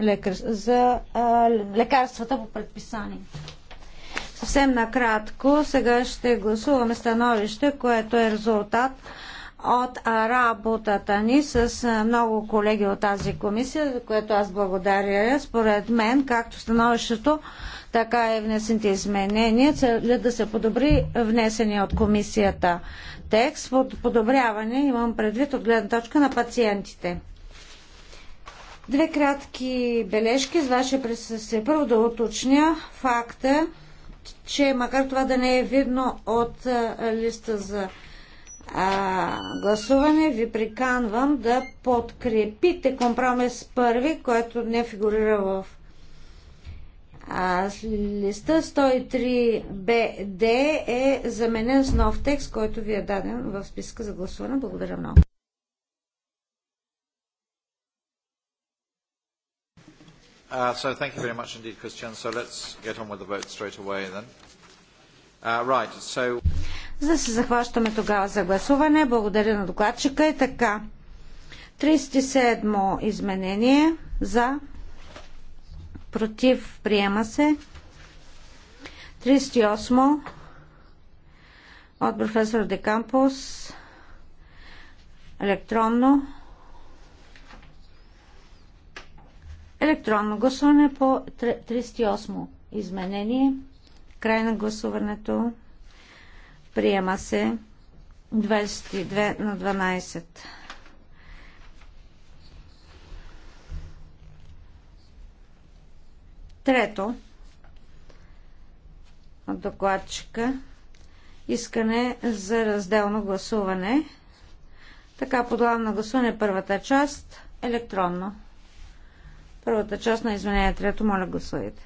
лекар... за а, лекарствата по предписание. Съвсем накратко, сега ще гласуваме становище, което е резултат от работата ни с много колеги от тази комисия, за което аз благодаря. Според мен, както становището, така и е внесените изменения, цели да се подобри внесения от комисията текст. Под подобряване имам предвид от гледна точка на пациентите. Две кратки бележки с ваше присъствие. Първо да уточня факта, че макар това да не е видно от листа за а, гласуване ви приканвам да подкрепите компромис първи, който не фигурира в а, листа 103 БД е заменен с нов текст, който ви е даден в списка за гласуване. Благодаря много. Uh, so thank you very much indeed, Christian. So let's get on with the vote straight away then. Uh, за да се захващаме тогава за гласуване. Благодаря на докладчика и така. 37 изменение за против приема се. 38 от професор Декампус електронно електронно гласуване по 38 изменение. Край на гласуването. Приема се 22 на 12. Трето от докладчика искане за разделно гласуване. Така подлагам на гласуване първата част електронно. Първата част на изменение трето, моля гласувайте.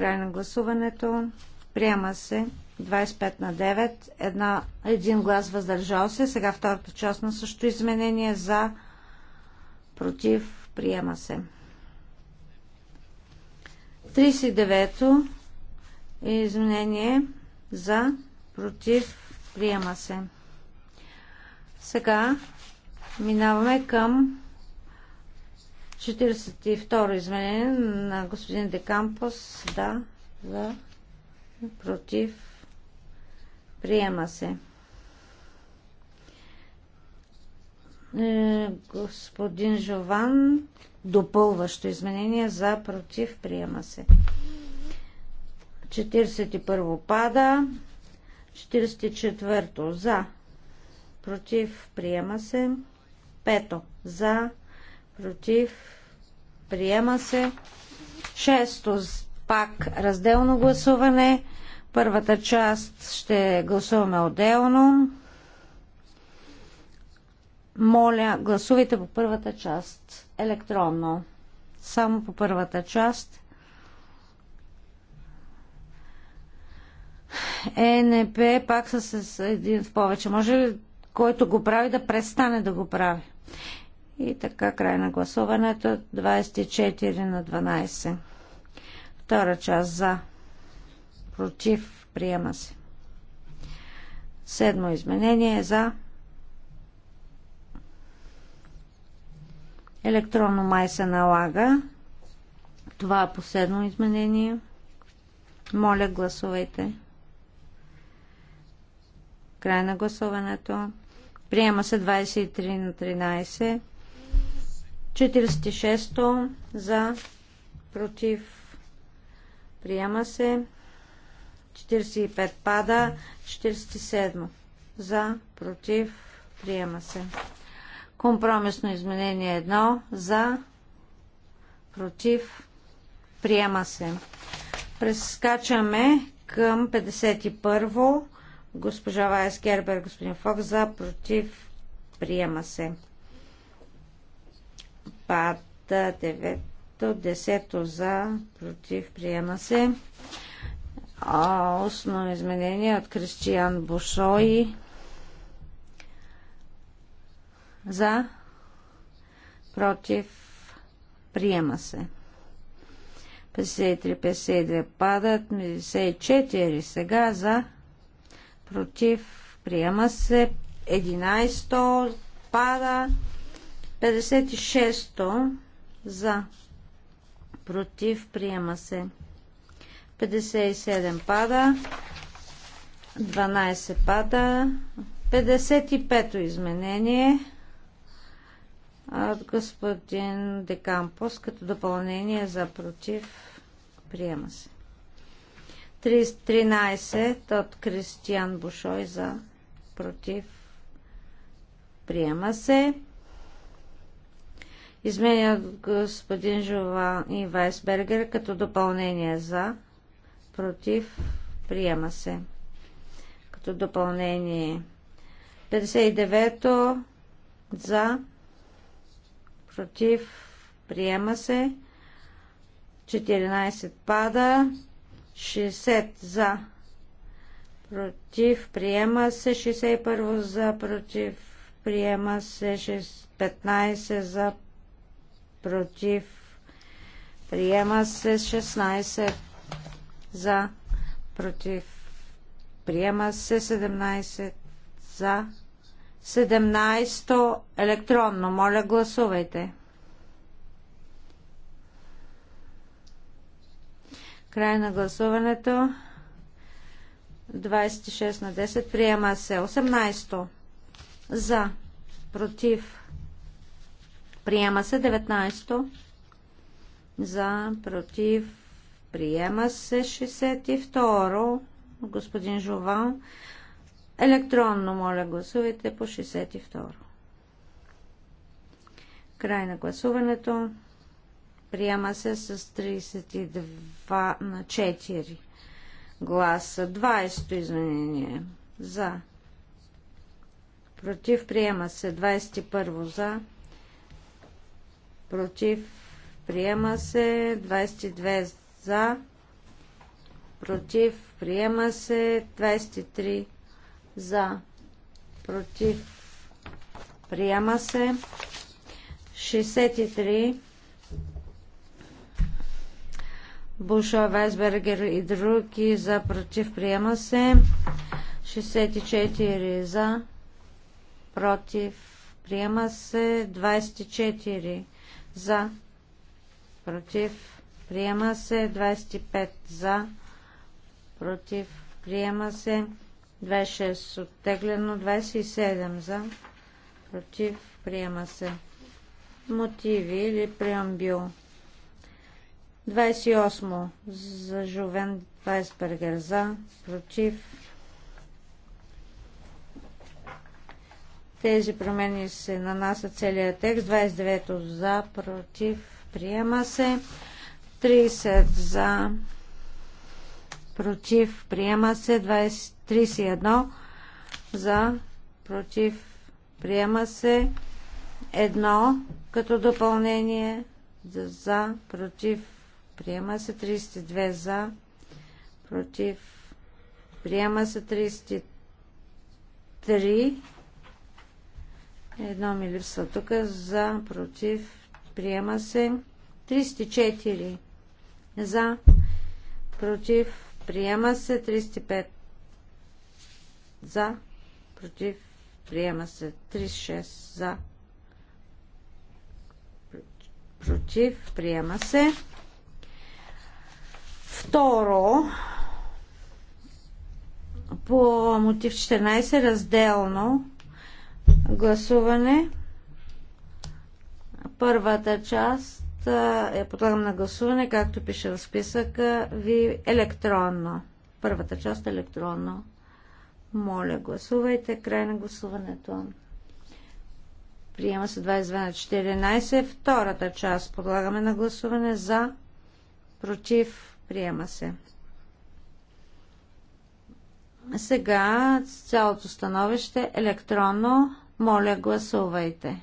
Край на гласуването. Приема се 25 на 9. Една, един глас въздържал се. Сега втората част на също изменение за против. Приема се. 39-то изменение за против. Приема се. Сега минаваме към 42 изменение на господин Декампос. Да, за, против, приема се. Е, господин Жован, допълващо изменение за, против, приема се. 41 пада. 44 за, против, приема се. 5 за, против, приема се. Шесто, пак разделно гласуване. Първата част ще гласуваме отделно. Моля, гласувайте по първата част електронно. Само по първата част. ЕНП пак са с един в повече. Може ли който го прави да престане да го прави? И така, край на гласуването 24 на 12. Втора част за. Против. Приема се. Седмо изменение е за. Електронно май се налага. Това е последно изменение. Моля, гласувайте. Край на гласуването. Приема се 23 на 13. 46 за, против, приема се. 45 пада. 47 за, против, приема се. Компромисно изменение 1 за, против, приема се. Прескачаме към 51 Госпожа Вайс Гербер, господин Фокс, за, против, приема се пада 9, 10 за, против, приема се. А, основно изменение от Кристиан Бушой. За, против, приема се. 53-52 падат, 54 сега за, против, приема се, 11 пада, 56-то за. Против. Приема се. 57 пада. 12 пада. 55-то изменение от господин Декампос като допълнение за против. Приема се. 13 от Кристиан Бушой за против. Приема се. Изменя господин Жован и Вайсбергер като допълнение за, против, приема се. Като допълнение 59-то за, против, приема се. 14 пада, 60 за, против, приема се, 61 за, против, приема се, 15 за, против, приема се 16 за, против, приема се 17 за, 17 електронно. Моля, гласувайте. Край на гласуването. 26 на 10. Приема се. 18. За. Против. Приема се 19 за, против, приема се 62 господин Жован. Електронно, моля, гласувайте по 62 Край на гласуването. Приема се с 32 на 4 гласа. 20 изменение за. Против приема се 21 за против, приема се, 22 за, против, приема се, 23 за, против, приема се, 63 Буша, Вайсбергер и други за против приема се. 64 за против приема се. 24 за, против, приема се 25 за, против, приема се 26 оттеглено 27 за, против, приема се мотиви или преамбюл 28 за Жовен Вайсбергер за, против, Тези промени се нанася целият текст. 29 за, против, приема се. 30 за, против, приема се. 20, 31 за, против, приема се. Едно като допълнение за, против, приема се. 32 за, против, приема се. 33 Едно ми липсва тук. За, против, приема се. 34 за, против, приема се. 35 за, против, приема се. 36 за, против, приема се. Второ, по мотив 14 разделно гласуване. Първата част я подлагам на гласуване, както пише в списъка ви електронно. Първата част електронно. Моля, гласувайте. Край на гласуването. Приема се 22 на 14. Втората част подлагаме на гласуване за, против, приема се. Сега цялото становище електронно. Моля, гласувайте.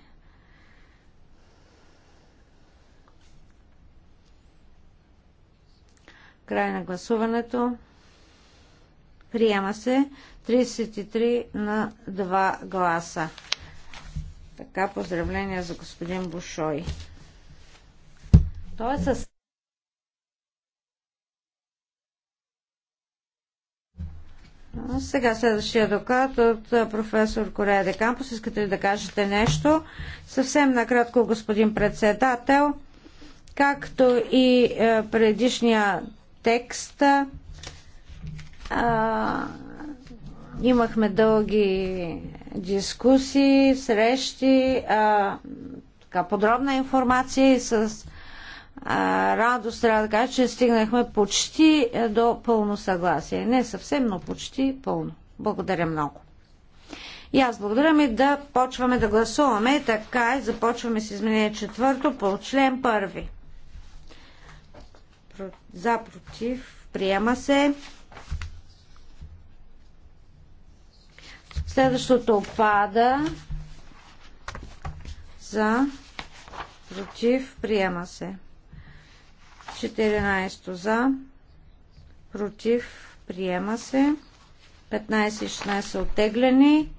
Край на гласуването. Приема се 33 на 2 гласа. Така, поздравления за господин Бушой. Той е с Сега следващия доклад от професор Корея де Кампус. Искате ли да кажете нещо? Съвсем накратко, господин председател, както и предишния текст, а, имахме дълги дискусии, срещи, а, така, подробна информация и с радост трябва да кажа, че стигнахме почти е, до пълно съгласие. Не съвсем, но почти пълно. Благодаря много. И аз благодаря ми да почваме да гласуваме. Така и започваме с изменение четвърто по член първи. За, против, приема се. Следващото опада за против, приема се. 14 за, против, приема се. 15 и 16 оттеглени.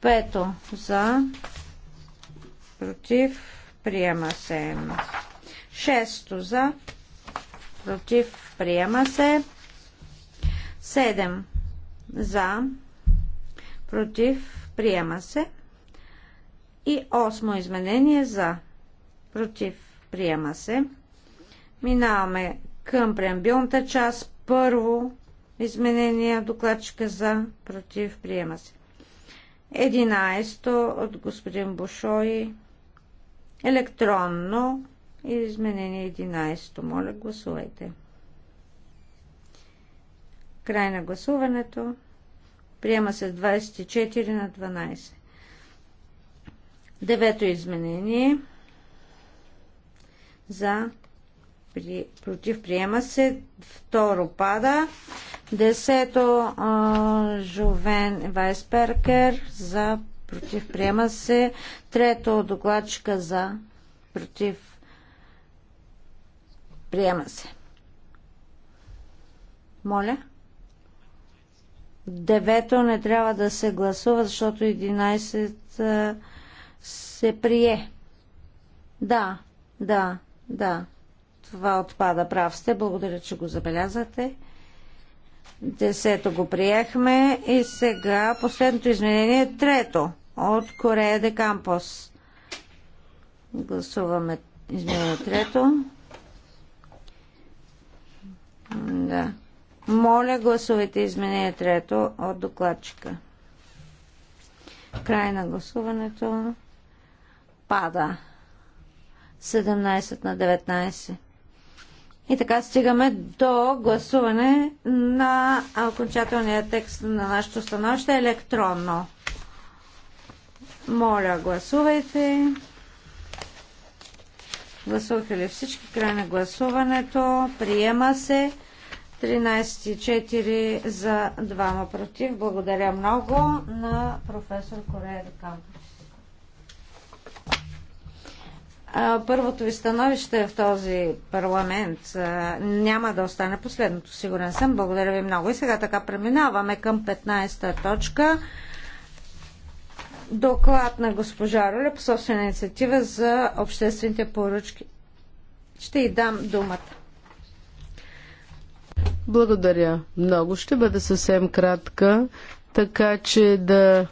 5 за, против, приема се. 6 за, против, приема се. 7 за, против, приема се. И 8 изменение за, против, приема се. Минаваме към преамбилната част. Първо изменение докладчика за против приема се. 11 от господин Бушой. Електронно изменение 11. Моля, гласувайте. Край на гласуването. Приема се 24 на 12. Девето изменение за при, против приема се, второ пада, десето а, Жовен Вайсперкер за против приема се, трето докладчика за против приема се. Моля. Девето не трябва да се гласува, защото 11 а, се прие. Да, да, да. Това отпада. Прав сте. Благодаря, че го забелязате. Десето го приехме. И сега последното изменение е трето от Корея де Кампос. Гласуваме изменение трето. Да. Моля, гласувайте изменение трето от докладчика. Край на гласуването. Пада. 17 на 19. И така стигаме до гласуване на окончателния текст на нашето становище електронно. Моля, гласувайте. Гласуваха ли всички? Край на гласуването. Приема се. 13,4 за 2 против. Благодаря много на професор Корея Декамп. първото ви становище в този парламент няма да остане последното, сигурен съм. Благодаря ви много. И сега така преминаваме към 15-та точка. Доклад на госпожа Роля по собствена инициатива за обществените поръчки. Ще й дам думата. Благодаря много. Ще бъда съвсем кратка, така че да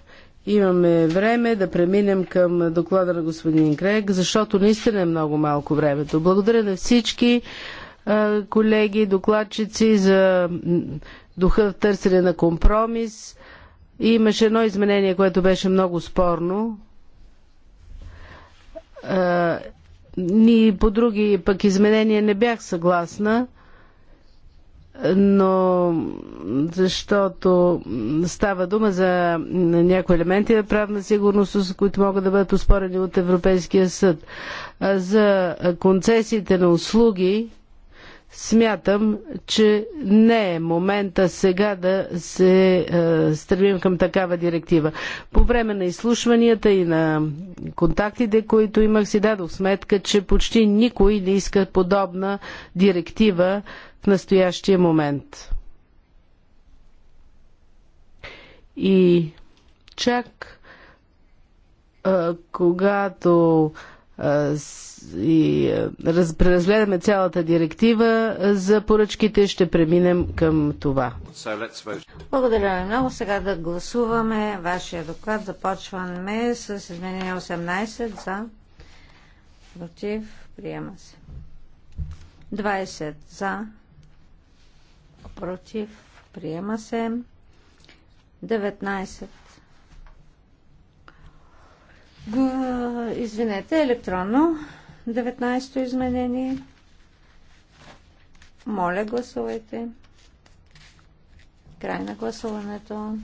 Имаме време да преминем към доклада на господин Грег, защото наистина е много малко времето. Благодаря на всички колеги, докладчици за духа в търсене на компромис. И имаше едно изменение, което беше много спорно. Ни по други пък изменения не бях съгласна но защото става дума за някои елементи на правна сигурност, с които могат да бъдат успорени от Европейския съд. За концесиите на услуги смятам, че не е момента сега да се е, стремим към такава директива. По време на изслушванията и на контактите, които имах, си дадох сметка, че почти никой не иска подобна директива в настоящия момент. И чак а, когато а, с, и а, преразгледаме цялата директива за поръчките, ще преминем към това. So Благодаря ви много. Сега да гласуваме вашия доклад. Започваме с изменение 18 за против. Приема се. 20 за против, приема се. 19. Г... Извинете, електронно. 19-то изменение. Моля, гласувайте. Край на гласуването.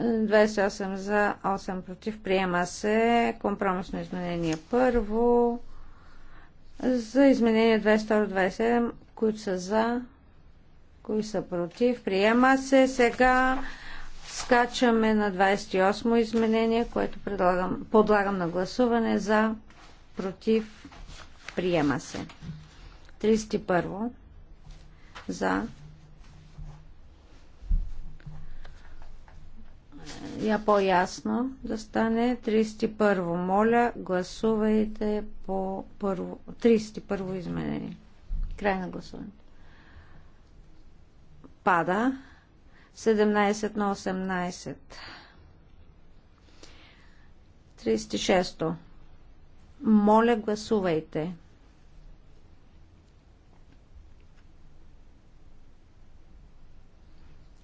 28 за 8 против. Приема се компромисно изменение първо. За изменение 22-27, които са за, Кои са против? Приема се. Сега скачаме на 28 изменение, което предлагам, подлагам на гласуване за против. Приема се. 31 за я по-ясно да стане. 31. Моля, гласувайте по първо, 31 изменение. Край на гласуването пада 17 на 18. 36. Моля, гласувайте.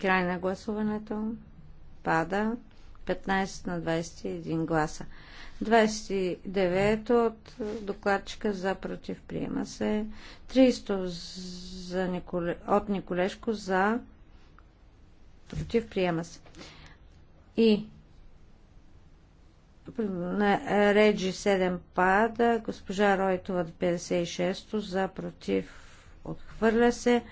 Край на гласуването пада 15 на 21 гласа. 29 от докладчика за против приема се. 300 за Николе... от Николешко за против приема се. И на Реджи 7 пада, госпожа Ройтова 56 за против отхвърля се.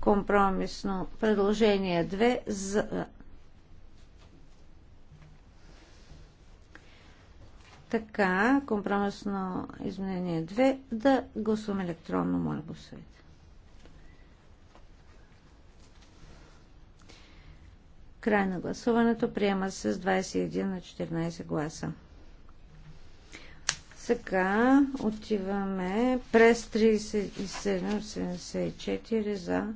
Компромисно предложение 2 за Така, компромисно изменение 2 да гласуваме електронно, моля гласувайте. Край на гласуването приема се с 21 на 14 гласа. Сега отиваме през 37-74 за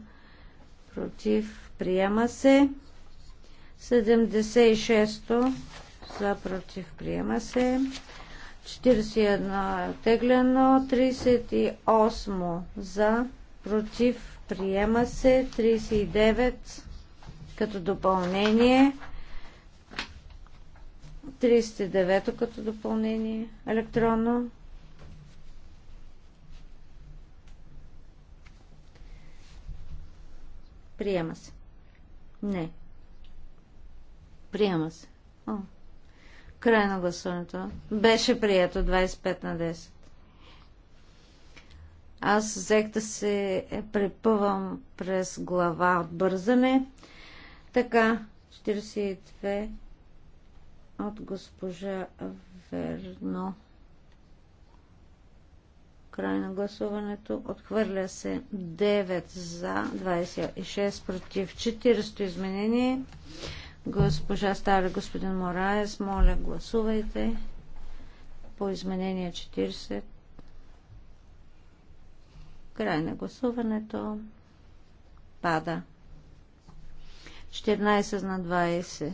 против. Приема се 76-то за против приема се. 41 е 38 за против приема се. 39 като допълнение. 39 като допълнение електронно. Приема се. Не. Приема се. Край на гласуването. Беше прието 25 на 10. Аз взех да се препъвам през глава от бързане. Така, 42 от госпожа Верно. Край на гласуването. Отхвърля се 9 за, 26 против. 40 изменение. Госпожа Стара, господин Мораес, моля гласувайте по изменение 40. Край на гласуването. Пада. 14 на 20.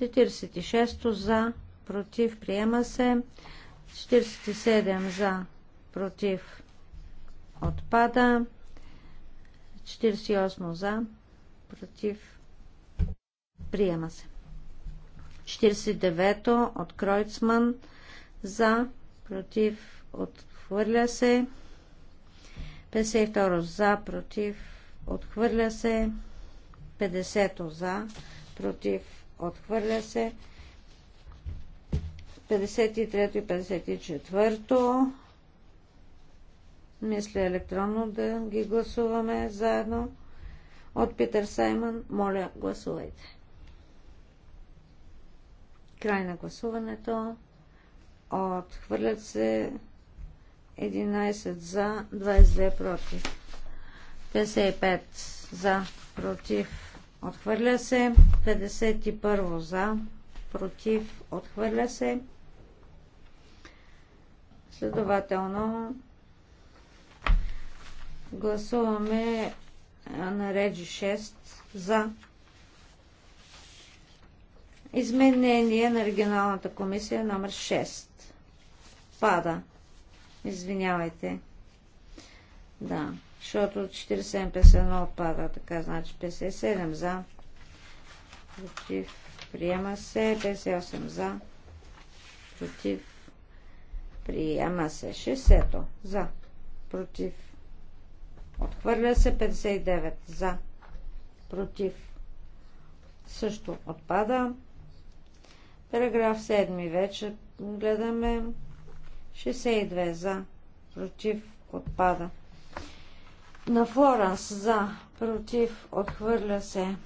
46 за, против, приема се. 47 за, против, отпада. 48 за, против, Приема се. 49-то от Кройцман за, против, отхвърля се. 52 за, против, отхвърля се. 50 за, против, отхвърля се. 53 и 54 мисля електронно да ги гласуваме заедно. От Питър Саймън, моля, гласувайте. Край на гласуването. Отхвърлят се 11 за, 22 против. 55 за, против. Отхвърля се. 51 за, против. Отхвърля се. Следователно гласуваме на реджи 6 за, Изменение на регионалната комисия номер 6. Пада. Извинявайте. Да, защото 47-51 отпада, така значи 57 за. Против. Приема се. 58 за. Против. Приема се. 60 за. Против. Отхвърля се 59 за. Против. Също отпада. Параграф 7 вече гледаме 62 за, против, отпада. На Флоранс за, против, отхвърля се.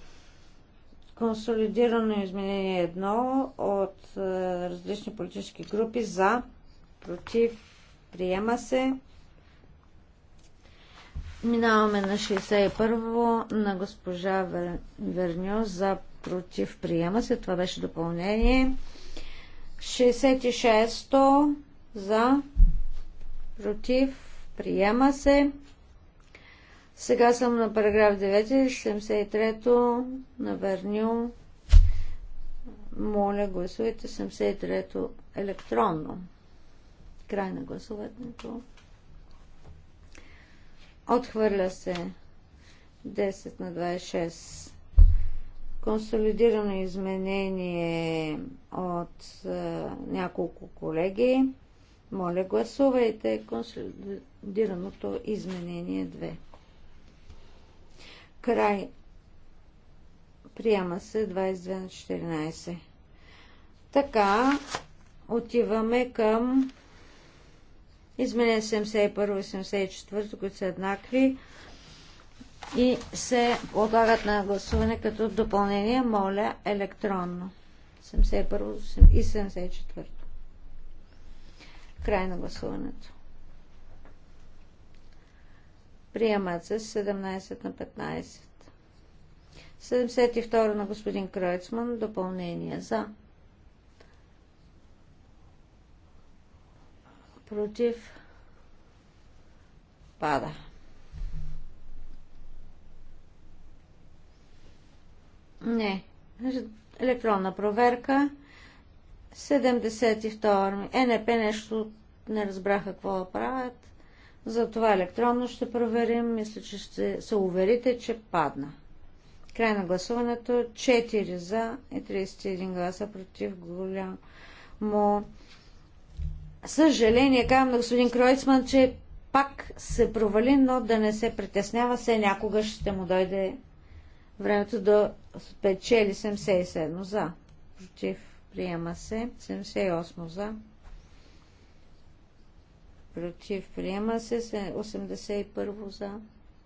Консолидирано изменение 1 от е, различни политически групи за, против, приема се. Минаваме на 61 на госпожа Верньо за против, приема се. Това беше допълнение. 66-то за, против, приема се. Сега съм на параграф 9, 73-то на Верню. Моля, гласувайте 73-то електронно. Край на гласуването. Отхвърля се 10 на 26. Консолидирано изменение от е, няколко колеги. Моля, гласувайте консолидираното изменение 2. Край. Приема се 22 на 14. Така, отиваме към изменение 71 и 74, които са еднакви и се подлагат на гласуване като допълнение, моля, електронно. 71 и 74. Край на гласуването. Приемат се 17 на 15. 72 на господин Кройцман. Допълнение за. Против. Пада. Не. Значи, електронна проверка. 72. Е, НП нещо не разбраха какво правят. Затова електронно ще проверим. Мисля, че ще се уверите, че падна. Край на гласуването 4 за и 31 гласа против голямо. Съжаление, казвам на господин Кройцман, че пак се провали, но да не се притеснява, се някога ще му дойде времето да печели 77 за. Против. Приема се. 78 за. Против. Приема се. 81 за.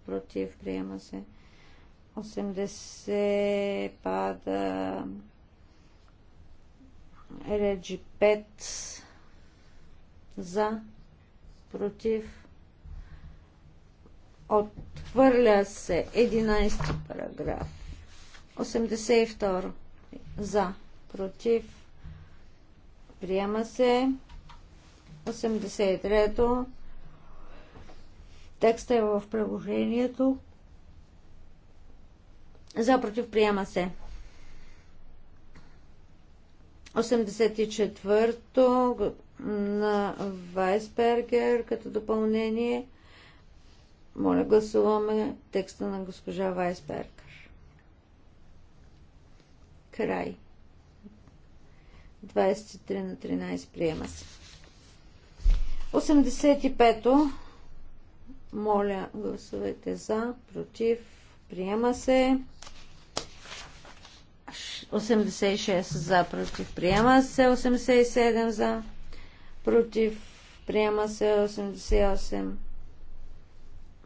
Против. Приема се. 80 пада. Реджи 5 за. Против. Отхвърля се 11 параграф. 82. За. Против. Приема се. 83-то. Текста е в приложението. За. Против. Приема се. 84-то на Вайсбергер като допълнение. Моля, гласуваме текста на госпожа Вайсбергър. Край. 23 на 13 приема се. 85-то. Моля, гласувайте за, против, приема се. 86 за, против, приема се. 87 за, против, приема се. 88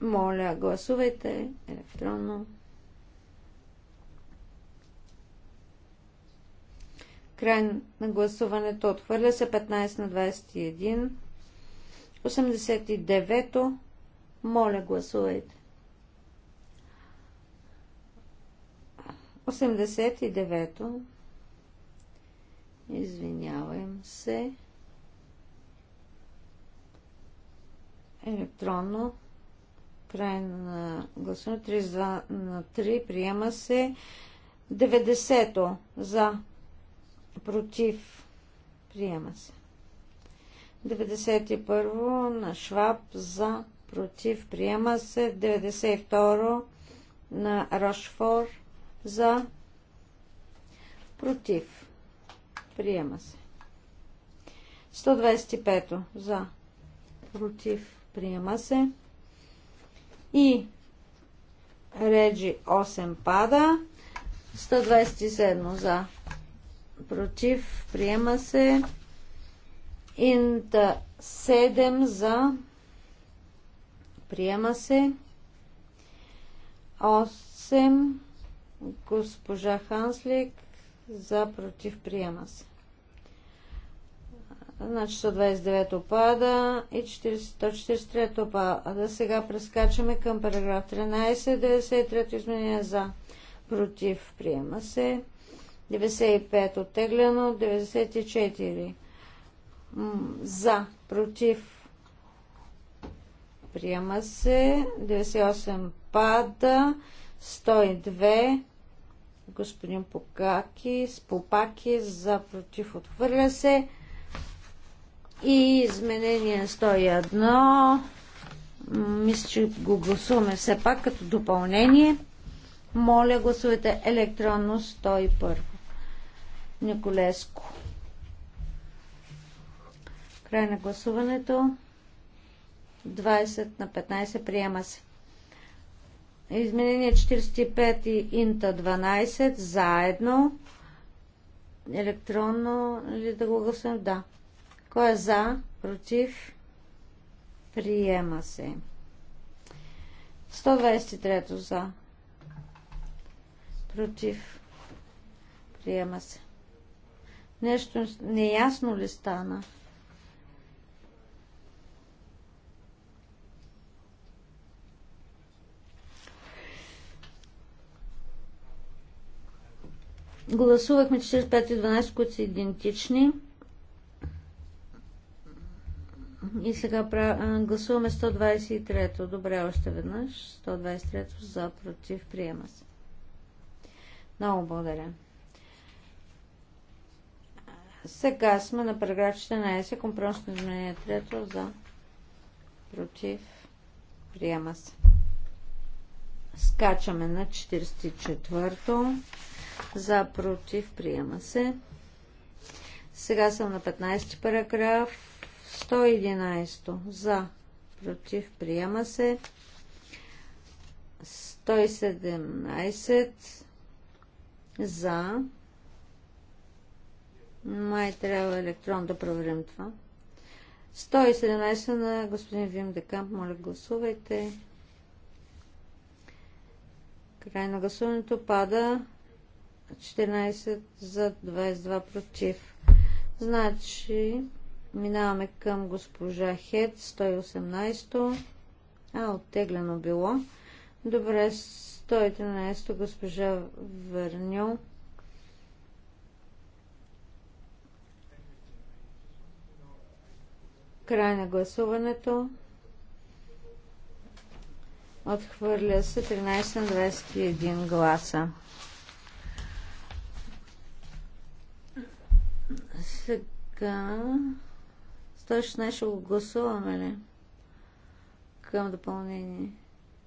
моля, гласувайте електронно. Край на гласуването отхвърля се 15 на 21. 89-то. Моля, гласувайте. 89-то. Извинявам се. Електронно. Край на гласуване. 32 на 3. Приема се. 90-то. За. Против. Приема се. 91 на Шваб. За. Против. Приема се. 92 на Рошфор. За. Против. Приема се. 125 за. Против. Приема се и Реджи 8 пада. 127 за. Против. Приема се. Инта 7 за. Приема се. 8. Госпожа Ханслик за. Против. Приема се. Значи 129 пада и 143 пада. Сега прескачаме към параграф 13. 93 изменение за. Против. Приема се. 95 оттеглено. 94 за. Против. Приема се. 98 пада. 102 господин Покаки, Попаки за против отхвърля се. И изменение 101. Мисля, че го гласуваме все пак като допълнение. Моля, гласувайте електронно 101. Николеско. Край на гласуването. 20 на 15 приема се. Изменение 45 и Инта 12 заедно. Електронно ли да го гласувам? Да. Кой е за? Против? Приема се. 123 за. Против. Приема се. Нещо неясно ли стана? Гласувахме 45 и 12, които са идентични. И сега гласуваме 123-то. Добре, още веднъж. 123-то за против приема се. Много благодаря. Сега сме на параграф 14. Компромисно изменение 3 то за против приема се. Скачаме на 44-то. За против приема се. Сега съм на 15 параграф 111 за, против, приема се. 117 за. Май трябва електрон да проверим това. 117 на господин Вим Декамп. Моля, гласувайте. Край на гласуването пада 14 за 22 против. Значи Минаваме към госпожа Хед, 118. А, оттеглено било. Добре, 113 госпожа Върню. Край на гласуването. Отхвърля се 13 на 21 гласа. Сега 116 ще го гласуваме ли? Към допълнение.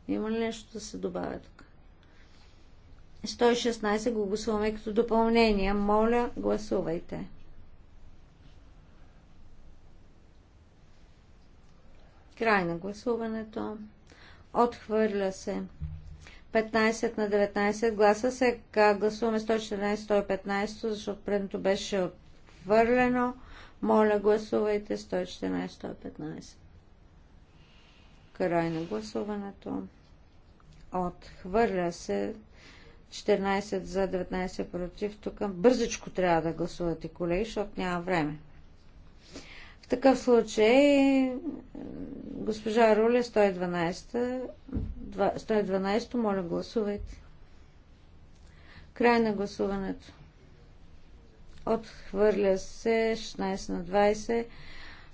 Има ли нещо да се добавя тук? 116 го гласуваме като допълнение. Моля, гласувайте. Край на гласуването. Отхвърля се. 15 на 19 гласа. се. гласуваме 114-115, защото предното беше отхвърлено. Моля, гласувайте 114-115. Край на гласуването. Отхвърля се 14 за 19 против. Тук бързичко трябва да гласувате, колеги, защото няма време. В такъв случай госпожа Руля 112, 112 моля гласувайте. Край на гласуването. Отхвърля се 16 на 20.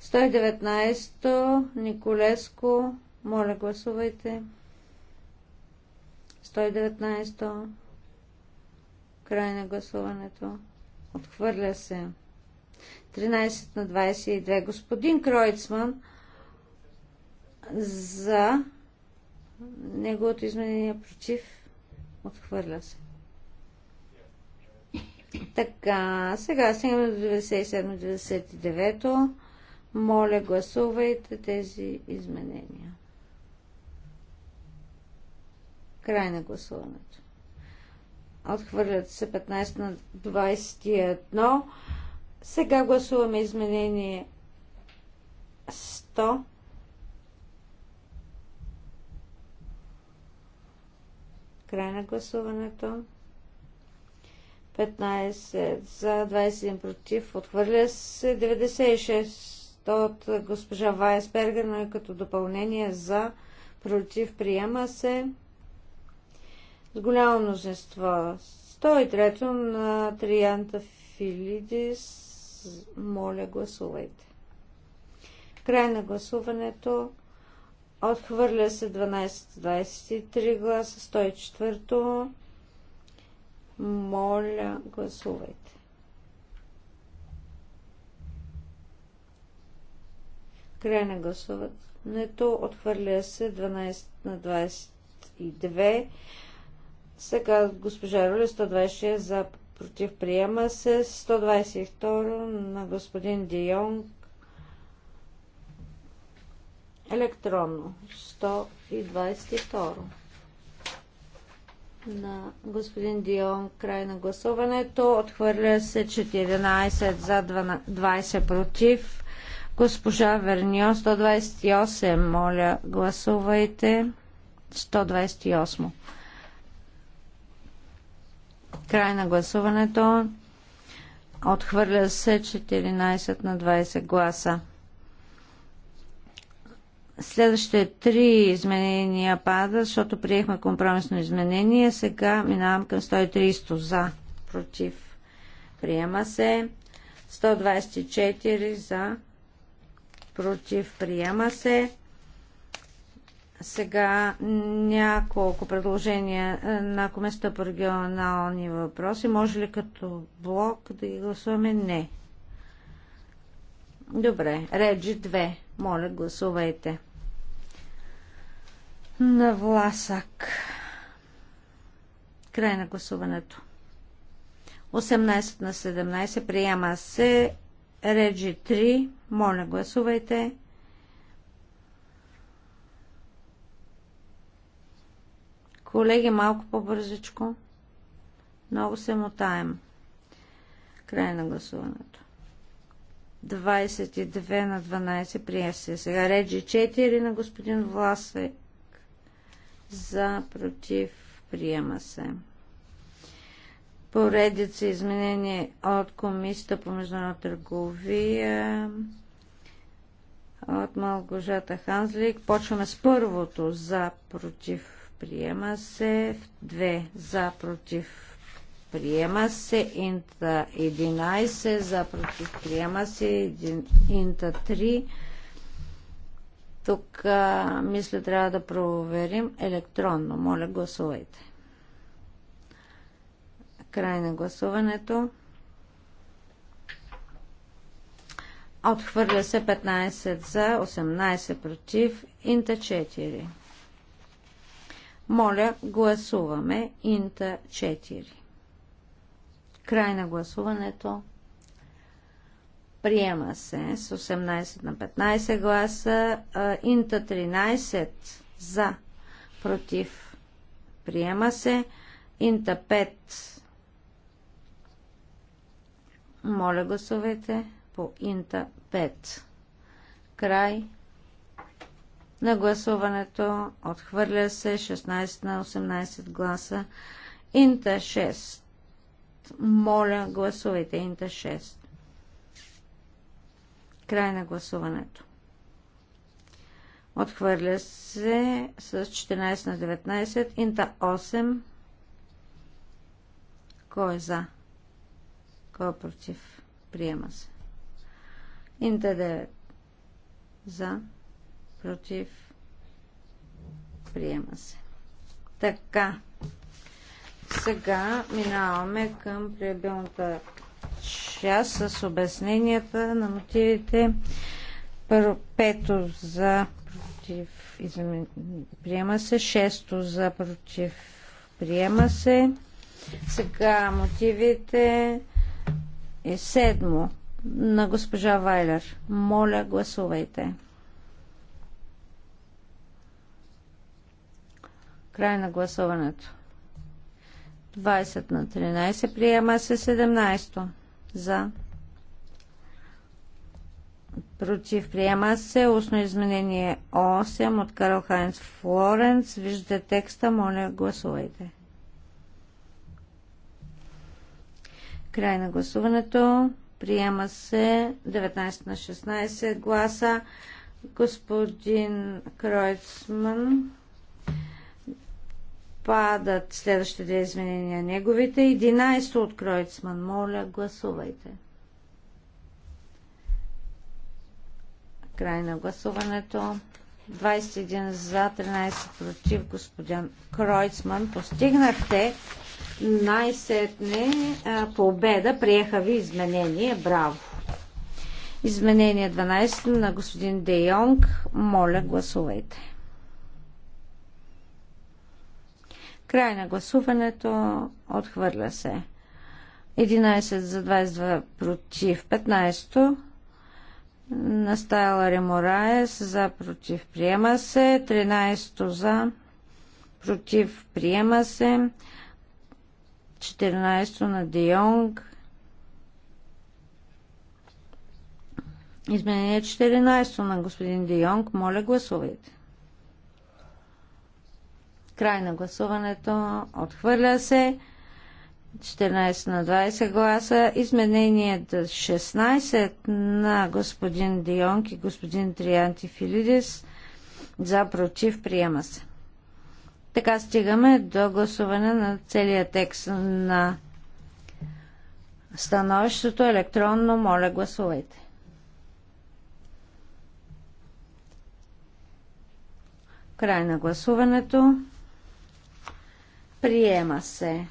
119 Николеско. Моля, гласувайте. 119 Край на гласуването. Отхвърля се. 13 на 22. Господин Кройцман за неговото изменение против. Отхвърля се. Така, сега стигаме до 97-99. Моля, гласувайте тези изменения. Край на гласуването. Отхвърлят се 15 на 21. Сега гласуваме изменение 100. Край на гласуването. 15 за 21 против. Отхвърля се 96 от госпожа Вайсбергер, но и е като допълнение за против приема се с голямо множество. 103 на Трианта Филидис. Моля, гласувайте. Край на гласуването. Отхвърля се 12-23 гласа, 104 моля, гласувайте. Край на гласуването. Отхвърля се 12 на 22. Сега госпожа Руля 126 за против приема се. 122 на господин Дионг. Електронно. 122 на господин Дион. Край на гласуването. Отхвърля се 14 за 20 против. Госпожа Верньо, 128. Моля, гласувайте. 128. Край на гласуването. Отхвърля се 14 на 20 гласа. Следващите три изменения пада, защото приехме компромисно изменение. Сега минавам към 130 за, против. Приема се. 124 за, против. Приема се. Сега няколко предложения е, на Комисията по регионални въпроси. Може ли като блок да ги гласуваме? Не. Добре. Реджи 2. Моля, гласувайте на Власак. Край на гласуването. 18 на 17 приема се. Реджи 3. Моля, гласувайте. Колеги, малко по-бързичко. Много се мутаем. Край на гласуването. 22 на 12 прия се. Сега реджи 4 на господин Власе за, против, приема се. Поредица изменение от Комисията по международна търговия от Малгожата Ханзлик. Почваме с първото за, против, приема се. Две за, против, приема се. Инта 11 за, против, приема се. Инта 3 тук а, мисля трябва да проверим електронно. Моля, гласувайте. Край на гласуването. Отхвърля се 15 за, 18 против, инта 4. Моля, гласуваме инта 4. Край на гласуването. Приема се с 18 на 15 гласа. Инта 13 за. Против. Приема се. Инта 5. Моля гласовете по Инта 5. Край на гласуването. Отхвърля се 16 на 18 гласа. Инта 6. Моля гласовете Инта 6. Край на гласуването. Отхвърля се с 14 на 19. Инта 8. Кой е за? Кой е против? Приема се. Инта 9. За. Против. Приема се. Така. Сега минаваме към приебилната час с обясненията на мотивите. Първо, пето за против, изм... приема се, шесто за против, приема се. Сега мотивите е седмо на госпожа Вайлер. Моля, гласувайте. Край на гласуването. 20 на 13. Приема се 17 за. Против приема се устно изменение 8 от Карл Хайнц Флоренц. Виждате текста, моля гласувайте. Край на гласуването. Приема се 19 на 16 гласа. Господин Кройцман Отпадат следващите две изменения неговите. 11 от Кройцман. Моля, гласувайте. Край на гласуването. 21 за, 13 против, господин Кройцман. Постигнахте най-сетне победа. Приеха ви изменение. Браво! Изменение 12 на господин Де Йонг. Моля, гласувайте. Край на гласуването. Отхвърля се. 11 за 22 против 15. Настала Ремораес за против приема се. 13 за против приема се. 14 на Дейонг. Изменение 14 на господин Дионг, Моля гласувайте. Край на гласуването. Отхвърля се. 14 на 20 гласа. Изменението 16 на господин Дионки, господин Трианти Филидис. За против приема се. Така стигаме до гласуване на целия текст на становището електронно. Моля, гласувайте. Край на гласуването. Приема се.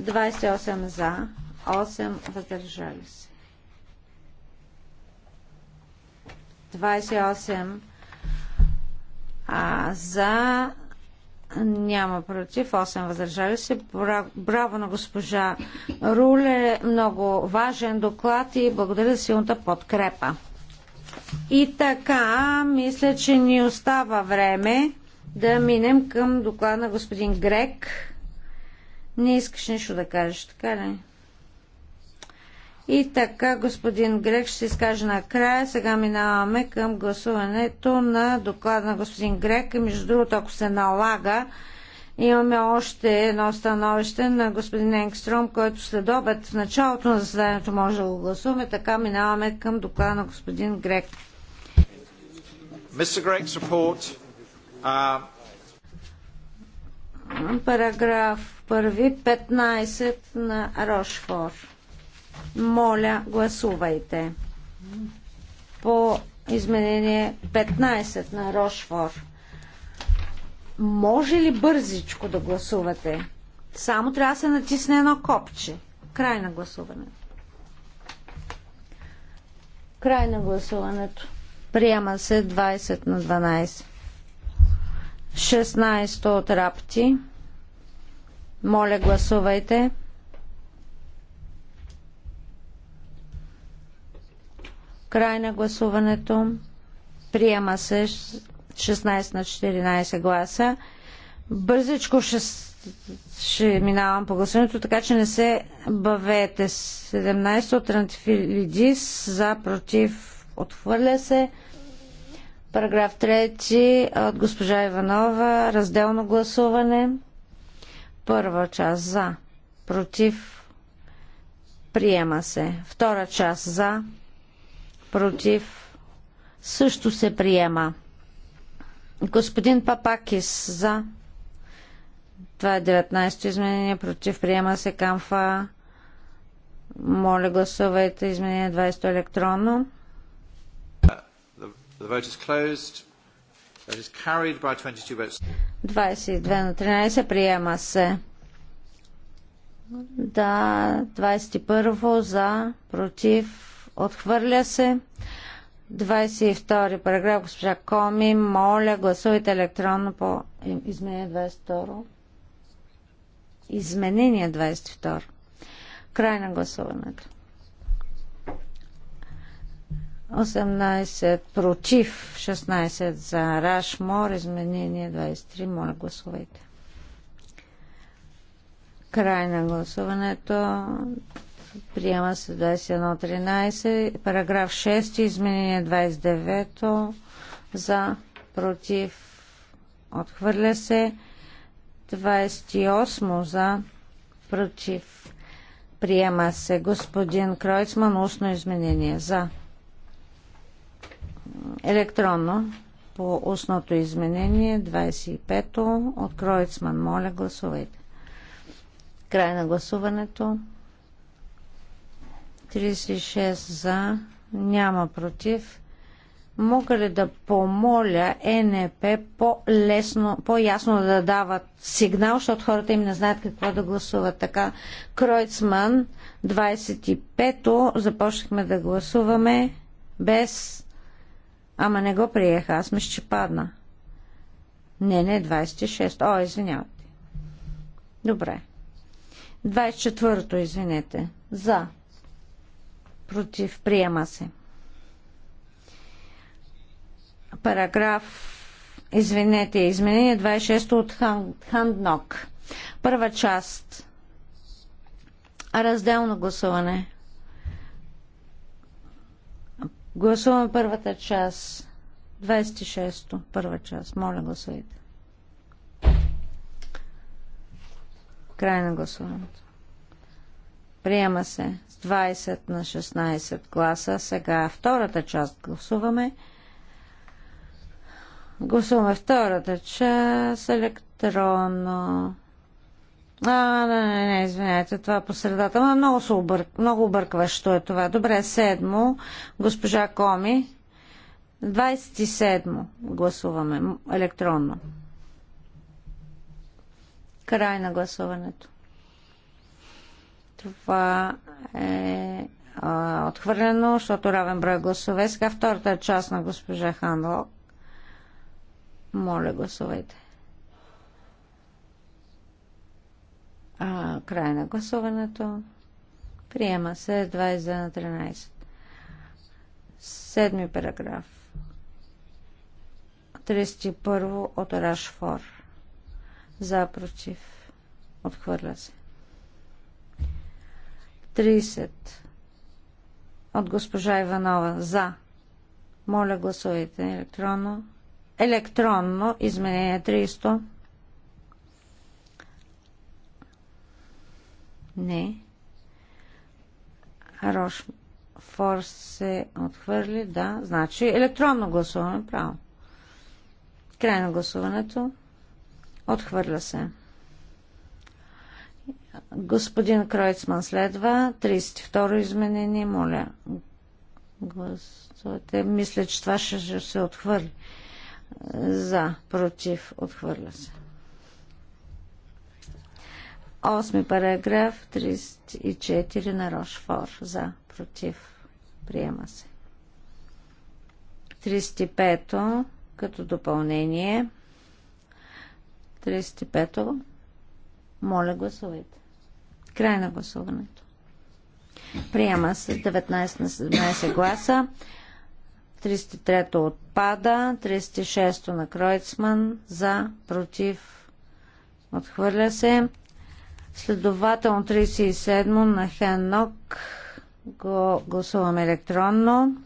28 за, 8 въздържали се. 28 а, за, няма против, 8 въздържали се. Браво на госпожа Руле, много важен доклад и благодаря за силната подкрепа. И така, мисля, че ни остава време да минем към доклада на господин Грек. Не искаш нищо да кажеш, така ли? И така, господин Грек ще се изкаже накрая. Сега минаваме към гласуването на доклада на господин Грек. И между другото, ако се налага, имаме още едно становище на господин Енгстром, който след обед в началото на заседанието може да го гласуваме. Така минаваме към доклада на господин Грек. Mr. Greg's report Параграф 1, 15 на Рошфор. Моля, гласувайте. По изменение 15 на Рошфор. Може ли бързичко да гласувате? Само трябва да се натисне едно копче. Край на гласуването. Край на гласуването. Приема се 20 на 12. 16 от Рапти. Моля, гласувайте. Край на гласуването. Приема се 16 на 14 гласа. Бързичко ще, ще минавам по гласуването, така че не се бавете. 17 от Рантифилидис за против отхвърля се. Параграф 3 от госпожа Иванова. Разделно гласуване. Първа част за. Против. Приема се. Втора част за. Против. Също се приема. Господин Папакис за. Това е 19-то изменение. Против. Приема се камфа. Моля гласувайте изменение 20 електронно. The vote is closed. That is carried by 22 votes. 22 на 13 приема се. Да, 21 за, против, отхвърля се. 22 параграф, госпожа Коми, моля, гласувайте електронно по изменение 22. Изменение 22. Край на гласуването. 18 против, 16 за Рашмор, изменение 23. Моля, гласувайте. Край на гласуването. Приема се 21.13. Параграф 6. Изменение 29. За, против, отхвърля се. 28 за, против. Приема се господин Кройцман. Устно изменение за електронно по устното изменение 25-то от Кройцман. Моля, гласувайте. Край на гласуването. 36 за, няма против. Мога ли да помоля нп по-лесно, по-ясно да дават сигнал, защото хората им не знаят какво да гласуват. Така, Кройцман 25-то започнахме да гласуваме без Ама не го приеха, аз ме че падна. Не, не, 26. О, извинявайте. Добре. 24-то, извинете. За. Против. Приема се. Параграф. Извинете, изменение 26 от Ханднок. Първа част. Разделно гласуване. Гласуваме първата част. 26-то, първа част. Моля, гласувайте. Край на гласуването. Приема се с 20 на 16 гласа. Сега втората част гласуваме. Гласуваме втората част електронно. А, не, не, не, извинете, това е по средата. Но много, се обърк, много объркващо е това. Добре, седмо, госпожа Коми. 27 гласуваме електронно. Край на гласуването. Това е а, отхвърлено, защото равен брой гласове. Сега втората част на госпожа Хандлок. Моля, гласувайте. А, край на гласуването. Приема се 22 на 13. Седми параграф. 31 от Рашфор. За, против. Отхвърля се. 30 от госпожа Иванова. За. Моля, гласувайте електронно. Електронно изменение 300. Не. Рош, форс се отхвърли, да. Значи електронно гласуване, право. Край на гласуването. Отхвърля се. Господин Кройцман следва. 32-ро изменение, моля. Гласувате. Мисля, че това ще се отхвърли. За, против, отхвърля се. Осми параграф 34 на Рошфор. За, против. Приема се. 35 то като допълнение. 35 то Моля, гласувайте. Край на гласуването. Приема се 19 на 17 гласа. 33-то отпада. 36-то на Кройцман. За, против. Отхвърля се. Следователно 37 на Хенок го гласуваме електронно.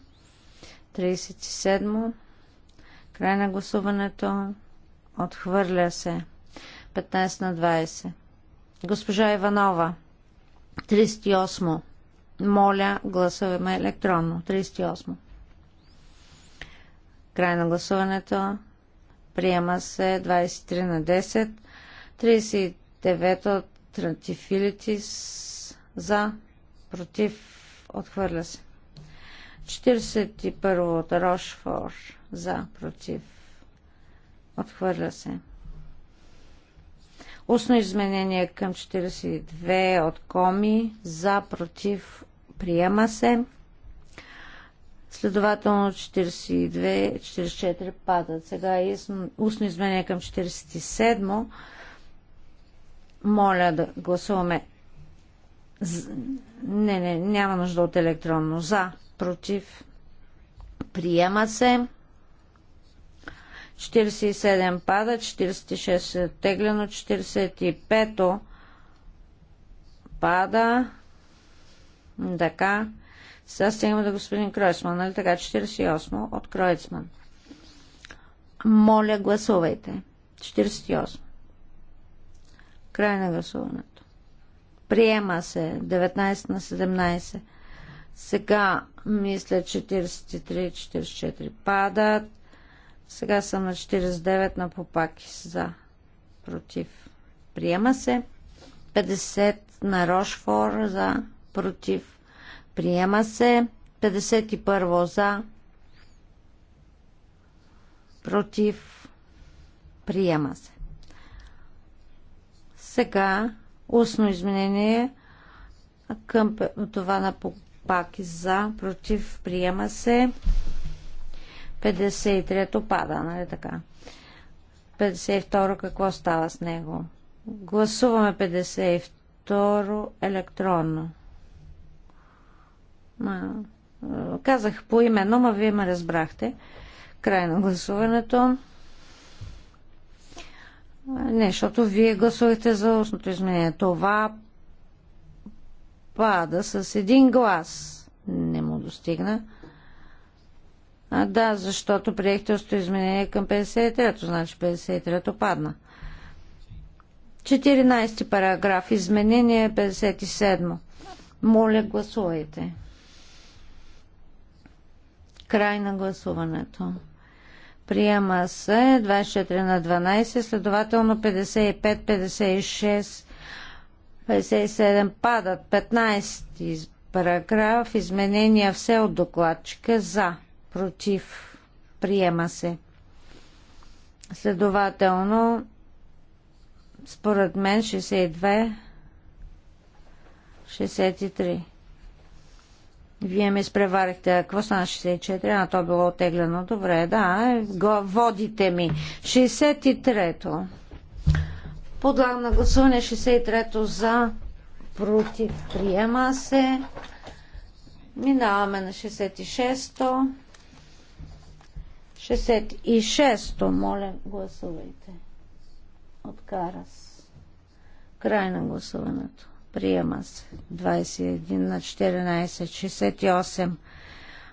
37. Край на гласуването. Отхвърля се. 15 на 20. Госпожа Иванова. 38. Моля, гласуваме електронно. 38. Край на гласуването. Приема се 23 на 10. 39 от Трантифилитис за, против, отхвърля се. 41 от Рошфор за, против, отхвърля се. Устно изменение към 42 от Коми за, против, приема се. Следователно 42, 44 падат. Сега е устно изменение към 47 моля да гласуваме. Не, не, няма нужда от електронно. За, против. Приема се. 47 пада, 46 е теглено, 45 то пада. Така. Сега стигаме до господин Кройсман, нали така? 48 от Кройсман. Моля, гласувайте. 48. Край на гласуването. Приема се 19 на 17. Сега мисля 43-44 падат. Сега съм на 49 на попаки за. Против. Приема се. 50 на Рошфор за. Против. Приема се. 51 за. Против. Приема се. Сега устно изменение към това на пак за, против, приема се. 53-то пада, нали така? 52-ро какво става с него? Гласуваме 52-ро електронно. Ма, казах по но ма вие ме разбрахте. Край на гласуването. Не, защото вие гласувахте за устното изменение. Това пада с един глас. Не му достигна. А, да, защото приехте устното изменение към 53-то, значи 53-то падна. 14 параграф, изменение 57. Моля, гласувайте. Край на гласуването. Приема се 24 на 12, следователно 55, 56, 57 падат. 15 параграф, изменения все от докладчика за, против, приема се. Следователно, според мен 62, 63. Вие ме изпреварихте. Какво стана 64? А то било отеглено. Добре, да. Го водите ми. 63-то. Подлагам на гласуване 63-то за против. Приема се. Минаваме на 66-то. 66-то, моля, гласувайте. Откара с. Край на гласуването. Приема се. 21 на 14. 68.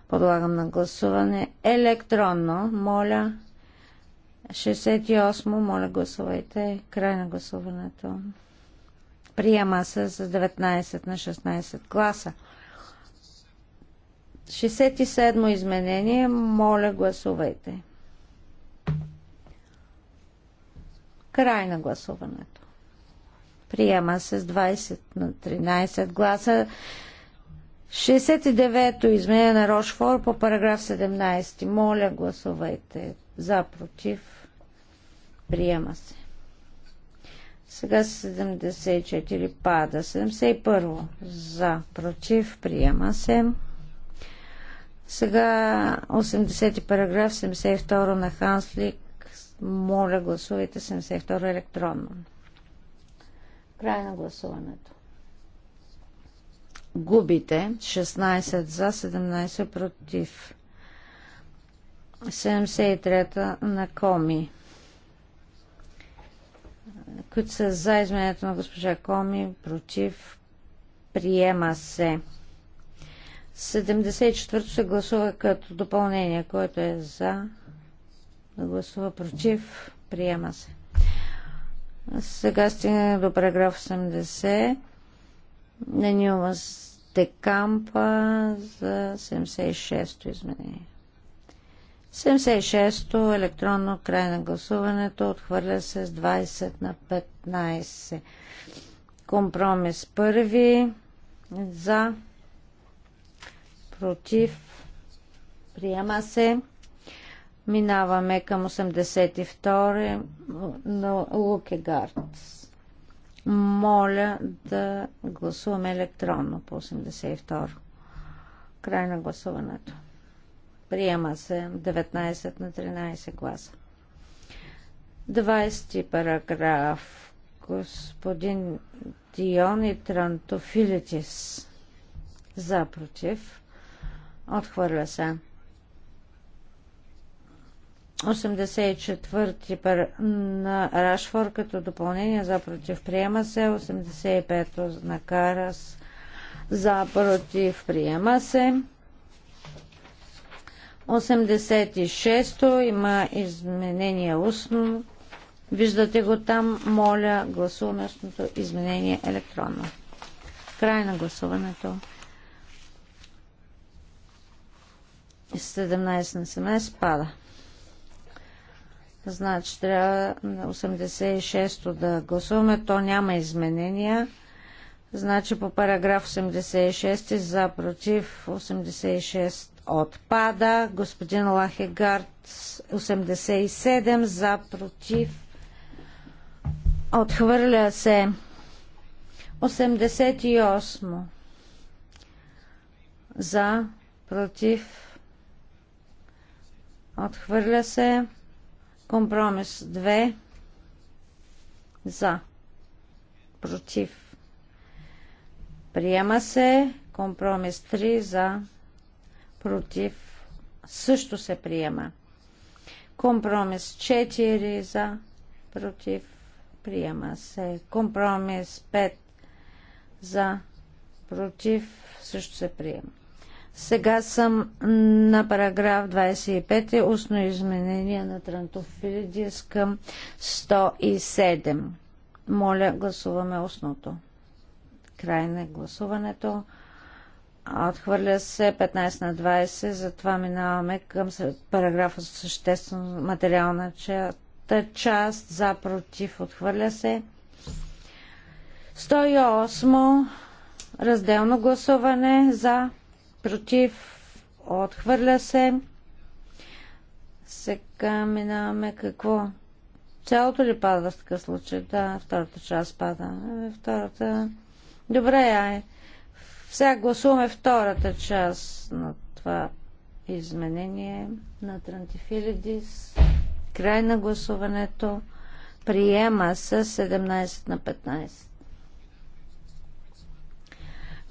Подлагам на гласуване. Електронно. Моля. 68. Моля гласувайте. Край на гласуването. Приема се с 19 на 16 гласа. 67 изменение. Моля гласувайте. Край на гласуването. Приема се с 20 на 13 гласа. 69-то изменение на Рошфор по параграф 17. Моля, гласувайте за, против. Приема се. Сега 74 пада. 71 за, против. Приема се. Сега 80 параграф 72 на Ханслик. Моля, гласувайте 72 електронно. Край на гласуването. Губите 16 за 17 против. 73-та на Коми. Които са за изменението на госпожа Коми, против, приема се. 74-то се гласува като допълнение, което е за, гласува против, приема се. Сега стигнах до параграф 80 на Нюмас Декампа за 76-то изменение. 76-то електронно край на гласуването отхвърля се с 20 на 15. Компромис първи за против приема се Минаваме към 82 на Лукегард. Моля да гласуваме електронно по 82. Край на гласуването. Приема се 19 на 13 гласа. 20 параграф. Господин Диони Трантофилитис. За против. Отхвърля се. 84 на Рашфор като допълнение за против приема се, 85 на Карас за против приема се. 86-то има изменение устно. Виждате го там. Моля, гласуваме устното изменение електронно. Край на гласуването. 17 на 17 пада. Значи трябва 86-то да гласуваме. То няма изменения. Значи по параграф 86 е за против 86 отпада. Господин Лахегард 87 за против. Отхвърля се 88 за против. Отхвърля се Компромис 2 за. Против. Приема се. Компромис 3 за. Против. Също се приема. Компромис 4 за. Против. Приема се. Компромис 5 за. Против. Също се приема. Сега съм на параграф 25, устно изменение на Трантофилидис към 107. Моля, гласуваме устното. Край на гласуването. Отхвърля се 15 на 20, затова минаваме към параграфа съществено материална част. За против отхвърля се. 108. Разделно гласуване за против, отхвърля се. Сега минаваме какво? Цялото ли пада в такъв случай? Да, втората част пада. Е, втората. Добре, ай. Сега гласуваме втората част на това изменение на Трантифилидис. Край на гласуването. Приема с 17 на 15.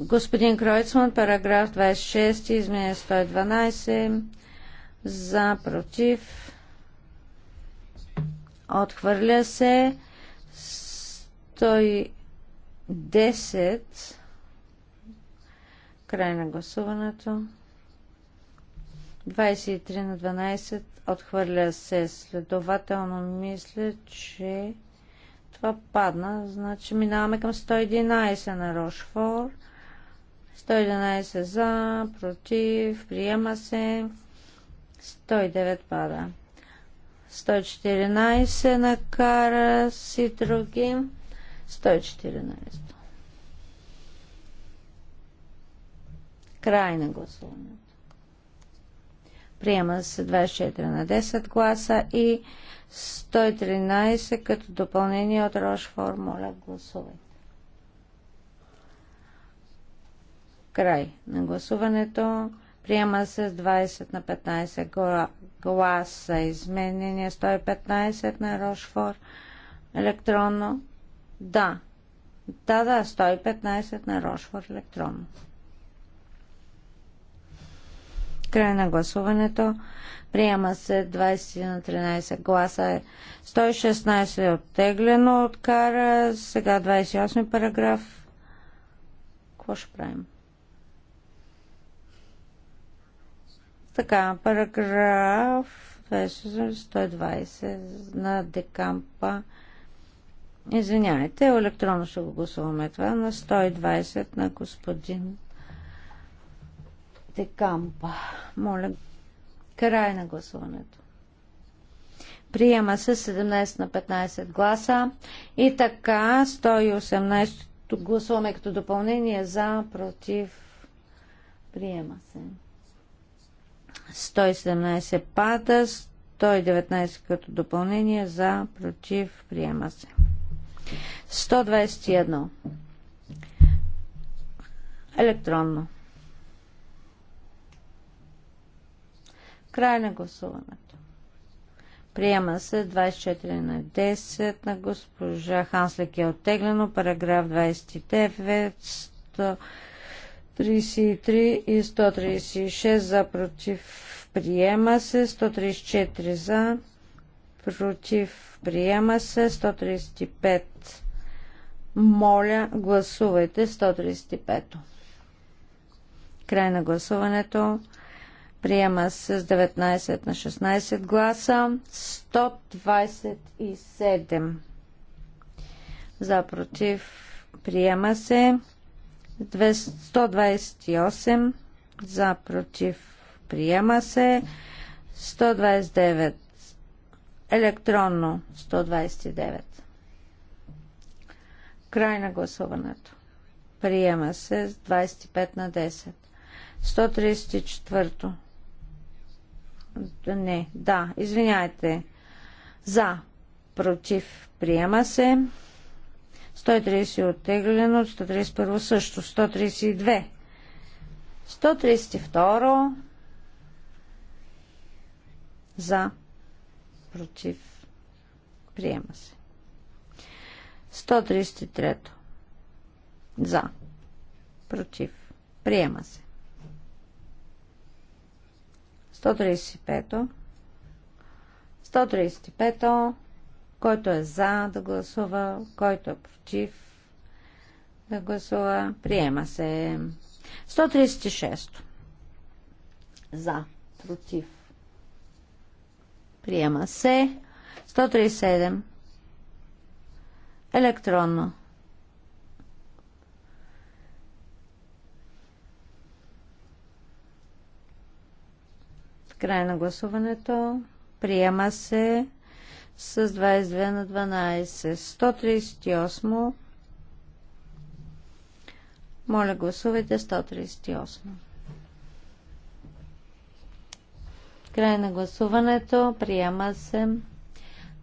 Господин Кройцман, параграф 26, измене 112, за, против, отхвърля се 110, край на гласуването, 23 на 12, отхвърля се следователно, мисля, че това падна, значи минаваме към 111 на Рошфор, 111 за, против, приема се. 109 пада. 114 на кара си други. 114. Край на гласуването. Приема се 24 на 10 гласа и 113 като допълнение от Рошфор. Моля, гласувайте. Край на гласуването. Приема се с 20 на 15 гласа. Изменение 115 на Рошфор. Електронно. Да. Да, да, 115 на Рошфор електронно. Край на гласуването. Приема се 20 на 13 гласа. 116 е оттеглено от кара. Сега 28 параграф. Какво ще правим? Така, параграф 120 на Декампа. Извинявайте, електронно ще го гласуваме това на 120 на господин Декампа. Моля, край на гласуването. Приема се 17 на 15 гласа и така 118 гласуваме като допълнение за, против, приема се. 117 пада, 119 като допълнение за, против, приема се. 121. Електронно. Край на гласуването. Приема се 24 на 10 на госпожа Ханслек е оттеглено. Параграф 29. 100 33 и 136 за против приема се, 134 за против приема се, 135. Моля, гласувайте 135. Край на гласуването. Приема се с 19 на 16 гласа. 127 за против. Приема се. 128 за против приема се 129 електронно 129 край на гласуването приема се 25 на 10 134 не, да, извиняйте за против приема се 130 е оттеглено, 131 също, 132. 132 за, против, приема се. 133 за, против, приема се. 135 135 който е за да гласува, който е против да гласува, приема се. 136. За, против. Приема се. 137. Електронно. Край на гласуването. Приема се с 22 на 12. 138. Моля, гласувайте 138. Край на гласуването. Приема се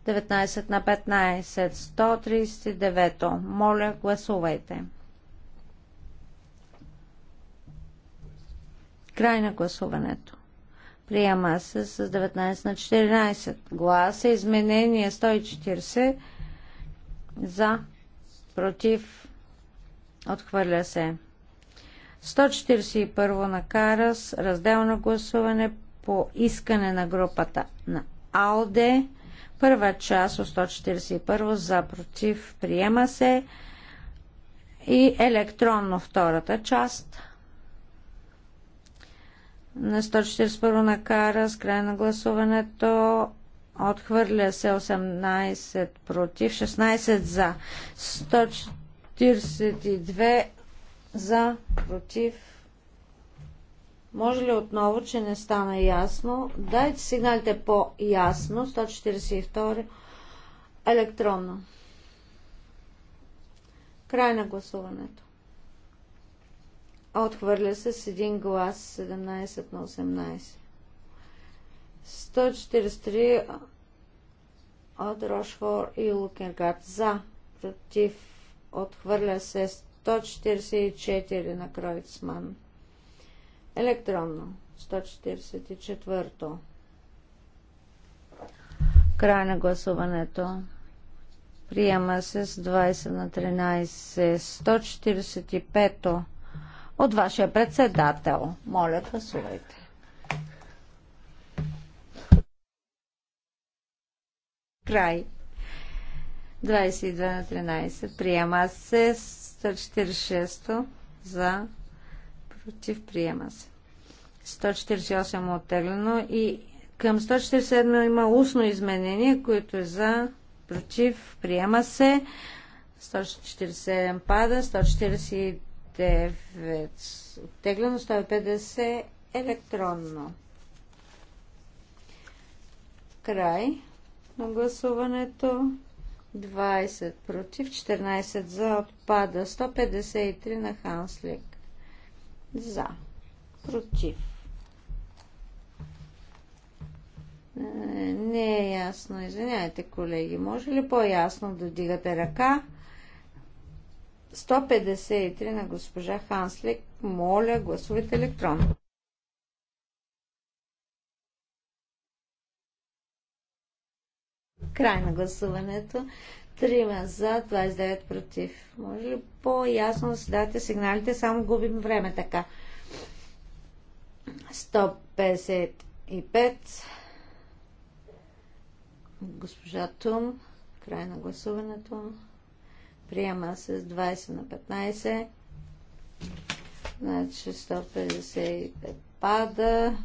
19 на 15. 139. Моля, гласувайте. Край на гласуването. Приема се с 19 на 14 гласа. Изменение 140 за, против, отхвърля се. 141 на Карас, разделно гласуване по искане на групата на АЛДЕ. Първа част от 141 за, против, приема се. И електронно втората част на 141 на кара с края на гласуването. Отхвърля се 18 против, 16 за. 142 за, против. Може ли отново, че не стана ясно? Дайте сигналите по-ясно. 142 електронно. Край на гласуването. Отхвърля се с един глас 17 на 18. 143 от Рошфор и Лукенгард за, против, отхвърля се 144 на Кройцман. Електронно 144. Край на гласуването. Приема се с 20 на 13. 145 от вашия председател. Моля, гласувайте. Край. 22 на 13. Приема се 146 за против. Приема се. 148 е оттеглено и към 147 има устно изменение, което е за против. Приема се. 147 пада. 9, оттеглено 150 електронно. Край на гласуването. 20 против, 14 за отпада, 153 на Ханслик. За. Против. Е, не е ясно. Извинявайте, колеги. Може ли по-ясно да дигате ръка? 153 на госпожа Ханслик. Моля, гласувайте електронно. Край на гласуването. Трима за, 29 против. Може ли по-ясно да си дадете сигналите? Само губим време така. 155. Госпожа Тум. Край на гласуването. Приема с 20 на 15. Значи 155 пада.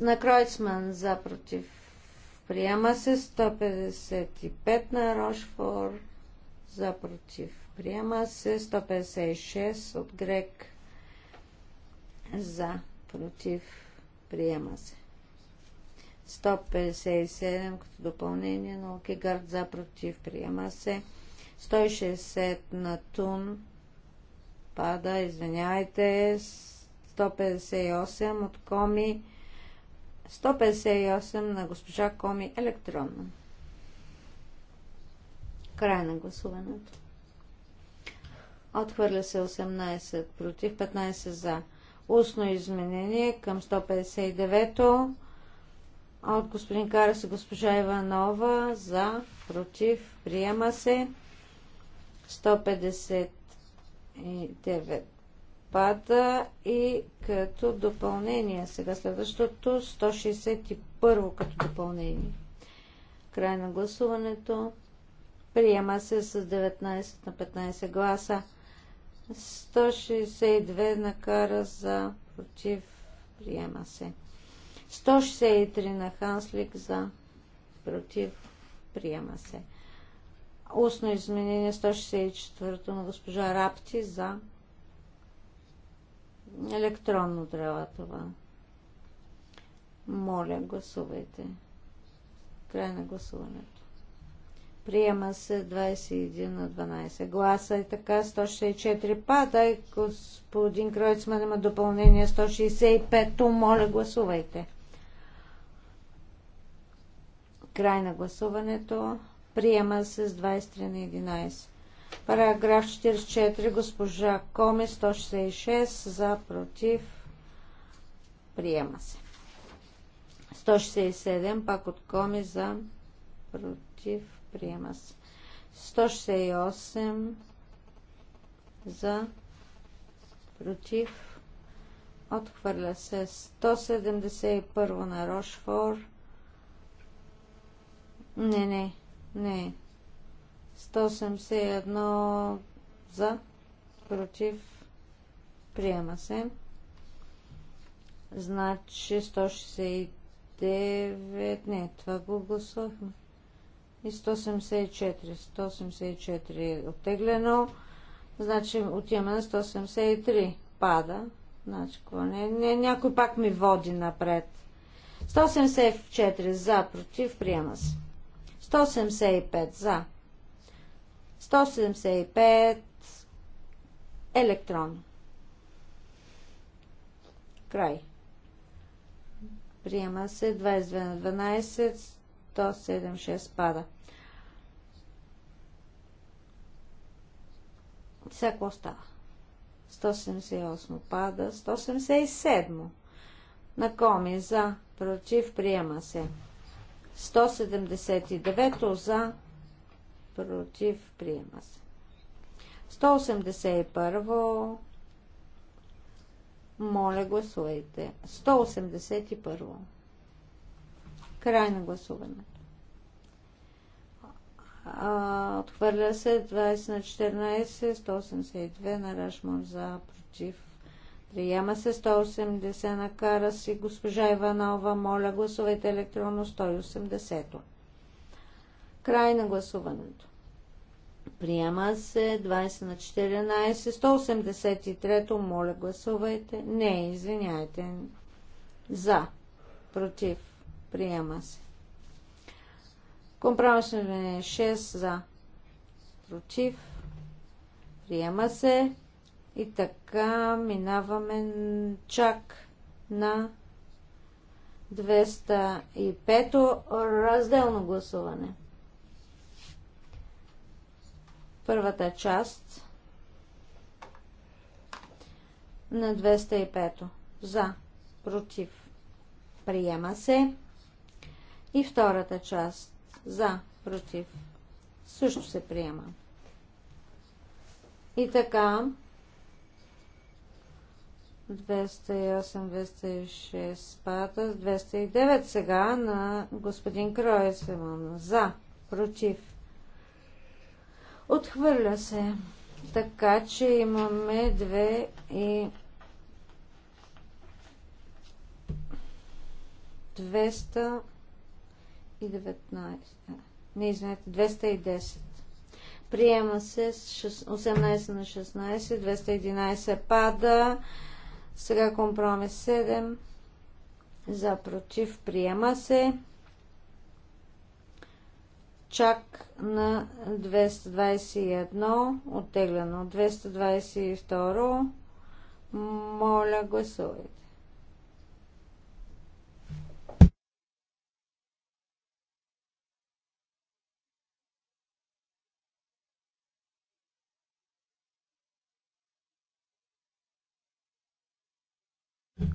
На Кройцман за против. Приема се 155 на Рошфор за против. Приема се 156 от Грек за против. Приема се. 157 като допълнение на Окегард за против. Приема се. 160 на Тун пада, извинявайте, 158 от Коми, 158 на госпожа Коми електронно. Край на гласуването. Отхвърля се 18 против, 15 за. Устно изменение към 159-то от господин Карас и госпожа Иванова за против. Приема се. 159 пада и като допълнение. Сега следващото 161 като допълнение. Край на гласуването. Приема се с 19 на 15 гласа. 162 накара за против. Приема се. 163 на Ханслик за против. Приема се. Устно изменение 164 на госпожа Рапти за електронно трябва това. Моля, гласувайте. Край на гласуването. Приема се 21 на 12 гласа е и така 164 пада и господин Кройцман има допълнение 165. То моля, гласувайте. Край на гласуването. Приема се с 23 на 11. Параграф 44. Госпожа Коми 166 за против. Приема се. 167 пак от Коми за против. Приема се. 168 за против. Отхвърля се 171 на Рошфор. Не, не. Не. 171 за, против, приема се. Значи 169, не, това го гласувахме. И 174, 174 е оттеглено. Значи отиваме на 173. Пада. Значи, какво не, не, някой пак ми води напред. 174 за, против, приема се. 175 за. 175 електрон. Край. Приема се 22 на 12, 176 пада. Всяко остава? 178 пада, 177. На Коми за, против, приема се. 179 за, против, приема се. 181. Моля, гласувайте. 181. Край на гласуване. Отхвърля се 20 на 14, 182 на Рашмон за, против, Приема се 180 на кара си госпожа Иванова. Моля, гласувайте електронно 180. Край на гласуването. Приема се 20 на 14, 183. Моля, гласувайте. Не, извиняйте. За. Против. Приема се. Компромисно 6 за. Против. Приема се. И така минаваме чак на 205-то разделно гласуване. Първата част на 205-то. За, против, приема се. И втората част. За, против, също се приема. И така, 208-206 пада, с 209 сега на господин Кройсеман. За, против. Отхвърля се. Така че имаме две и 219. Не, извинете, 210. Приема се с 18 на 16, 211 пада. Сега компромис 7 за против приема се. Чак на 221 оттеглено. 222 моля гласувайте.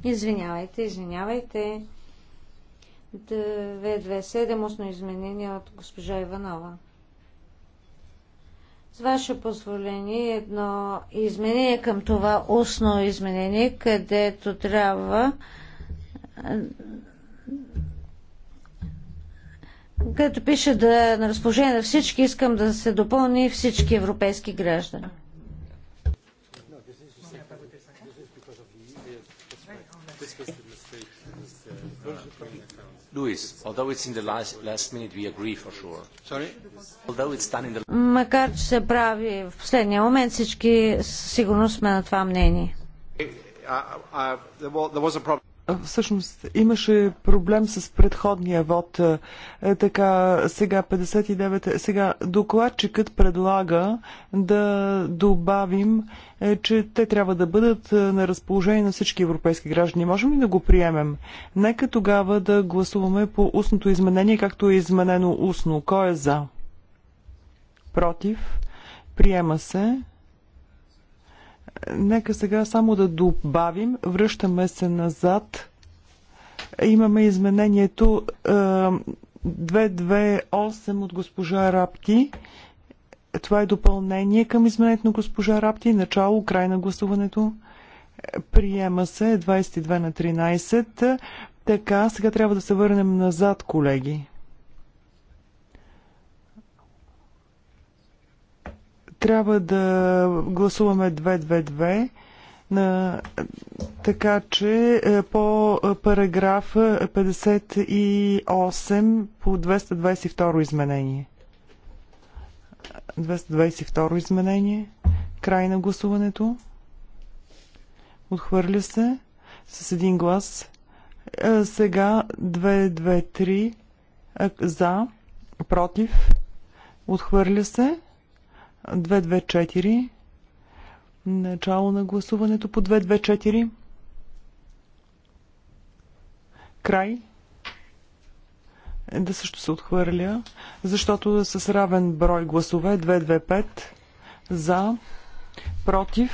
Извинявайте, извинявайте. 227 осно изменение от госпожа Иванова. С ваше позволение, едно изменение към това устно изменение, където трябва където пише да на разположение на всички, искам да се допълни всички европейски граждани. Luis, although it's in the last, last minute, we agree for sure. Sorry? Although it's done in the... Макар, че се прави в последния момент, всички сигурно сме на това мнение. Uh, uh, there was a problem. Всъщност имаше проблем с предходния вод. Е, така, сега 59. Сега докладчикът предлага да добавим, е, че те трябва да бъдат е, на разположение на всички европейски граждани. Можем ли да го приемем? Нека тогава да гласуваме по устното изменение, както е изменено устно. Кой е за? Против? Приема се. Нека сега само да добавим. Връщаме се назад. Имаме изменението 228 е, от госпожа Рапти. Това е допълнение към изменението на госпожа Рапти. Начало, край на гласуването. Приема се 22 на 13. Така, сега трябва да се върнем назад, колеги. Трябва да гласуваме 2-2-2, на, така че е, по параграф 58 по 222 изменение. 222 изменение. Край на гласуването. Отхвърля се с един глас. Е, сега 223 е, за, против. Отхвърля се. 224. Начало на гласуването по 224. Край. Е, да също се отхвърля, защото с равен брой гласове 225 за, против,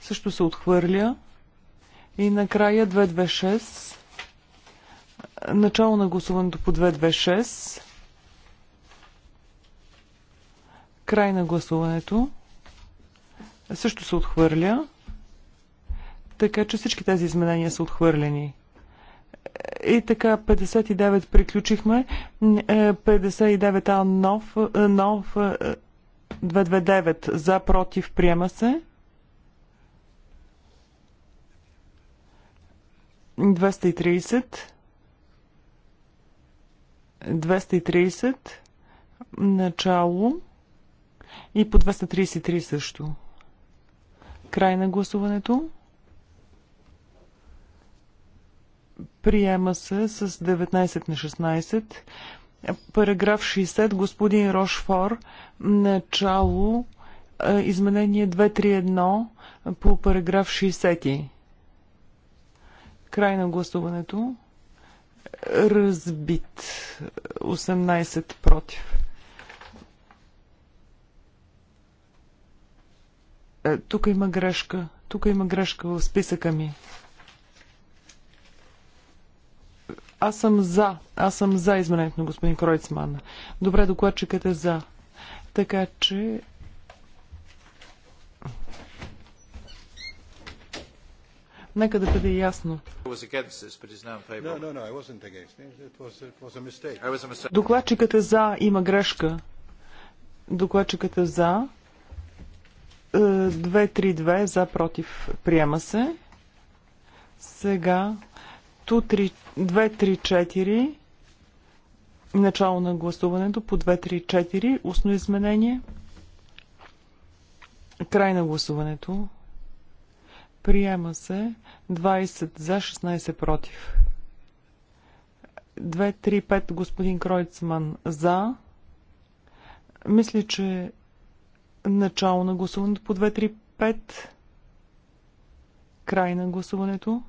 също се отхвърля. И накрая 226. Начало на гласуването по 226. Край на гласуването. Също се отхвърля. Така че всички тези изменения са отхвърлени. И така, 59 приключихме. 59А е, нов, е, нов 229 е, за против приема се. 230. 230. Начало. И по 233 също. Край на гласуването. Приема се с 19 на 16. Параграф 60. Господин Рошфор. Начало. Изменение 231 по параграф 60. Край на гласуването. Разбит. 18 против. Е, тук има грешка. Тук има грешка в списъка ми. Аз съм за. Аз съм за изменението на господин Кройцман. Добре, докладчикът е за. Така че Нека да бъде ясно. Докладчикът е за, има грешка. Докладчикът е за, 232 за против приема се. Сега 234 начало на гласуването по 234 устно изменение. Край на гласуването. Приема се 20 за 16 против. 235 господин Кройцман за. Мисля, че Начало на гласуването по 235. Край на гласуването.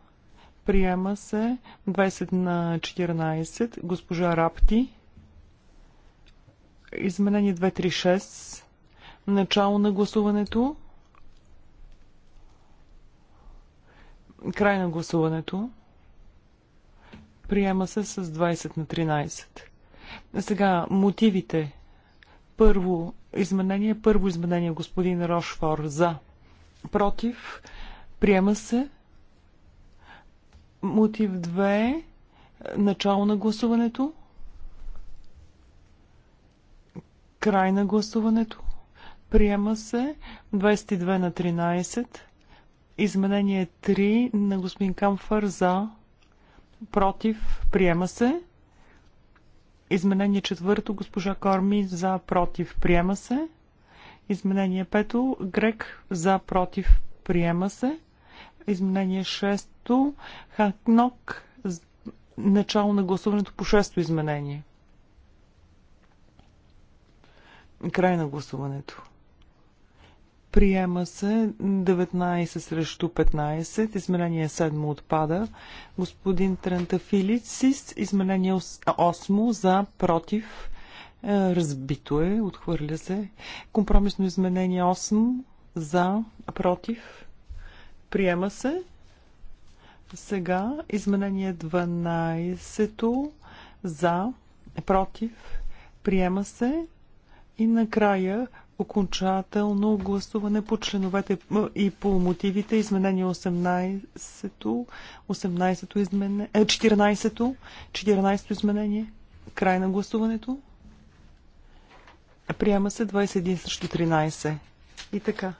Приема се 20 на 14. Госпожа Рапти. Изменение 236. Начало на гласуването. Край на гласуването. Приема се с 20 на 13. Сега мотивите. Първо изменение. Първо изменение господин Рошфор за. Против. Приема се. Мотив 2. Начало на гласуването. Край на гласуването. Приема се 22 на 13. Изменение 3 на господин Камфър за. Против. Приема се. Изменение четвърто, госпожа Корми, за, против, приема се. Изменение пето, Грек, за, против, приема се. Изменение шесто, Хакнок, начало на гласуването по шесто изменение. Край на гласуването. Приема се 19 срещу 15. Изменение 7 отпада. Господин Трантафилицис, Изменение 8 за против. Е, разбито е. Отхвърля се. Компромисно изменение 8 за против. Приема се. Сега изменение 12 за против. Приема се. И накрая окончателно гласуване по членовете и по мотивите. Изменение 18-то, 18-то изменение, 14-то, 14-то изменение. Край на гласуването. Приема се 21 срещу 13. И така.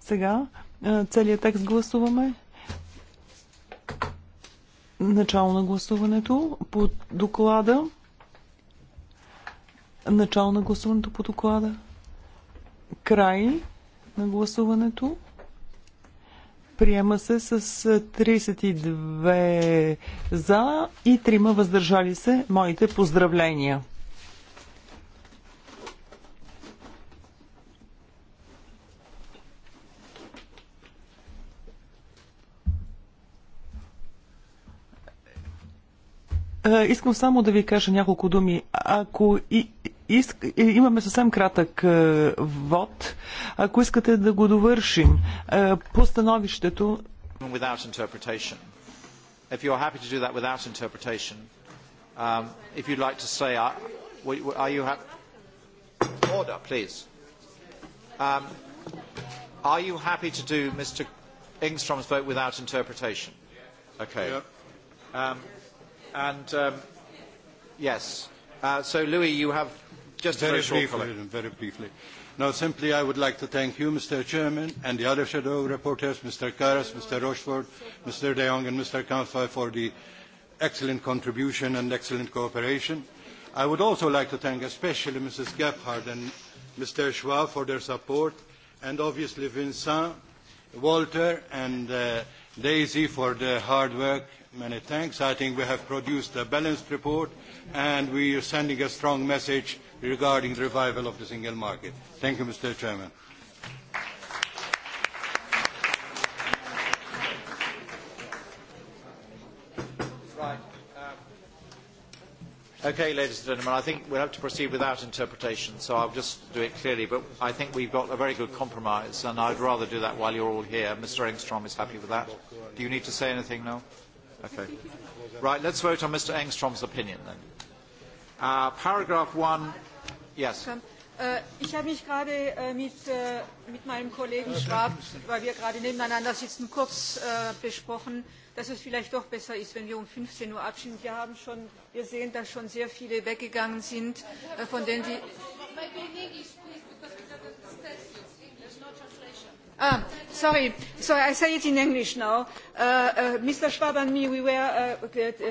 Сега е, целият текст гласуваме. Начало на гласуването по доклада. Начало на гласуването по доклада. Край на гласуването. Приема се с 32 за и 3 въздържали се. Моите поздравления. Искам само да ви кажа няколко думи. Ако и, Иск... Имаме съвсем кратък е, вод. Ако искате да го довършим е, по становището. Without interpretation. If you're happy to do that without interpretation, um, if you'd like to say, are, are you happy? Order, please. Um, are you happy to do Mr. Ingstrom's vote without interpretation? Okay. Yeah. Um, and um, yes. Uh, so, Louis, you have Just very, briefly, very briefly. Now, simply, I would like to thank you, Mr. Chairman, and the other shadow reporters, Mr. Karas, Mr. Rochford, Mr. De Jong, and Mr. Kanfa, for the excellent contribution and excellent cooperation. I would also like to thank especially Mrs. Gebhardt and Mr. Schwab for their support, and obviously Vincent, Walter, and Daisy for their hard work. Many thanks. I think we have produced a balanced report, and we are sending a strong message regarding the revival of the single market. Thank you, Mr. Chairman. Okay, ladies and gentlemen, I think we'll have to proceed without interpretation, so I'll just do it clearly. But I think we've got a very good compromise, and I'd rather do that while you're all here. Mr. Engstrom is happy with that. Do you need to say anything now? Okay. Right, let's vote on Mr. Engstrom's opinion then paragraph 1, yes. Ich habe mich gerade mit, meinem Kollegen Schwab, weil wir gerade nebeneinander sitzen, kurz besprochen, dass es vielleicht doch besser ist, wenn wir um 15 Uhr abstimmen. Wir, haben schon, wir sehen, dass schon sehr viele weggegangen sind, von denen die... sorry, sorry, I say it in English now. Uh, Mr. Schwab and me, we were uh,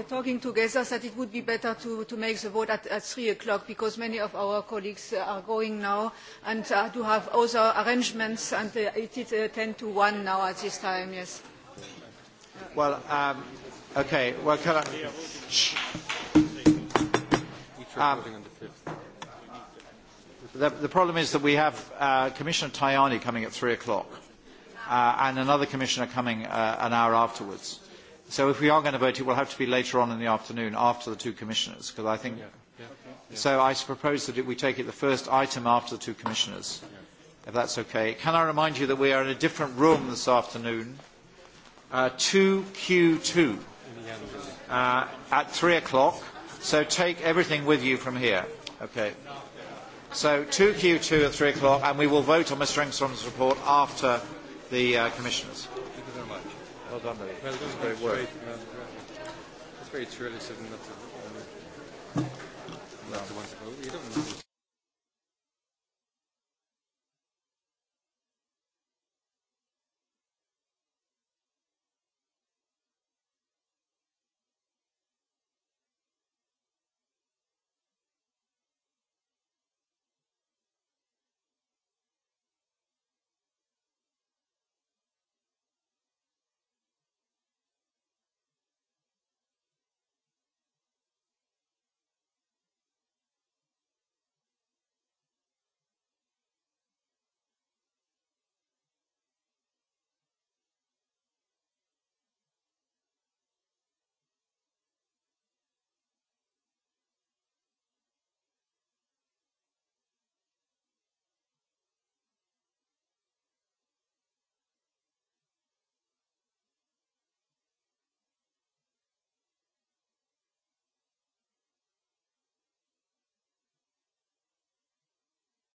talking together that it would be better to, make the vote at, three o'clock because many of our colleagues are going now and uh, do have other arrangements and it is uh, 10 to one now at this time, yes. Well, um, okay, well, can I... Um, The, the problem is that we have uh, Commissioner Tajani coming at three o'clock uh, and another commissioner coming uh, an hour afterwards. So if we are going to vote, it will have to be later on in the afternoon after the two commissioners, because I think... So I propose that we take it the first item after the two commissioners, if that's okay. Can I remind you that we are in a different room this afternoon, uh, 2Q2, uh, at 3 o'clock, so take everything with you from here. Okay. So 2Q2 at 3 o'clock, and we will vote on Mr. Engstrom's report after the uh, commissioners. Thank you very much. Well done, Louis. Well done. Great work. It's very to to.